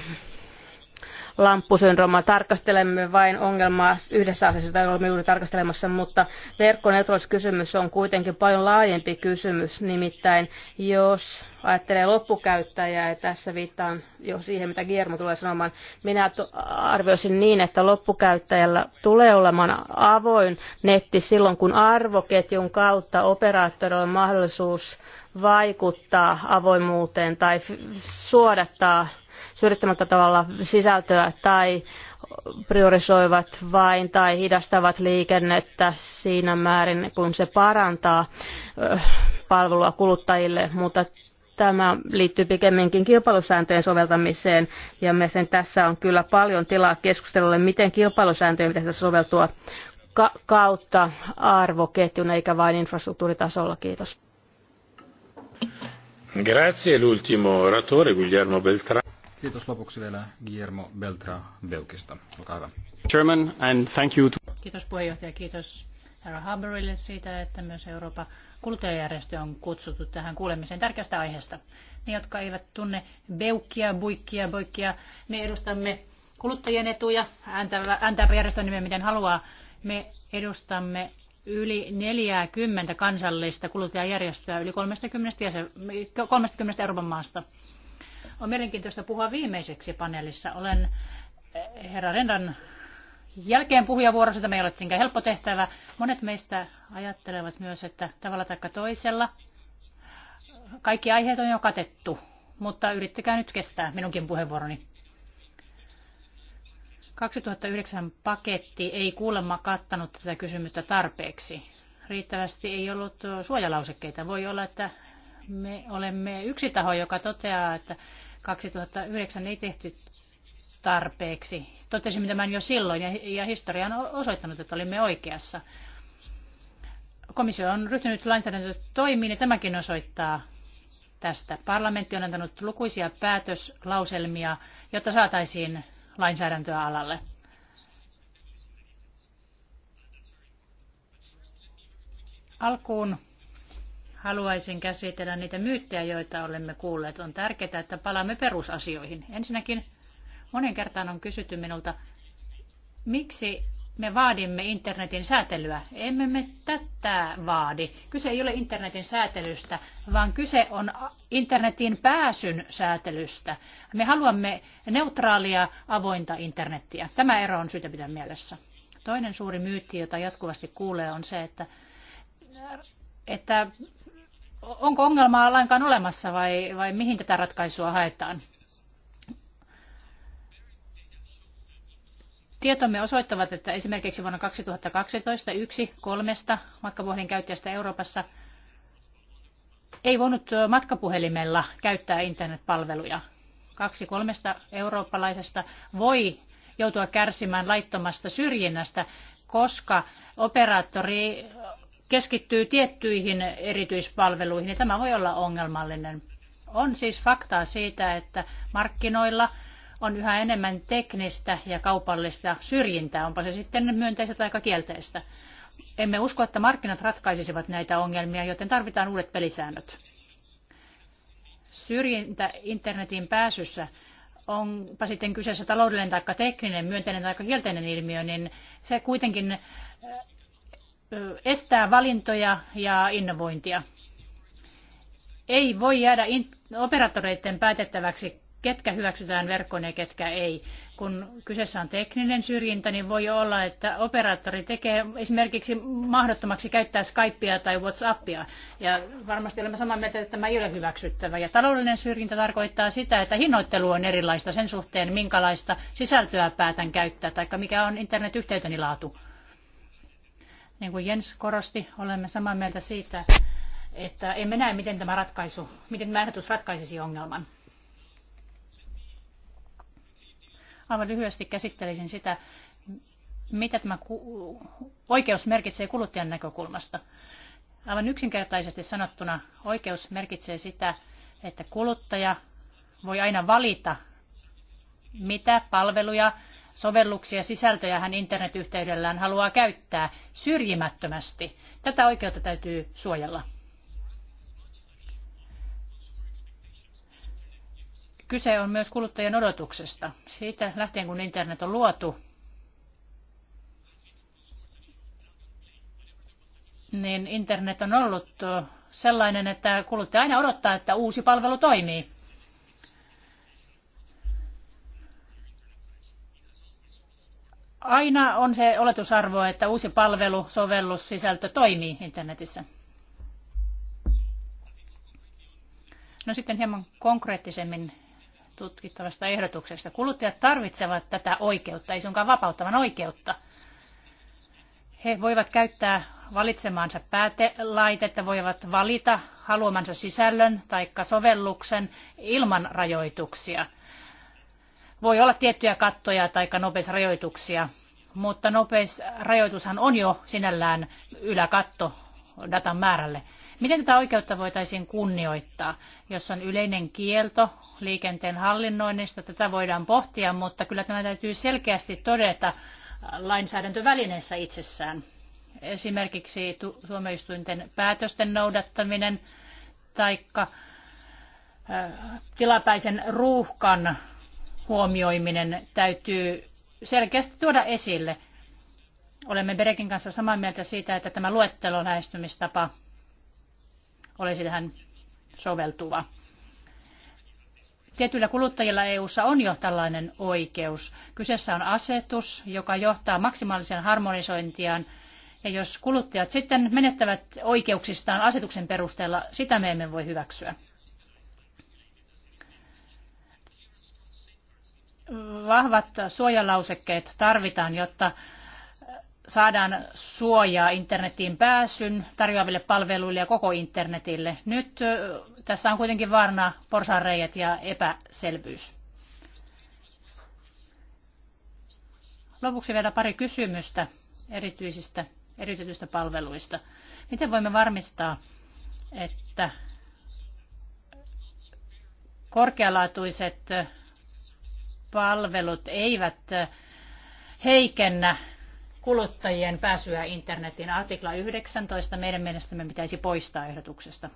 Speaker 3: lamppusyndroomaa. Tarkastelemme vain ongelmaa yhdessä asiassa, jota olemme juuri tarkastelemassa, mutta verkkoneutraalisuuskysymys on kuitenkin paljon laajempi kysymys. Nimittäin jos ajattelee loppukäyttäjää, ja tässä viittaan jo siihen, mitä Guillermo tulee sanomaan, minä arvioisin niin, että loppukäyttäjällä tulee olemaan avoin netti silloin, kun arvoketjun kautta operaattorilla on mahdollisuus vaikuttaa avoimuuteen tai suodattaa syrjittämättä tavalla sisältöä tai priorisoivat vain tai hidastavat liikennettä siinä määrin, kun se parantaa äh, palvelua kuluttajille, mutta tämä liittyy pikemminkin kilpailusääntöjen soveltamiseen ja sen tässä on kyllä paljon tilaa keskustelulle, miten kilpailusääntöjen pitäisi soveltua kautta arvoketjun eikä vain infrastruktuuritasolla. Kiitos.
Speaker 1: Grazie l'ultimo oratore Guglielmo Beltrán.
Speaker 2: Kiitos lopuksi vielä Guillermo Beltra Belkista. Olkaa hyvä. Chairman, and thank you to...
Speaker 4: Kiitos puheenjohtaja, kiitos herra Haberille siitä, että myös Euroopan kuluttajajärjestö on kutsuttu tähän kuulemiseen tärkeästä aiheesta. Ne, jotka eivät tunne beukkia, buikkia, boikkia, me edustamme kuluttajien etuja, ääntävä järjestön nimen miten haluaa. Me edustamme yli 40 kansallista kuluttajajärjestöä yli 30, jäsen, 30 Euroopan maasta. On mielenkiintoista puhua viimeiseksi paneelissa. Olen eh, herra Rendan jälkeen puhujavuorossa. Tämä ei ole tietenkään helppo tehtävä. Monet meistä ajattelevat myös, että tavalla tai toisella kaikki aiheet on jo katettu, mutta yrittäkää nyt kestää minunkin puheenvuoroni. 2009 paketti ei kuulemma kattanut tätä kysymystä tarpeeksi. Riittävästi ei ollut suojalausekkeita. Voi olla, että me olemme yksi taho, joka toteaa, että 2009 ei tehty tarpeeksi. Totesimme tämän jo silloin ja, historia on osoittanut, että olimme oikeassa. Komissio on ryhtynyt lainsäädäntötoimiin ja tämäkin osoittaa tästä. Parlamentti on antanut lukuisia päätöslauselmia, jotta saataisiin lainsäädäntöä alalle. Alkuun haluaisin käsitellä niitä myyttejä, joita olemme kuulleet. On tärkeää, että palaamme perusasioihin. Ensinnäkin monen kertaan on kysytty minulta, miksi me vaadimme internetin säätelyä. Emme me tätä vaadi. Kyse ei ole internetin säätelystä, vaan kyse on internetin pääsyn säätelystä. Me haluamme neutraalia, avointa internettiä. Tämä ero on syytä pitää mielessä. Toinen suuri myytti, jota jatkuvasti kuulee, on se, että, että onko ongelmaa lainkaan olemassa vai, vai mihin tätä ratkaisua haetaan? Tietomme osoittavat, että esimerkiksi vuonna 2012 yksi kolmesta matkapuhelin käyttäjästä Euroopassa ei voinut matkapuhelimella käyttää internetpalveluja. Kaksi kolmesta eurooppalaisesta voi joutua kärsimään laittomasta syrjinnästä, koska operaattori keskittyy tiettyihin erityispalveluihin, ja niin tämä voi olla ongelmallinen. On siis faktaa siitä, että markkinoilla on yhä enemmän teknistä ja kaupallista syrjintää, onpa se sitten myönteistä tai kielteistä. Emme usko, että markkinat ratkaisisivat näitä ongelmia, joten tarvitaan uudet pelisäännöt. Syrjintä internetin pääsyssä onpa sitten kyseessä taloudellinen tai tekninen, myönteinen tai kielteinen ilmiö, niin se kuitenkin estää valintoja ja innovointia. Ei voi jäädä operatoreiden päätettäväksi, ketkä hyväksytään verkkoon ja ketkä ei. Kun kyseessä on tekninen syrjintä, niin voi olla, että operaattori tekee esimerkiksi mahdottomaksi käyttää Skypea tai WhatsAppia. Ja varmasti olemme samaa mieltä, että tämä ei ole hyväksyttävä. Ja taloudellinen syrjintä tarkoittaa sitä, että hinnoittelu on erilaista sen suhteen, minkälaista sisältöä päätän käyttää tai mikä on internetyhteyteni laatu niin kuin Jens korosti, olemme samaa mieltä siitä, että emme näe, miten tämä, ratkaisu, miten tämä ehdotus ratkaisisi ongelman. Aivan lyhyesti käsittelisin sitä, mitä tämä oikeus merkitsee kuluttajan näkökulmasta. Aivan yksinkertaisesti sanottuna oikeus merkitsee sitä, että kuluttaja voi aina valita, mitä palveluja sovelluksia, sisältöjä hän internetyhteydellään haluaa käyttää syrjimättömästi. Tätä oikeutta täytyy suojella. Kyse on myös kuluttajien odotuksesta. Siitä lähtien, kun internet on luotu, niin internet on ollut sellainen, että kuluttaja aina odottaa, että uusi palvelu toimii. aina on se oletusarvo, että uusi palvelu, sovellus, sisältö toimii internetissä. No sitten hieman konkreettisemmin tutkittavasta ehdotuksesta. Kuluttajat tarvitsevat tätä oikeutta, ei suinkaan vapauttavan oikeutta. He voivat käyttää valitsemaansa päätelaitetta, voivat valita haluamansa sisällön tai sovelluksen ilman rajoituksia – voi olla tiettyjä kattoja tai nopeusrajoituksia, mutta nopeusrajoitushan on jo sinällään yläkatto datan määrälle. Miten tätä oikeutta voitaisiin kunnioittaa? Jos on yleinen kielto liikenteen hallinnoinnista, tätä voidaan pohtia, mutta kyllä tämä täytyy selkeästi todeta lainsäädäntövälineessä itsessään. Esimerkiksi tuomioistuinten päätösten noudattaminen tai tilapäisen ruuhkan huomioiminen täytyy selkeästi tuoda esille. Olemme Berekin kanssa samaa mieltä siitä, että tämä luettelo lähestymistapa olisi tähän soveltuva. Tietyillä kuluttajilla EU:ssa on jo tällainen oikeus. Kyseessä on asetus, joka johtaa maksimaaliseen harmonisointiaan. Ja jos kuluttajat sitten menettävät oikeuksistaan asetuksen perusteella, sitä me emme voi hyväksyä. vahvat suojalausekkeet tarvitaan, jotta saadaan suojaa internetiin pääsyn tarjoaville palveluille ja koko internetille. Nyt tässä on kuitenkin vaarana porsareijat ja epäselvyys. Lopuksi vielä pari kysymystä erityisistä, erityisistä palveluista. Miten voimme varmistaa, että korkealaatuiset palvelut eivät heikennä kuluttajien pääsyä internetin. Artikla 19 meidän mielestämme pitäisi poistaa ehdotuksesta.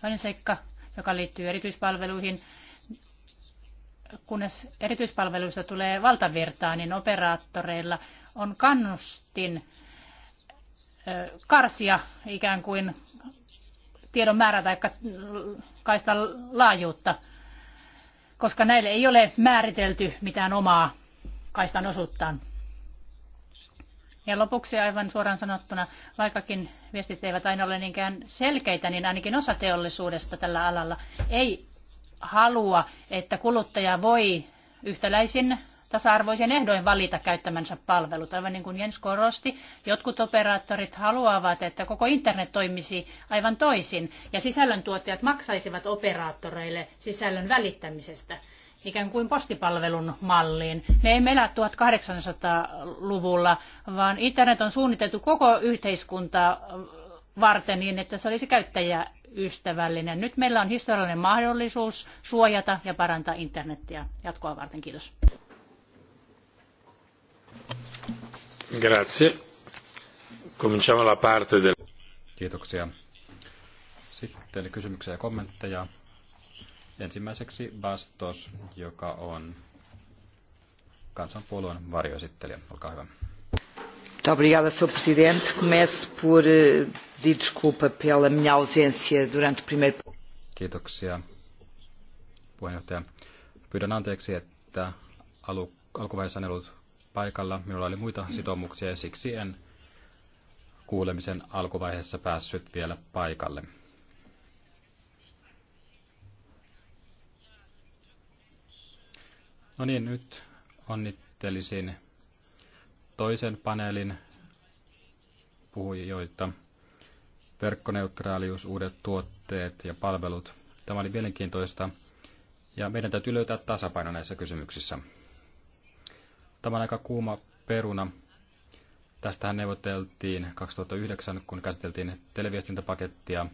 Speaker 4: Toinen seikka, joka liittyy erityispalveluihin, kunnes erityispalveluista tulee valtavirtaa, niin operaattoreilla on kannustin karsia ikään kuin tiedon määrä tai kaistan laajuutta – koska näille ei ole määritelty mitään omaa kaistan osuuttaan. Ja lopuksi aivan suoraan sanottuna, vaikkakin viestit eivät aina ole niinkään selkeitä, niin ainakin osa teollisuudesta tällä alalla ei halua, että kuluttaja voi yhtäläisin tasa-arvoisen ehdoin valita käyttämänsä palvelut. Aivan niin kuin Jens korosti, jotkut operaattorit haluavat, että koko internet toimisi aivan toisin ja sisällöntuottajat maksaisivat operaattoreille sisällön välittämisestä ikään kuin postipalvelun malliin. Me emme elä 1800-luvulla, vaan internet on suunniteltu koko yhteiskuntaa varten niin, että se olisi käyttäjäystävällinen. Nyt meillä on historiallinen mahdollisuus suojata ja parantaa internettiä jatkoa varten. Kiitos.
Speaker 1: Cominciamo la parte del... Kiitoksia.
Speaker 2: Sitten kysymyksiä ja kommentteja. Ensimmäiseksi Bastos, joka on kansanpuolueen varjoesittelijä. Olkaa hyvä.
Speaker 4: obrigada, Sr. Presidente. Começo por eh, pedir desculpa pela minha ausência durante o primeiro...
Speaker 2: Kiitoksia, puheenjohtaja. Pyydän anteeksi, että alu, alkuvaiheessa en ollut paikalla. Minulla oli muita sitoumuksia ja siksi en kuulemisen alkuvaiheessa päässyt vielä paikalle. No niin, nyt onnittelisin toisen paneelin puhujoita. Verkkoneutraalius, uudet tuotteet ja palvelut. Tämä oli mielenkiintoista ja meidän täytyy löytää tasapaino näissä kysymyksissä. Tämä on aika kuuma peruna. Tästähän neuvoteltiin 2009, kun käsiteltiin televiestintäpakettia,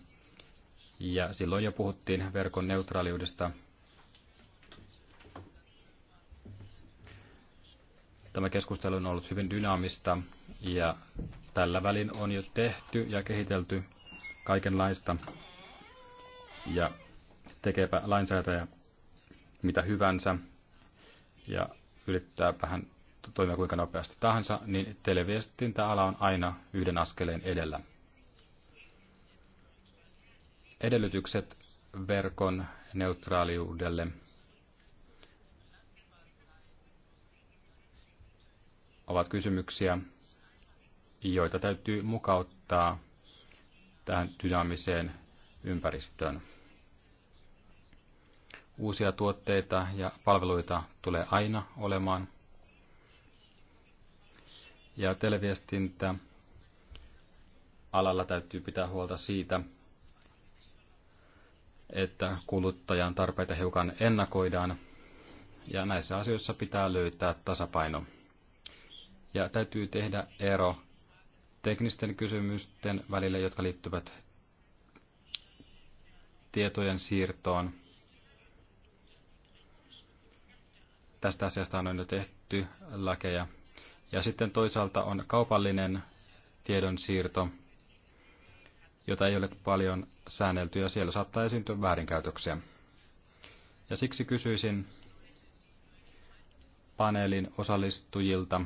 Speaker 2: ja silloin jo puhuttiin verkon neutraaliudesta. Tämä keskustelu on ollut hyvin dynaamista, ja tällä välin on jo tehty ja kehitelty kaikenlaista, ja tekeepä lainsäätäjä mitä hyvänsä, ja yrittää vähän toimia kuinka nopeasti tahansa, niin televiestintäala on aina yhden askeleen edellä. Edellytykset verkon neutraaliudelle ovat kysymyksiä, joita täytyy mukauttaa tähän dynaamiseen ympäristöön. Uusia tuotteita ja palveluita tulee aina olemaan – ja televiestintä alalla täytyy pitää huolta siitä, että kuluttajan tarpeita hiukan ennakoidaan, ja näissä asioissa pitää löytää tasapaino. Ja täytyy tehdä ero teknisten kysymysten välillä, jotka liittyvät tietojen siirtoon. Tästä asiasta on jo tehty lakeja ja sitten toisaalta on kaupallinen tiedonsiirto, jota ei ole paljon säännelty ja siellä saattaa esiintyä väärinkäytöksiä. Ja siksi kysyisin paneelin osallistujilta,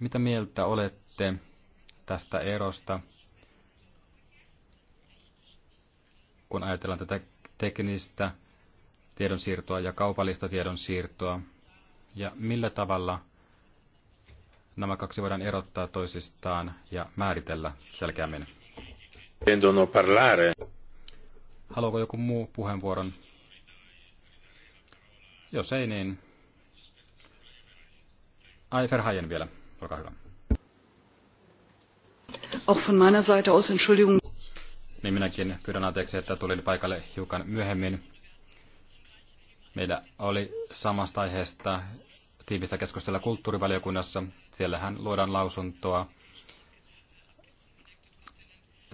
Speaker 2: mitä mieltä olette tästä erosta, kun ajatellaan tätä teknistä tiedonsiirtoa ja kaupallista tiedonsiirtoa, ja millä tavalla nämä kaksi voidaan erottaa toisistaan ja määritellä selkeämmin. Haluaako joku muu puheenvuoron? Jos ei, niin... Ai Verhaien vielä, olkaa hyvä.
Speaker 1: Auch von meiner Seite aus Entschuldigung.
Speaker 2: Niin minäkin pyydän anteeksi, että tulin paikalle hiukan myöhemmin. Meillä oli samasta aiheesta tiivistä keskustella kulttuurivaliokunnassa. Siellähän luodaan lausuntoa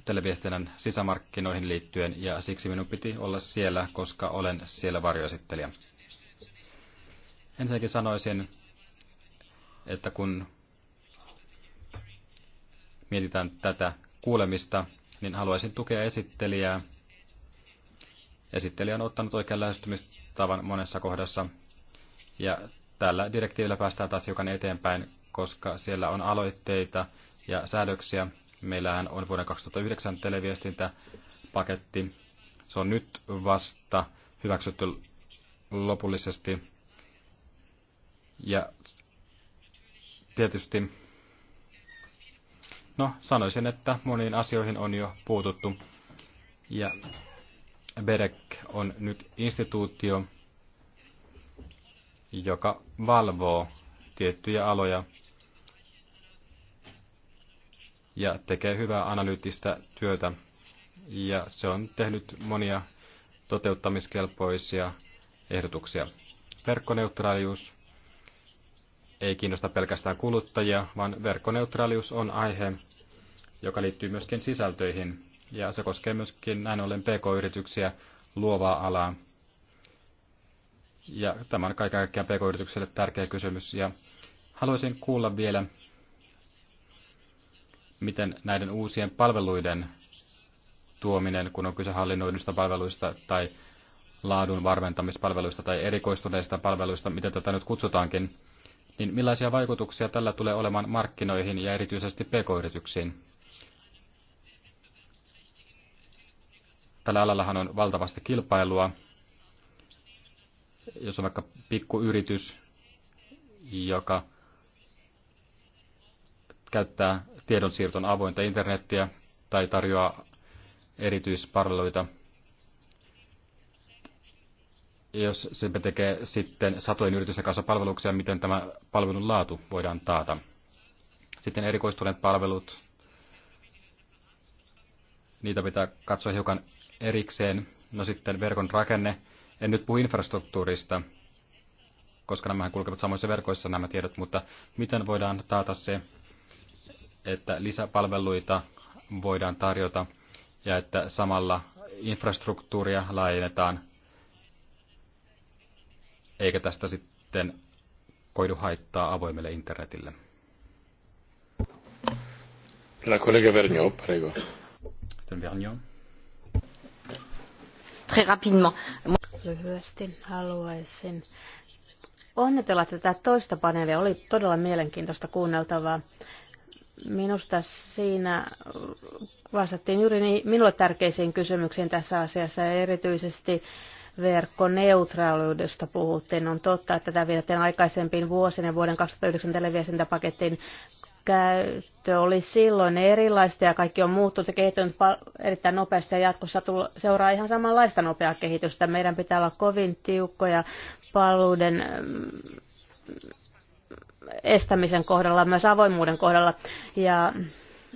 Speaker 2: televiestinnän sisämarkkinoihin liittyen, ja siksi minun piti olla siellä, koska olen siellä varjoesittelijä. Ensinnäkin sanoisin, että kun mietitään tätä kuulemista, niin haluaisin tukea esittelijää. Esittelijä on ottanut oikean lähestymistä vastaavan monessa kohdassa. Ja tällä direktiivillä päästään taas hiukan eteenpäin, koska siellä on aloitteita ja säädöksiä. Meillähän on vuoden 2009 televiestintäpaketti. Se on nyt vasta hyväksytty lopullisesti. Ja tietysti, no sanoisin, että moniin asioihin on jo puututtu. Ja BEREC on nyt instituutio, joka valvoo tiettyjä aloja ja tekee hyvää analyyttistä työtä. Ja se on tehnyt monia toteuttamiskelpoisia ehdotuksia. Verkkoneutraalius ei kiinnosta pelkästään kuluttajia, vaan verkkoneutraalius on aihe, joka liittyy myöskin sisältöihin, ja se koskee myöskin näin ollen pk-yrityksiä, luovaa alaa. Ja tämä on kaiken kaikkiaan pk-yritykselle tärkeä kysymys. Ja haluaisin kuulla vielä, miten näiden uusien palveluiden tuominen, kun on kyse hallinnoidusta palveluista tai laadun varmentamispalveluista tai erikoistuneista palveluista, miten tätä nyt kutsutaankin, niin millaisia vaikutuksia tällä tulee olemaan markkinoihin ja erityisesti pk-yrityksiin? Tällä alallahan on valtavasti kilpailua. Jos on vaikka pikkuyritys, joka käyttää tiedonsiirton avointa internettiä tai tarjoaa erityispalveluita, jos se tekee sitten satojen yritysten kanssa palveluksia, miten tämä palvelun laatu voidaan taata. Sitten erikoistuneet palvelut, niitä pitää katsoa hiukan erikseen. No sitten verkon rakenne. En nyt puhu infrastruktuurista, koska nämä kulkevat samoissa verkoissa nämä tiedot, mutta miten voidaan taata se, että lisäpalveluita voidaan tarjota ja että samalla infrastruktuuria laajennetaan, eikä tästä sitten koidu haittaa avoimelle internetille.
Speaker 1: La collega Vergniaud, prego. Sitten Vergniaud
Speaker 3: très rapidement. Lyhyesti haluaisin onnitella tätä toista paneelia. Oli todella mielenkiintoista kuunneltavaa. Minusta siinä vastattiin juuri niin minulle tärkeisiin kysymyksiin tässä asiassa ja erityisesti verkkoneutraaliudesta puhuttiin. On totta, että tätä viitattiin aikaisempiin ja vuoden 2009 televiestintäpaketin käyttö oli silloin erilaista ja kaikki on muuttunut ja kehittynyt erittäin nopeasti ja jatkossa tulo, seuraa ihan samanlaista nopeaa kehitystä. Meidän pitää olla kovin tiukkoja palveluiden mm, estämisen kohdalla, myös avoimuuden kohdalla. Ja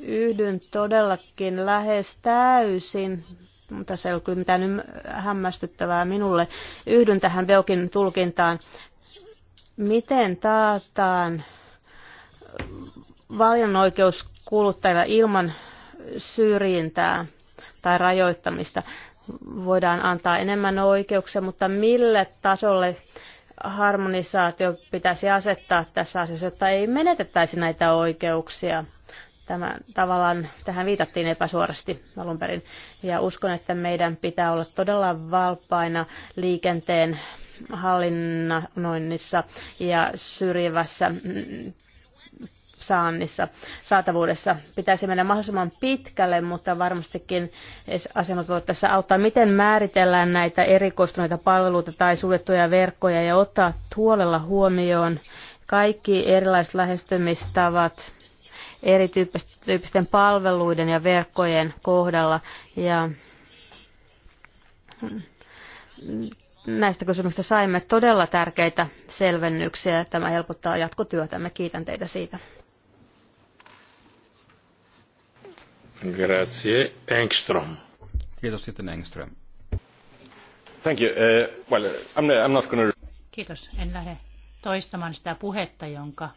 Speaker 3: yhdyn todellakin lähes täysin se ei ole kyllä mitään hämmästyttävää minulle. Yhdyn tähän Veokin tulkintaan. Miten taataan oikeus kuluttajilla ilman syrjintää tai rajoittamista voidaan antaa enemmän oikeuksia, mutta mille tasolle harmonisaatio pitäisi asettaa tässä asiassa, jotta ei menetettäisi näitä oikeuksia? Tämä, tavallaan tähän viitattiin epäsuorasti alun perin. Ja uskon, että meidän pitää olla todella valppaina liikenteen hallinnoinnissa ja syrjivässä saannissa, saatavuudessa. Pitäisi mennä mahdollisimman pitkälle, mutta varmastikin asemat voivat tässä auttaa. Miten määritellään näitä erikoistuneita palveluita tai suljettuja verkkoja ja ottaa tuolella huomioon kaikki erilaiset lähestymistavat erityyppisten palveluiden ja verkkojen kohdalla. Ja näistä kysymyksistä saimme todella tärkeitä selvennyksiä. Tämä helpottaa jatkotyötämme. Kiitän teitä siitä.
Speaker 1: Grazie.
Speaker 2: Engström. Kiitos sitten Engström.
Speaker 1: Thank you. Uh, well,
Speaker 2: I'm, I'm not gonna...
Speaker 4: Kiitos. En lähde toistamaan sitä puhetta, jonka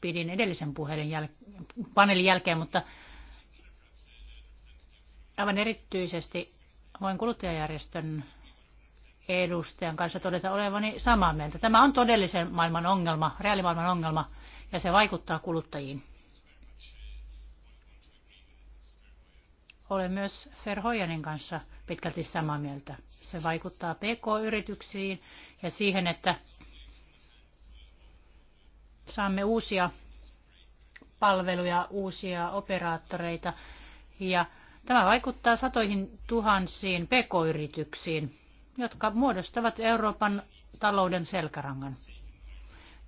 Speaker 4: pidin edellisen puhelin jäl- paneelin jälkeen, mutta aivan erityisesti voin kuluttajajärjestön edustajan kanssa todeta olevani samaa mieltä. Tämä on todellisen maailman ongelma, reaalimaailman ongelma, ja se vaikuttaa kuluttajiin. Olen myös Ferhojanin kanssa pitkälti samaa mieltä. Se vaikuttaa PK-yrityksiin ja siihen, että saamme uusia palveluja, uusia operaattoreita ja tämä vaikuttaa satoihin tuhansiin PK-yrityksiin, jotka muodostavat Euroopan talouden selkärangan.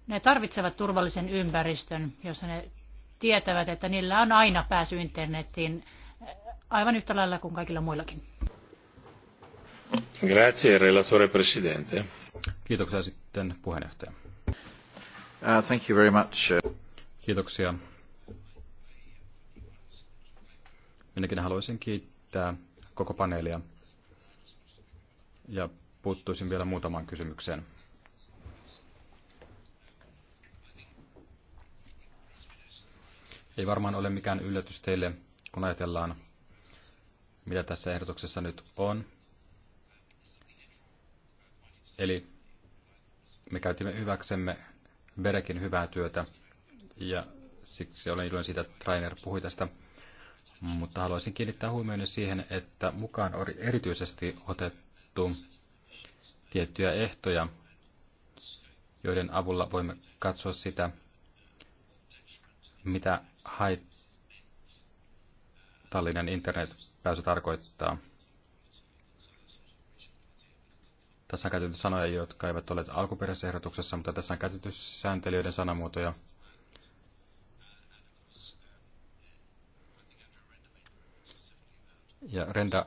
Speaker 4: Ne tarvitsevat turvallisen ympäristön, jossa ne tietävät, että niillä on aina pääsy internettiin aivan yhtä lailla kuin kaikilla muillakin.
Speaker 1: Grazie, relatore presidente. Kiitoksia sitten puheenjohtaja.
Speaker 2: Uh, thank you very much. Uh, Kiitoksia. Minäkin haluaisin kiittää koko paneelia ja puuttuisin vielä muutamaan kysymykseen. Ei varmaan ole mikään yllätys teille, kun ajatellaan mitä tässä ehdotuksessa nyt on. Eli me käytimme hyväksemme Berekin hyvää työtä ja siksi olen iloinen siitä, että Trainer puhui tästä. Mutta haluaisin kiinnittää huomioon siihen, että mukaan on erityisesti otettu tiettyjä ehtoja, joiden avulla voimme katsoa sitä, mitä haittaa haitallinen internetpääsy tarkoittaa. Tässä on käytetty sanoja, jotka eivät ole alkuperäisessä ehdotuksessa, mutta tässä on käytetty sääntelijöiden sanamuotoja. Ja Renda,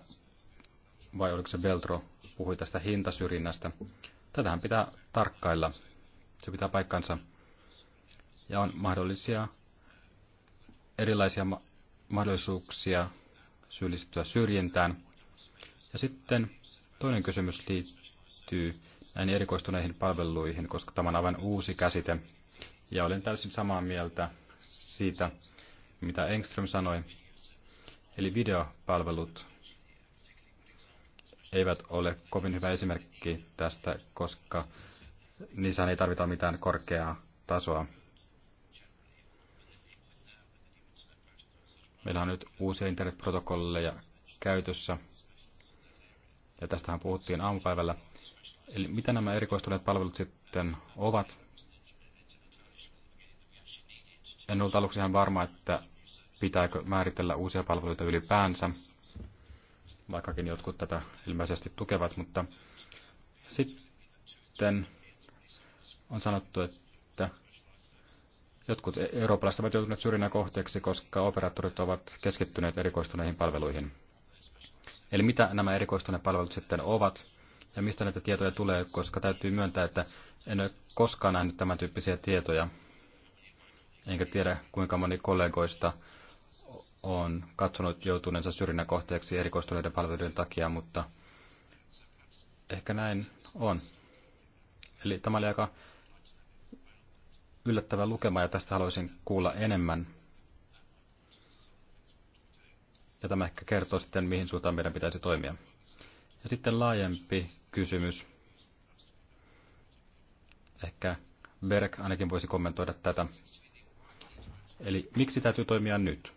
Speaker 2: vai oliko se Beltro, puhui tästä hintasyrjinnästä. Tätähän pitää tarkkailla. Se pitää paikkansa. Ja on mahdollisia erilaisia mahdollisuuksia syyllistyä syrjintään. Ja sitten toinen kysymys liittyy näihin erikoistuneihin palveluihin, koska tämä on aivan uusi käsite. Ja olen täysin samaa mieltä siitä, mitä Engström sanoi. Eli videopalvelut eivät ole kovin hyvä esimerkki tästä, koska niissä ei tarvita mitään korkeaa tasoa. Meillä on nyt uusia internetprotokolleja käytössä, ja tästähän puhuttiin aamupäivällä. Eli mitä nämä erikoistuneet palvelut sitten ovat? En ollut aluksi ihan varma, että pitääkö määritellä uusia palveluita ylipäänsä, vaikkakin jotkut tätä ilmeisesti tukevat, mutta sitten on sanottu, että Jotkut e- eurooppalaiset ovat joutuneet syrjinnän kohteeksi, koska operaattorit ovat keskittyneet erikoistuneihin palveluihin. Eli mitä nämä erikoistuneet palvelut sitten ovat ja mistä näitä tietoja tulee, koska täytyy myöntää, että en ole koskaan nähnyt tämän tyyppisiä tietoja. Enkä tiedä, kuinka moni kollegoista on katsonut joutuneensa syrjinnän kohteeksi erikoistuneiden palveluiden takia, mutta ehkä näin on. Eli tämä oli aika yllättävä lukema ja tästä haluaisin kuulla enemmän. Ja tämä ehkä kertoo sitten, mihin suuntaan meidän pitäisi toimia. Ja sitten laajempi kysymys. Ehkä Berg ainakin voisi kommentoida tätä. Eli miksi täytyy toimia nyt?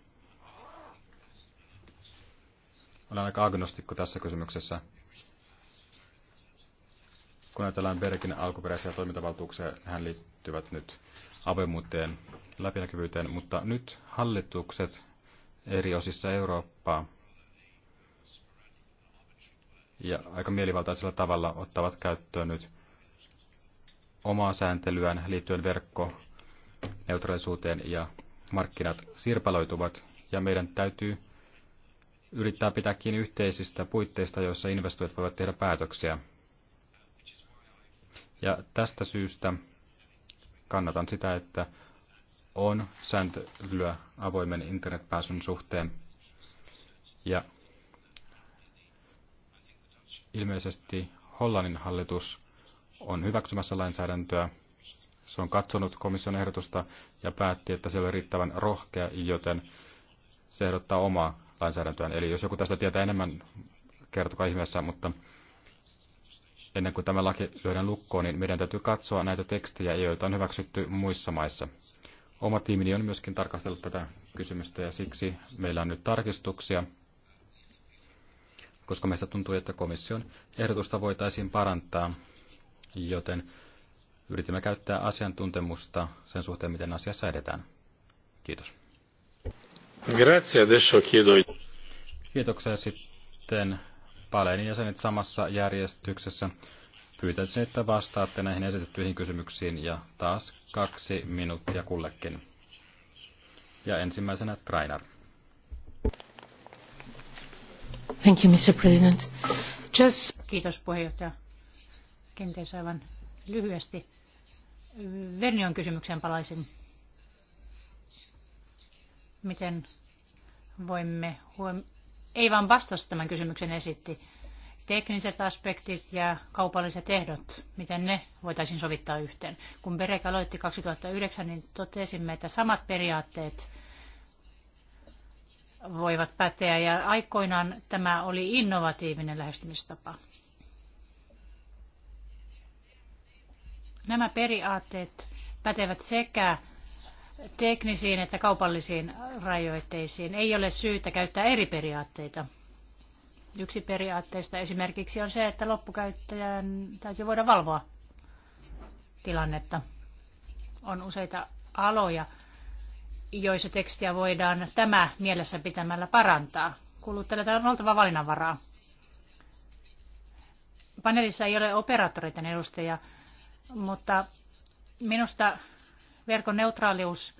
Speaker 2: Olen aika agnostikko tässä kysymyksessä kun ajatellaan Bergin alkuperäisiä toimintavaltuuksia, hän liittyvät nyt avoimuuteen, läpinäkyvyyteen, mutta nyt hallitukset eri osissa Eurooppaa ja aika mielivaltaisella tavalla ottavat käyttöön nyt omaa sääntelyään liittyen verkkoneutraalisuuteen ja markkinat sirpaloituvat ja meidän täytyy yrittää pitää kiinni yhteisistä puitteista, joissa investoijat voivat tehdä päätöksiä – ja tästä syystä kannatan sitä, että on sääntelyä avoimen internetpääsyn suhteen. Ja ilmeisesti Hollannin hallitus on hyväksymässä lainsäädäntöä. Se on katsonut komission ehdotusta ja päätti, että se oli riittävän rohkea, joten se ehdottaa omaa lainsäädäntöään. Eli jos joku tästä tietää enemmän, kertokaa ihmeessä, mutta ennen kuin tämä laki lyödään lukkoon, niin meidän täytyy katsoa näitä tekstejä, joita on hyväksytty muissa maissa. Oma tiimini on myöskin tarkastellut tätä kysymystä ja siksi meillä on nyt tarkistuksia, koska meistä tuntuu, että komission ehdotusta voitaisiin parantaa, joten yritimme käyttää asiantuntemusta sen suhteen, miten asiassa edetään. Kiitos. Grazie, adesso chiedo... Kiitoksia sitten paleenin jäsenet samassa järjestyksessä. Pyytäisin, että vastaatte näihin esitettyihin kysymyksiin ja taas kaksi minuuttia kullekin. Ja ensimmäisenä Trainer.
Speaker 4: Thank you, Mr. President. Just... Kiitos puheenjohtaja. Kenties aivan lyhyesti. Vernion kysymykseen palaisin. Miten voimme huomioida? ei vaan vastasi tämän kysymyksen esitti. Tekniset aspektit ja kaupalliset ehdot, miten ne voitaisiin sovittaa yhteen. Kun Berek aloitti 2009, niin totesimme, että samat periaatteet voivat päteä ja aikoinaan tämä oli innovatiivinen lähestymistapa. Nämä periaatteet pätevät sekä teknisiin että kaupallisiin rajoitteisiin. Ei ole syytä käyttää eri periaatteita. Yksi periaatteista esimerkiksi on se, että loppukäyttäjän täytyy voida valvoa tilannetta. On useita aloja, joissa tekstiä voidaan tämä mielessä pitämällä parantaa. Kuluttajilla on oltava valinnanvaraa. Paneelissa ei ole operaattoreiden edustajia, mutta minusta Verkon neutraalius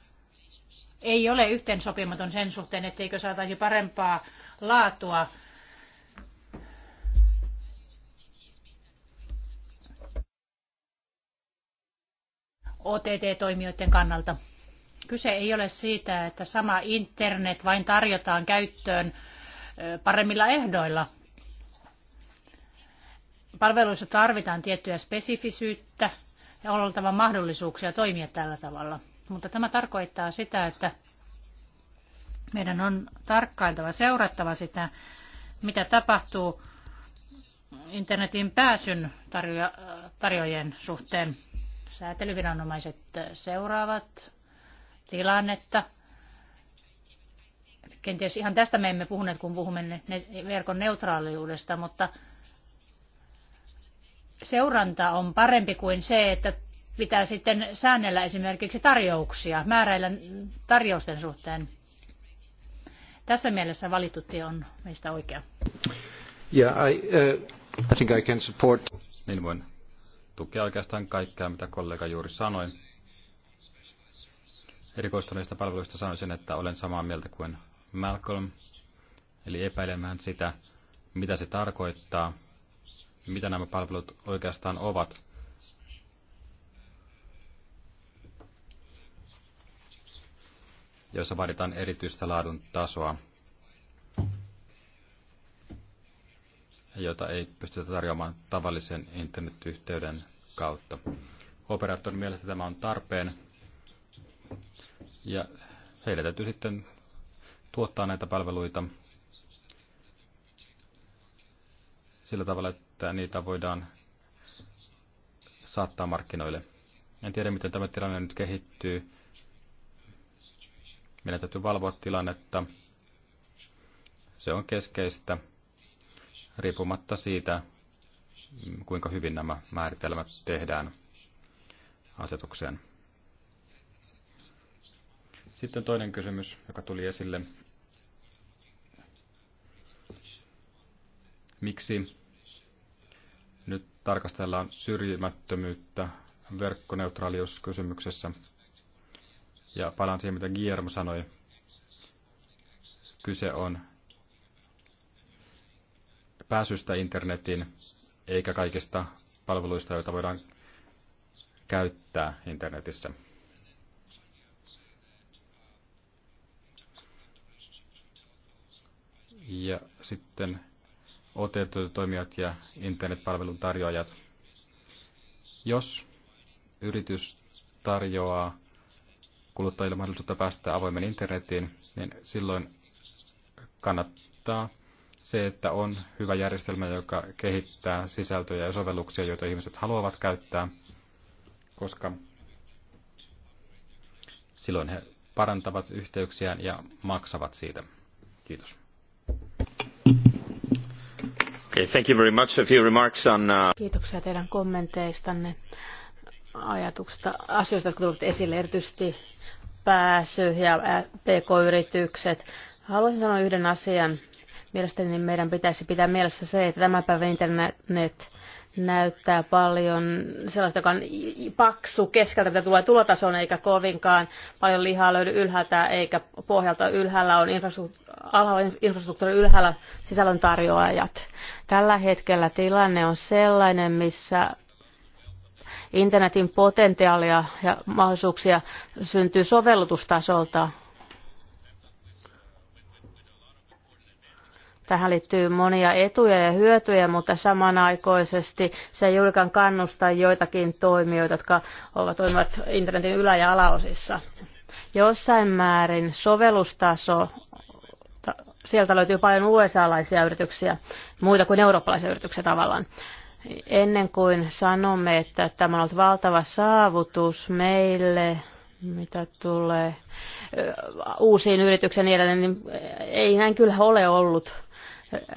Speaker 4: ei ole yhteensopimaton sen suhteen, etteikö saataisi parempaa laatua. OTT-toimijoiden kannalta. Kyse ei ole siitä, että sama internet vain tarjotaan käyttöön paremmilla ehdoilla. Palveluissa tarvitaan tiettyä spesifisyyttä, ja on oltava mahdollisuuksia toimia tällä tavalla. Mutta tämä tarkoittaa sitä, että meidän on tarkkailtava, seurattava sitä, mitä tapahtuu internetin pääsyn tarjo- tarjoajien suhteen. Säätelyviranomaiset seuraavat tilannetta. Kenties ihan tästä me emme puhuneet, kun puhumme verkon neutraaliudesta, mutta seuranta on parempi kuin se, että pitää sitten säännellä esimerkiksi tarjouksia, määräillä tarjousten suhteen. Tässä mielessä valittu tie on meistä oikea.
Speaker 2: Yeah, I, uh, I think I can support. Niin voin tukea oikeastaan kaikkea, mitä kollega juuri sanoi. Erikoistuneista palveluista sanoisin, että olen samaa mieltä kuin Malcolm, eli epäilemään sitä, mitä se tarkoittaa mitä nämä palvelut oikeastaan ovat. joissa vaaditaan erityistä laadun tasoa, jota ei pystytä tarjoamaan tavallisen internetyhteyden kautta. Operaattorin mielestä tämä on tarpeen, ja heille täytyy sitten tuottaa näitä palveluita sillä tavalla, että että niitä voidaan saattaa markkinoille. En tiedä, miten tämä tilanne nyt kehittyy. Meidän täytyy valvoa tilannetta. Se on keskeistä, riippumatta siitä, kuinka hyvin nämä määritelmät tehdään asetukseen. Sitten toinen kysymys, joka tuli esille. Miksi nyt tarkastellaan syrjimättömyyttä verkkoneutraaliuskysymyksessä. Ja palaan siihen, mitä Guillermo sanoi. Kyse on pääsystä internetin, eikä kaikista palveluista, joita voidaan käyttää internetissä. Ja sitten OT-toimijat ja internetpalvelun tarjoajat. Jos yritys tarjoaa kuluttajille mahdollisuutta päästä avoimen internetiin, niin silloin kannattaa se, että on hyvä järjestelmä, joka kehittää sisältöjä ja sovelluksia, joita ihmiset haluavat käyttää, koska silloin he parantavat yhteyksiään ja maksavat siitä. Kiitos. Okay, thank you very much. A few remarks on, uh...
Speaker 3: Kiitoksia teidän kommenteistanne, ajatuksista, asioista, jotka tulivat esille, erityisesti pääsy ja pk-yritykset. Haluaisin sanoa yhden asian. Mielestäni meidän pitäisi pitää mielessä se, että tämän päivän internet näyttää paljon sellaista, joka on paksu keskeltä, mitä tulee tulotason eikä kovinkaan paljon lihaa löydy ylhäältä eikä pohjalta. Ylhäällä on infrastruktuuri, infrastruktuuri, ylhäällä sisällön tarjoajat. Tällä hetkellä tilanne on sellainen, missä internetin potentiaalia ja mahdollisuuksia syntyy sovellutustasolta Tähän liittyy monia etuja ja hyötyjä, mutta samanaikaisesti se ei juurikaan kannusta joitakin toimijoita, jotka ovat toimivat internetin ylä- ja alaosissa. Jossain määrin sovellustaso, sieltä löytyy paljon USA-laisia yrityksiä, muita kuin eurooppalaisia yrityksiä tavallaan. Ennen kuin sanomme, että tämä on ollut valtava saavutus meille, mitä tulee uusiin yrityksiin ja niin edelleen, niin ei näin kyllä ole ollut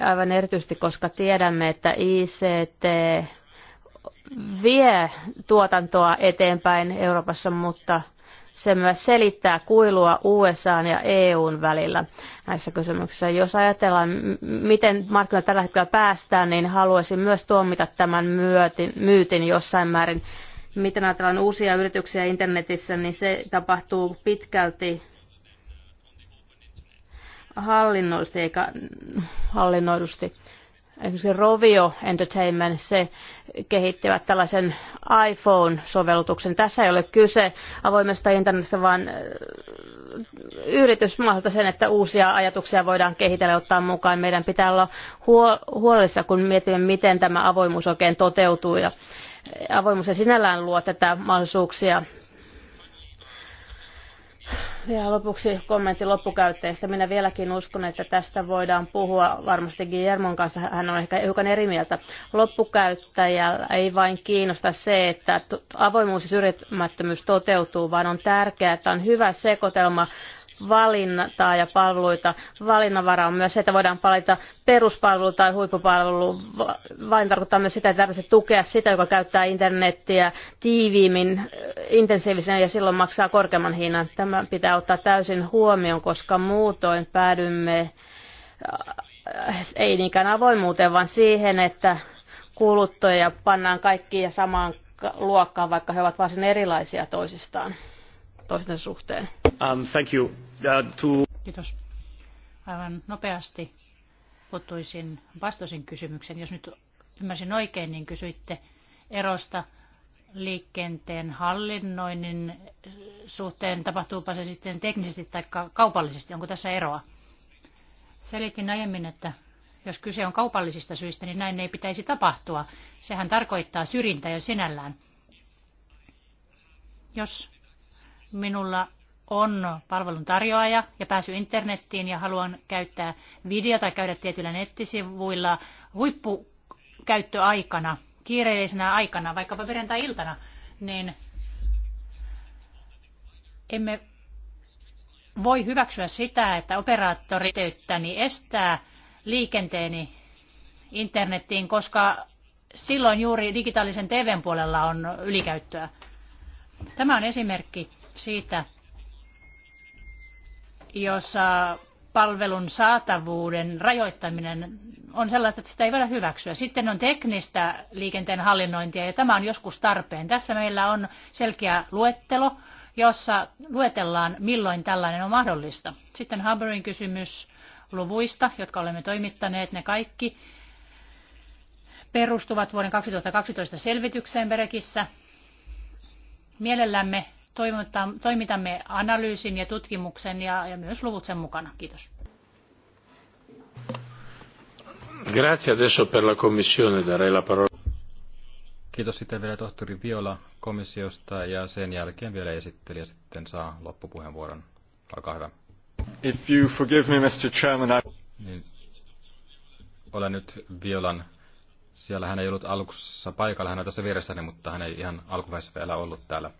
Speaker 3: aivan erityisesti, koska tiedämme, että ICT vie tuotantoa eteenpäin Euroopassa, mutta se myös selittää kuilua USA ja EUn välillä näissä kysymyksissä. Jos ajatellaan, miten markkina tällä hetkellä päästään, niin haluaisin myös tuomita tämän myötin, myytin jossain määrin. Miten ajatellaan uusia yrityksiä internetissä, niin se tapahtuu pitkälti hallinnollisesti eikä hallinnoidusti. Esimerkiksi Rovio Entertainment, se kehittivät tällaisen iPhone-sovellutuksen. Tässä ei ole kyse avoimesta internetistä, vaan yritys mahdollista sen, että uusia ajatuksia voidaan kehitellä ja ottaa mukaan. Meidän pitää olla huolissa, kun mietimme, miten tämä avoimuus oikein toteutuu. Ja avoimuus ei sinällään luo tätä mahdollisuuksia ja lopuksi kommentti loppukäyttäjistä. Minä vieläkin uskon, että tästä voidaan puhua varmasti Guillermon kanssa. Hän on ehkä hiukan eri mieltä. Loppukäyttäjällä ei vain kiinnosta se, että avoimuus ja syrjimättömyys toteutuu, vaan on tärkeää, että on hyvä sekoitelma valintaa ja palveluita. Valinnanvara on myös se, että voidaan palita peruspalvelu tai huippupalvelu. Valinta tarkoittaa myös sitä, että tarvitsee tukea sitä, joka käyttää internettiä tiiviimmin, äh, intensiivisen ja silloin maksaa korkeamman hinnan. Tämä pitää ottaa täysin huomioon, koska muutoin päädymme äh, ei niinkään avoimuuteen, vaan siihen, että kuluttajia pannaan kaikki ja samaan luokkaan, vaikka he ovat varsin erilaisia toisistaan, toisten suhteen.
Speaker 1: Um, thank you.
Speaker 4: Kiitos. Aivan nopeasti puuttuisin vastasin kysymyksen. Jos nyt ymmärsin oikein, niin kysyitte erosta liikenteen hallinnoinnin suhteen, tapahtuupa se sitten teknisesti tai kaupallisesti. Onko tässä eroa? Selitin aiemmin, että jos kyse on kaupallisista syistä, niin näin ei pitäisi tapahtua. Sehän tarkoittaa syrjintää jo sinällään. Jos minulla on palveluntarjoaja ja pääsy internettiin ja haluan käyttää videota käydä tietyillä nettisivuilla huippukäyttöaikana, kiireellisenä aikana, vaikkapa perjantai-iltana, niin emme voi hyväksyä sitä, että operaattoriteyttäni estää liikenteeni internettiin, koska silloin juuri digitaalisen TVn puolella on ylikäyttöä. Tämä on esimerkki siitä, jossa palvelun saatavuuden rajoittaminen on sellaista, että sitä ei voida hyväksyä. Sitten on teknistä liikenteen hallinnointia ja tämä on joskus tarpeen. Tässä meillä on selkeä luettelo, jossa luetellaan milloin tällainen on mahdollista. Sitten Haberin kysymys luvuista, jotka olemme toimittaneet, ne kaikki perustuvat vuoden 2012 selvitykseen Berekissä. Mielellämme toimitamme analyysin ja tutkimuksen ja, ja myös luvut sen mukana. Kiitos.
Speaker 2: Grazie adesso per la commissione, darei la parola. Kiitos sitten vielä tohtori Viola komissiosta ja sen jälkeen vielä esittelijä sitten saa loppupuheenvuoron. Olkaa hyvä. If you forgive me, Mr. Chairman, I... Niin, olen nyt Violan. Siellä hän ei ollut alussa paikalla, hän on tässä vieressäni, mutta hän ei ihan alkuvaiheessa vielä ollut täällä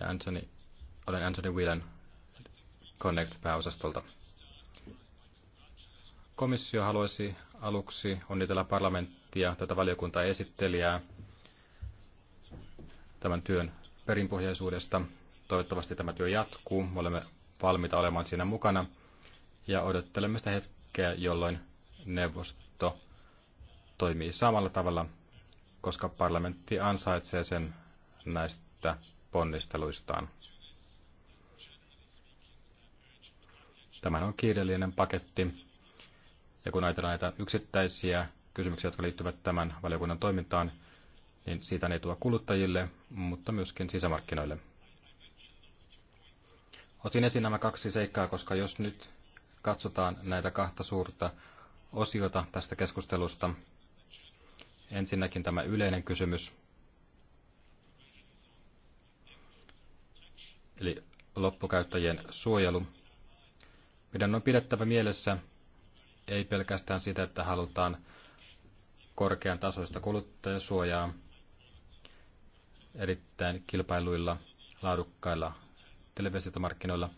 Speaker 2: ja Anthony, olen Anthony Whelan Connect-pääosastolta. Komissio haluaisi aluksi onnitella parlamenttia, tätä valiokuntaa esittelijää tämän työn perinpohjaisuudesta. Toivottavasti tämä työ jatkuu. Me olemme valmiita olemaan siinä mukana ja odottelemme sitä hetkeä, jolloin neuvosto toimii samalla tavalla, koska parlamentti ansaitsee sen näistä ponnisteluistaan. Tämä on kiireellinen paketti. Ja kun ajatellaan näitä yksittäisiä kysymyksiä, jotka liittyvät tämän valiokunnan toimintaan, niin siitä ne etua kuluttajille, mutta myöskin sisämarkkinoille. Otin esiin nämä kaksi seikkaa, koska jos nyt katsotaan näitä kahta suurta osiota tästä keskustelusta, ensinnäkin tämä yleinen kysymys, eli loppukäyttäjien suojelu. Meidän on pidettävä mielessä ei pelkästään sitä, että halutaan korkean tasoista kuluttajasuojaa erittäin kilpailuilla, laadukkailla televisiomarkkinoilla,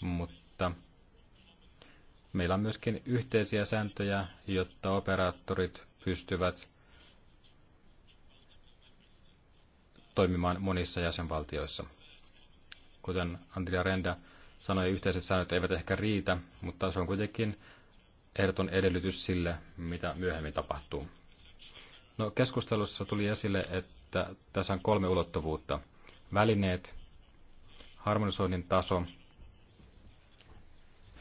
Speaker 2: mutta meillä on myöskin yhteisiä sääntöjä, jotta operaattorit pystyvät toimimaan monissa jäsenvaltioissa. Kuten Andrea Renda sanoi, yhteiset säännöt eivät ehkä riitä, mutta se on kuitenkin ehdoton edellytys sille, mitä myöhemmin tapahtuu. No, keskustelussa tuli esille, että tässä on kolme ulottuvuutta. Välineet, harmonisoinnin taso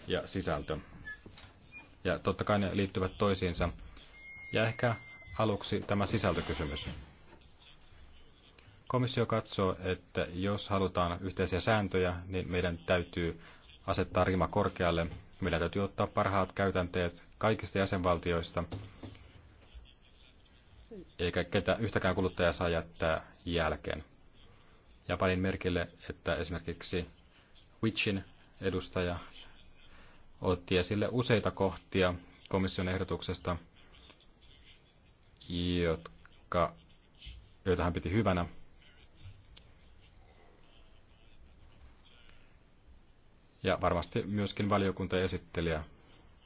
Speaker 2: ja sisältö. Ja totta kai ne liittyvät toisiinsa. Ja ehkä aluksi tämä sisältökysymys. Komissio katsoo, että jos halutaan yhteisiä sääntöjä, niin meidän täytyy asettaa rima korkealle. Meillä täytyy ottaa parhaat käytänteet kaikista jäsenvaltioista, eikä ketä, yhtäkään kuluttajaa saa jättää jälkeen. Ja panin merkille, että esimerkiksi Witchin edustaja otti esille useita kohtia komission ehdotuksesta, jotka, joita hän piti hyvänä. Ja varmasti myöskin valiokunta ja esittelijä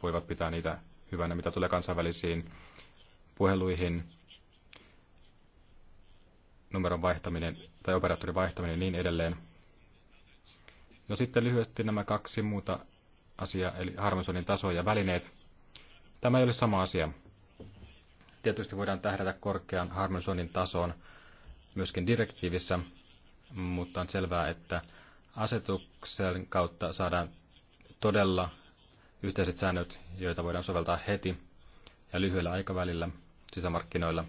Speaker 2: voivat pitää niitä hyvänä, mitä tulee kansainvälisiin puheluihin, numeron vaihtaminen tai operaattorin vaihtaminen niin edelleen. No sitten lyhyesti nämä kaksi muuta asiaa, eli harmonisoinnin taso ja välineet. Tämä ei ole sama asia. Tietysti voidaan tähdätä korkean harmonisoinnin tasoon myöskin direktiivissä, mutta on selvää, että asetuksen kautta saadaan todella yhteiset säännöt, joita voidaan soveltaa heti ja lyhyellä aikavälillä sisämarkkinoilla.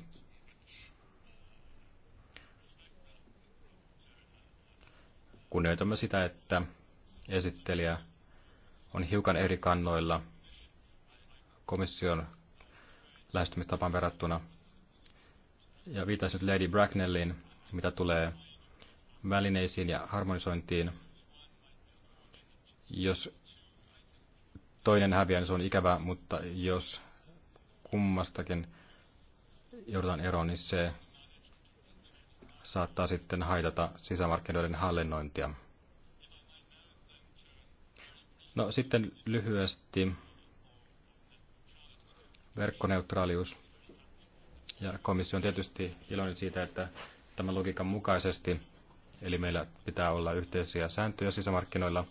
Speaker 2: Kunnioitamme sitä, että esittelijä on hiukan eri kannoilla komission lähestymistapaan verrattuna. Ja viitaisin nyt Lady Bracknellin, mitä tulee välineisiin ja harmonisointiin. Jos toinen häviää, niin se on ikävää, mutta jos kummastakin joudutaan eroon, niin se saattaa sitten haitata sisämarkkinoiden hallinnointia. No sitten lyhyesti verkkoneutraalius. Ja komissio on tietysti iloinen siitä, että tämän logiikan mukaisesti eli meillä pitää olla yhteisiä sääntöjä sisämarkkinoilla,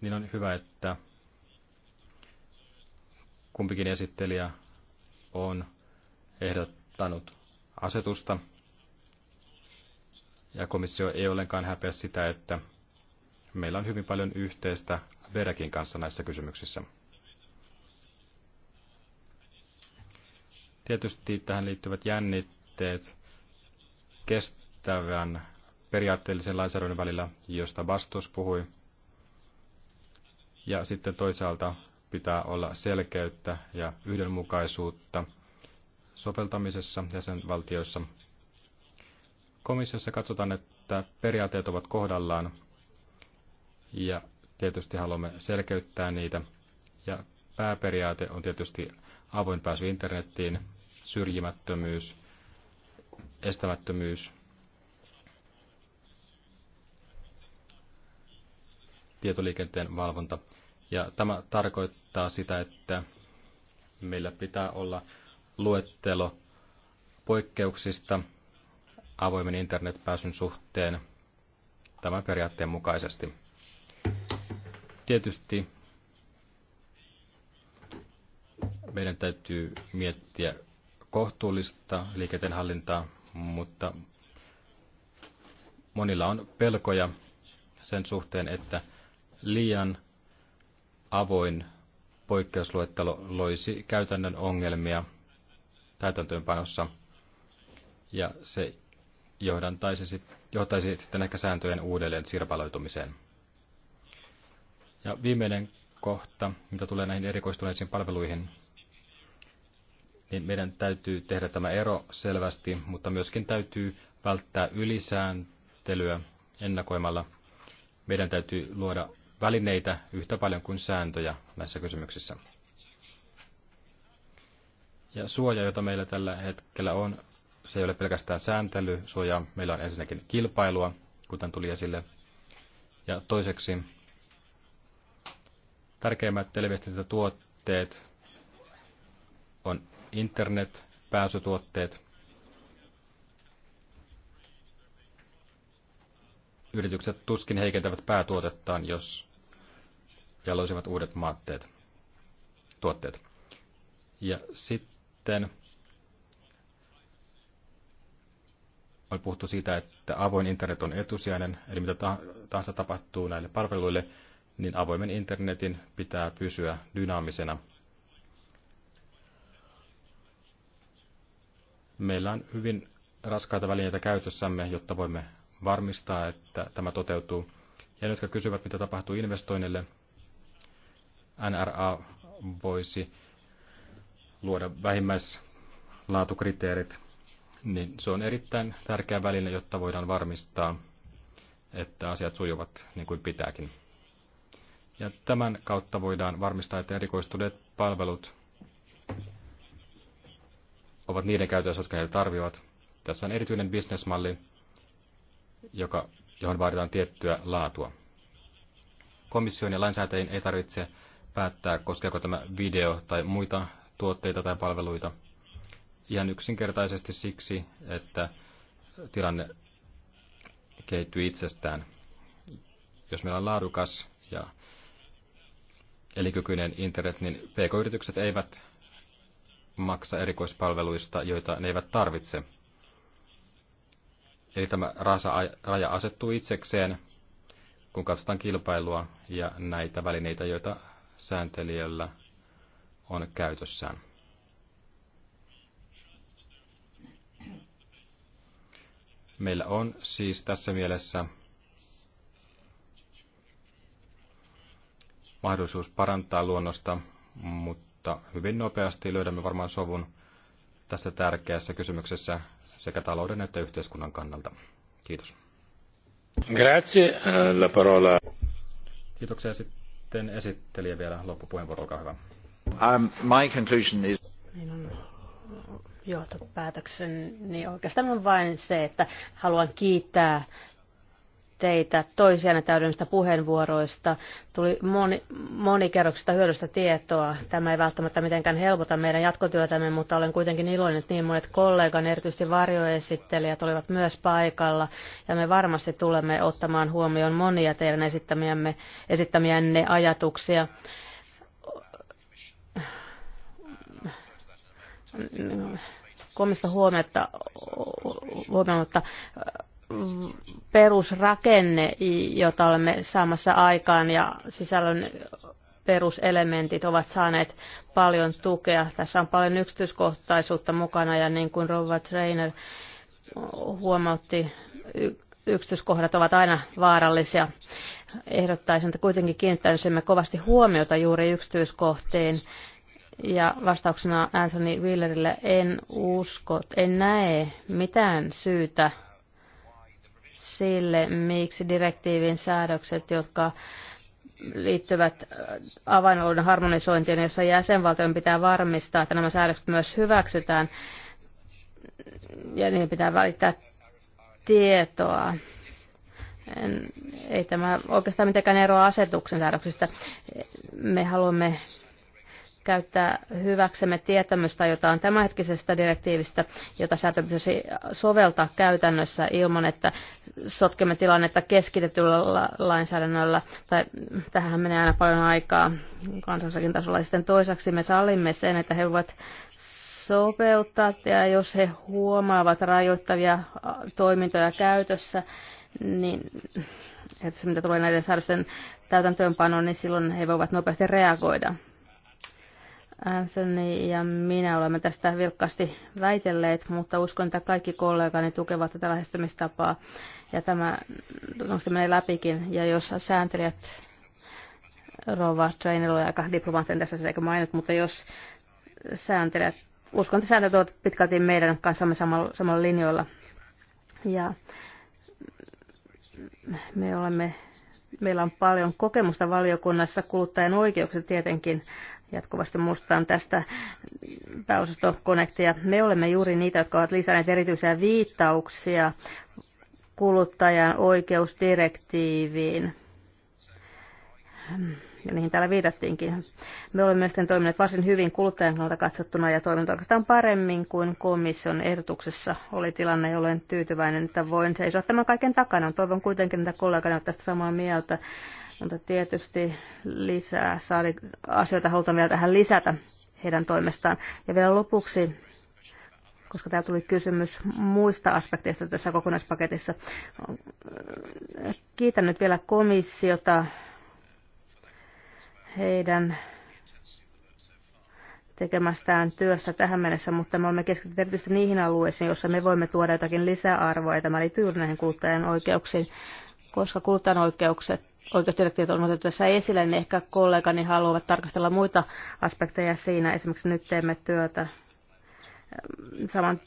Speaker 2: niin on hyvä, että kumpikin esittelijä on ehdottanut asetusta, ja komissio ei ollenkaan häpeä sitä, että meillä on hyvin paljon yhteistä Verekin kanssa näissä kysymyksissä. Tietysti tähän liittyvät jännitteet kestävän periaatteellisen lainsäädännön välillä, josta Bastos puhui, ja sitten toisaalta pitää olla selkeyttä ja yhdenmukaisuutta soveltamisessa jäsenvaltioissa. Komissiossa katsotaan, että periaatteet ovat kohdallaan ja tietysti haluamme selkeyttää niitä. Ja pääperiaate on tietysti avoin pääsy internettiin, syrjimättömyys, estämättömyys tietoliikenteen valvonta. Ja tämä tarkoittaa sitä, että meillä pitää olla luettelo poikkeuksista avoimen internetpääsyn suhteen tämän periaatteen mukaisesti. Tietysti meidän täytyy miettiä kohtuullista liikenteenhallintaa, hallintaa, mutta monilla on pelkoja sen suhteen, että liian avoin poikkeusluettelo loisi käytännön ongelmia täytäntöönpanossa ja se johdantaisi, johtaisi sitten ehkä sääntöjen uudelleen sirpaloitumiseen. Ja viimeinen kohta, mitä tulee näihin erikoistuneisiin palveluihin, niin meidän täytyy tehdä tämä ero selvästi, mutta myöskin täytyy välttää ylisääntelyä ennakoimalla. Meidän täytyy luoda välineitä yhtä paljon kuin sääntöjä näissä kysymyksissä. Ja suoja, jota meillä tällä hetkellä on, se ei ole pelkästään sääntely, suoja meillä on ensinnäkin kilpailua, kuten tuli esille. Ja toiseksi tärkeimmät tuotteet on internet, pääsytuotteet. Yritykset tuskin heikentävät päätuotettaan, jos ja loisivat uudet maatteet, tuotteet. Ja sitten on puhuttu siitä, että avoin internet on etusijainen, eli mitä tahansa tapahtuu näille palveluille, niin avoimen internetin pitää pysyä dynaamisena. Meillä on hyvin raskaita välineitä käytössämme, jotta voimme varmistaa, että tämä toteutuu. Ja ne, jotka kysyvät, mitä tapahtuu investoinnille, NRA voisi luoda vähimmäislaatukriteerit, niin se on erittäin tärkeä väline, jotta voidaan varmistaa, että asiat sujuvat niin kuin pitääkin. Ja tämän kautta voidaan varmistaa, että erikoistuneet palvelut ovat niiden käytössä, jotka he tarvitsevat. Tässä on erityinen bisnesmalli, joka, johon vaaditaan tiettyä laatua. Komission ja lainsäätäjien ei tarvitse päättää, koskeeko tämä video tai muita tuotteita tai palveluita. Ihan yksinkertaisesti siksi, että tilanne kehittyy itsestään. Jos meillä on laadukas ja elikykyinen internet, niin pk-yritykset eivät maksa erikoispalveluista, joita ne eivät tarvitse. Eli tämä raja asettuu itsekseen, kun katsotaan kilpailua ja näitä välineitä, joita sääntelijällä on käytössään. Meillä on siis tässä mielessä mahdollisuus parantaa luonnosta, mutta hyvin nopeasti löydämme varmaan sovun tässä tärkeässä kysymyksessä sekä talouden että yhteiskunnan kannalta. Kiitos.
Speaker 1: Grazie, eh, la parola.
Speaker 2: Kiitoksia sitten sitten esittelijä vielä loppupuheenvuoro, olkaa hyvä. Um, my
Speaker 4: conclusion is...
Speaker 3: Minun johtopäätökseni oikeastaan on vain se, että haluan kiittää teitä toisiaan täydennystä puheenvuoroista. Tuli moni, monikerroksista hyödystä tietoa. Tämä ei välttämättä mitenkään helpota meidän jatkotyötämme, mutta olen kuitenkin iloinen, että niin monet kollegan, erityisesti varjoesittelijät, olivat myös paikalla. Ja me varmasti tulemme ottamaan huomioon monia teidän esittämiämme, esittämiänne ajatuksia. Komista huomiota, huomioon, että perusrakenne, jota olemme saamassa aikaan ja sisällön peruselementit ovat saaneet paljon tukea. Tässä on paljon yksityiskohtaisuutta mukana ja niin kuin Rova Trainer huomautti, yksityiskohdat ovat aina vaarallisia. Ehdottaisin, että kuitenkin kiinnittäisimme kovasti huomiota juuri yksityiskohtiin. Ja vastauksena Anthony Willerille en usko, en näe mitään syytä sille, miksi direktiivin säädökset, jotka liittyvät äh, avainalueiden harmonisointiin, jossa jäsenvaltion pitää varmistaa, että nämä säädökset myös hyväksytään ja niihin pitää välittää tietoa. En, ei tämä oikeastaan mitenkään eroa asetuksen säädöksistä. Me haluamme käyttää hyväksemme tietämystä, jota on tämänhetkisestä direktiivistä, jota säätämisesti soveltaa käytännössä ilman, että sotkemme tilannetta keskitetyllä lainsäädännöllä. Tai, tähän menee aina paljon aikaa kansallisakin tasolla. Sitten toisaksi me sallimme sen, että he voivat sopeuttaa ja jos he huomaavat rajoittavia toimintoja käytössä, niin että se mitä tulee näiden säädösten täytäntöönpanoon, niin silloin he voivat nopeasti reagoida. Anthony ja minä olemme tästä vilkkaasti väitelleet, mutta uskon, että kaikki kollegani tukevat tätä lähestymistapaa. Ja tämä nosti menee läpikin. Ja jos sääntelijät, Rova Trainer oli aika diplomaattinen tässä se eikä mainit, mutta jos sääntelijät, uskon, että sääntelijät ovat pitkälti meidän kanssamme samalla, samalla linjoilla. Ja me olemme meillä on paljon kokemusta valiokunnassa kuluttajan oikeuksia tietenkin jatkuvasti muistetaan tästä pääosasto Connectia. Me olemme juuri niitä, jotka ovat lisänneet erityisiä viittauksia kuluttajan oikeusdirektiiviin. Ja niihin täällä viitattiinkin. Me olemme mielestäni toimineet varsin hyvin kuluttajan kannalta katsottuna ja toiminut oikeastaan paremmin kuin komission ehdotuksessa oli tilanne, olen tyytyväinen, että voin seisoa tämän kaiken takana. Toivon kuitenkin, että kollegani ovat tästä samaa mieltä, mutta tietysti lisää saadi asioita halutaan vielä tähän lisätä heidän toimestaan. Ja vielä lopuksi, koska täällä tuli kysymys muista aspekteista tässä kokonaispaketissa, kiitän nyt vielä komissiota heidän tekemästään työstä tähän mennessä, mutta me olemme keskittyneet erityisesti niihin alueisiin, joissa me voimme tuoda jotakin lisäarvoa, ja tämä liittyy juuri näihin kuluttajien oikeuksiin koska kuluttajan oikeukset oikeusdirektiivit on otettu tässä esille, niin ehkä kollegani haluavat tarkastella muita aspekteja siinä. Esimerkiksi nyt teemme työtä ähm, saman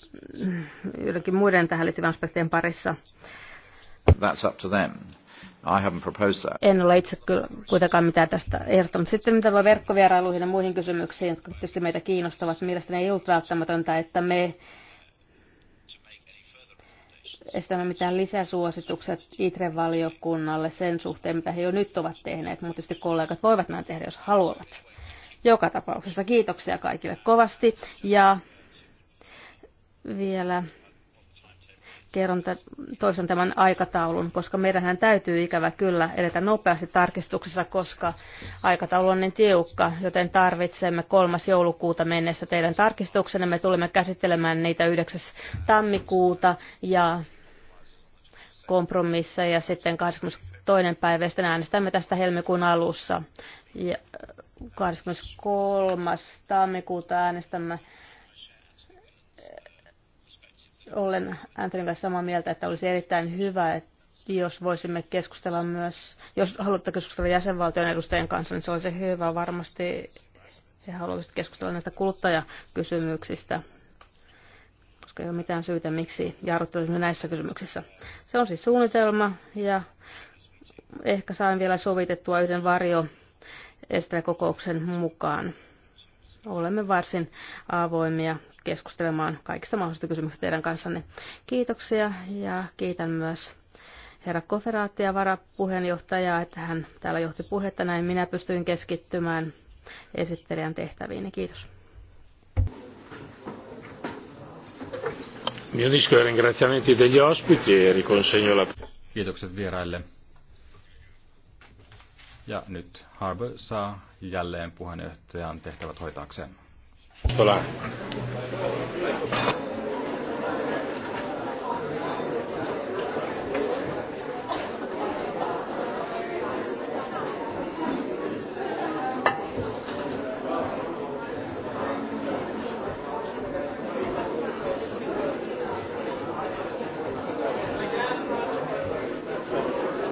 Speaker 3: mm, joidenkin muiden tähän liittyvän aspektien parissa.
Speaker 2: That's up to them. I haven't proposed that.
Speaker 3: En ole itse kyllä kuitenkaan mitään tästä ehdottanut. Sitten mitä tulee verkkovierailuihin ja muihin kysymyksiin, jotka tietysti meitä kiinnostavat, mielestäni ei ollut välttämätöntä, että me esittämään mitään lisäsuositukset ITREn valiokunnalle sen suhteen, mitä he jo nyt ovat tehneet, mutta tietysti kollegat voivat näin tehdä, jos haluavat. Joka tapauksessa kiitoksia kaikille kovasti ja vielä kerron t- toisen tämän aikataulun, koska meidänhän täytyy ikävä kyllä edetä nopeasti tarkistuksessa, koska aikataulu on niin tiukka, joten tarvitsemme 3. joulukuuta mennessä teidän tarkistuksenne. Me tulemme käsittelemään niitä 9. tammikuuta ja kompromisseja sitten 22. päivä. Sitten äänestämme tästä helmikuun alussa. Ja 23. tammikuuta äänestämme olen Antonin kanssa samaa mieltä, että olisi erittäin hyvä, että jos voisimme keskustella myös, jos haluatte keskustella jäsenvaltion edustajien kanssa, niin se olisi hyvä. Varmasti he haluaisivat keskustella näistä kuluttajakysymyksistä, koska ei ole mitään syytä, miksi jarruttelisimme näissä kysymyksissä. Se on siis suunnitelma ja ehkä saan vielä sovitettua yhden varjo kokouksen mukaan. Olemme varsin avoimia keskustelemaan kaikista mahdollisista kysymyksistä teidän kanssanne. Kiitoksia ja kiitän myös herra Koferaatti ja varapuheenjohtajaa, että hän täällä johti puhetta. Näin minä pystyin keskittymään esittelijän tehtäviin. Kiitos.
Speaker 1: degli ospiti e Kiitokset vieraille.
Speaker 2: Ja nyt Harbour saa jälleen puheenjohtajan tehtävät hoitaakseen. Hola. Thank you.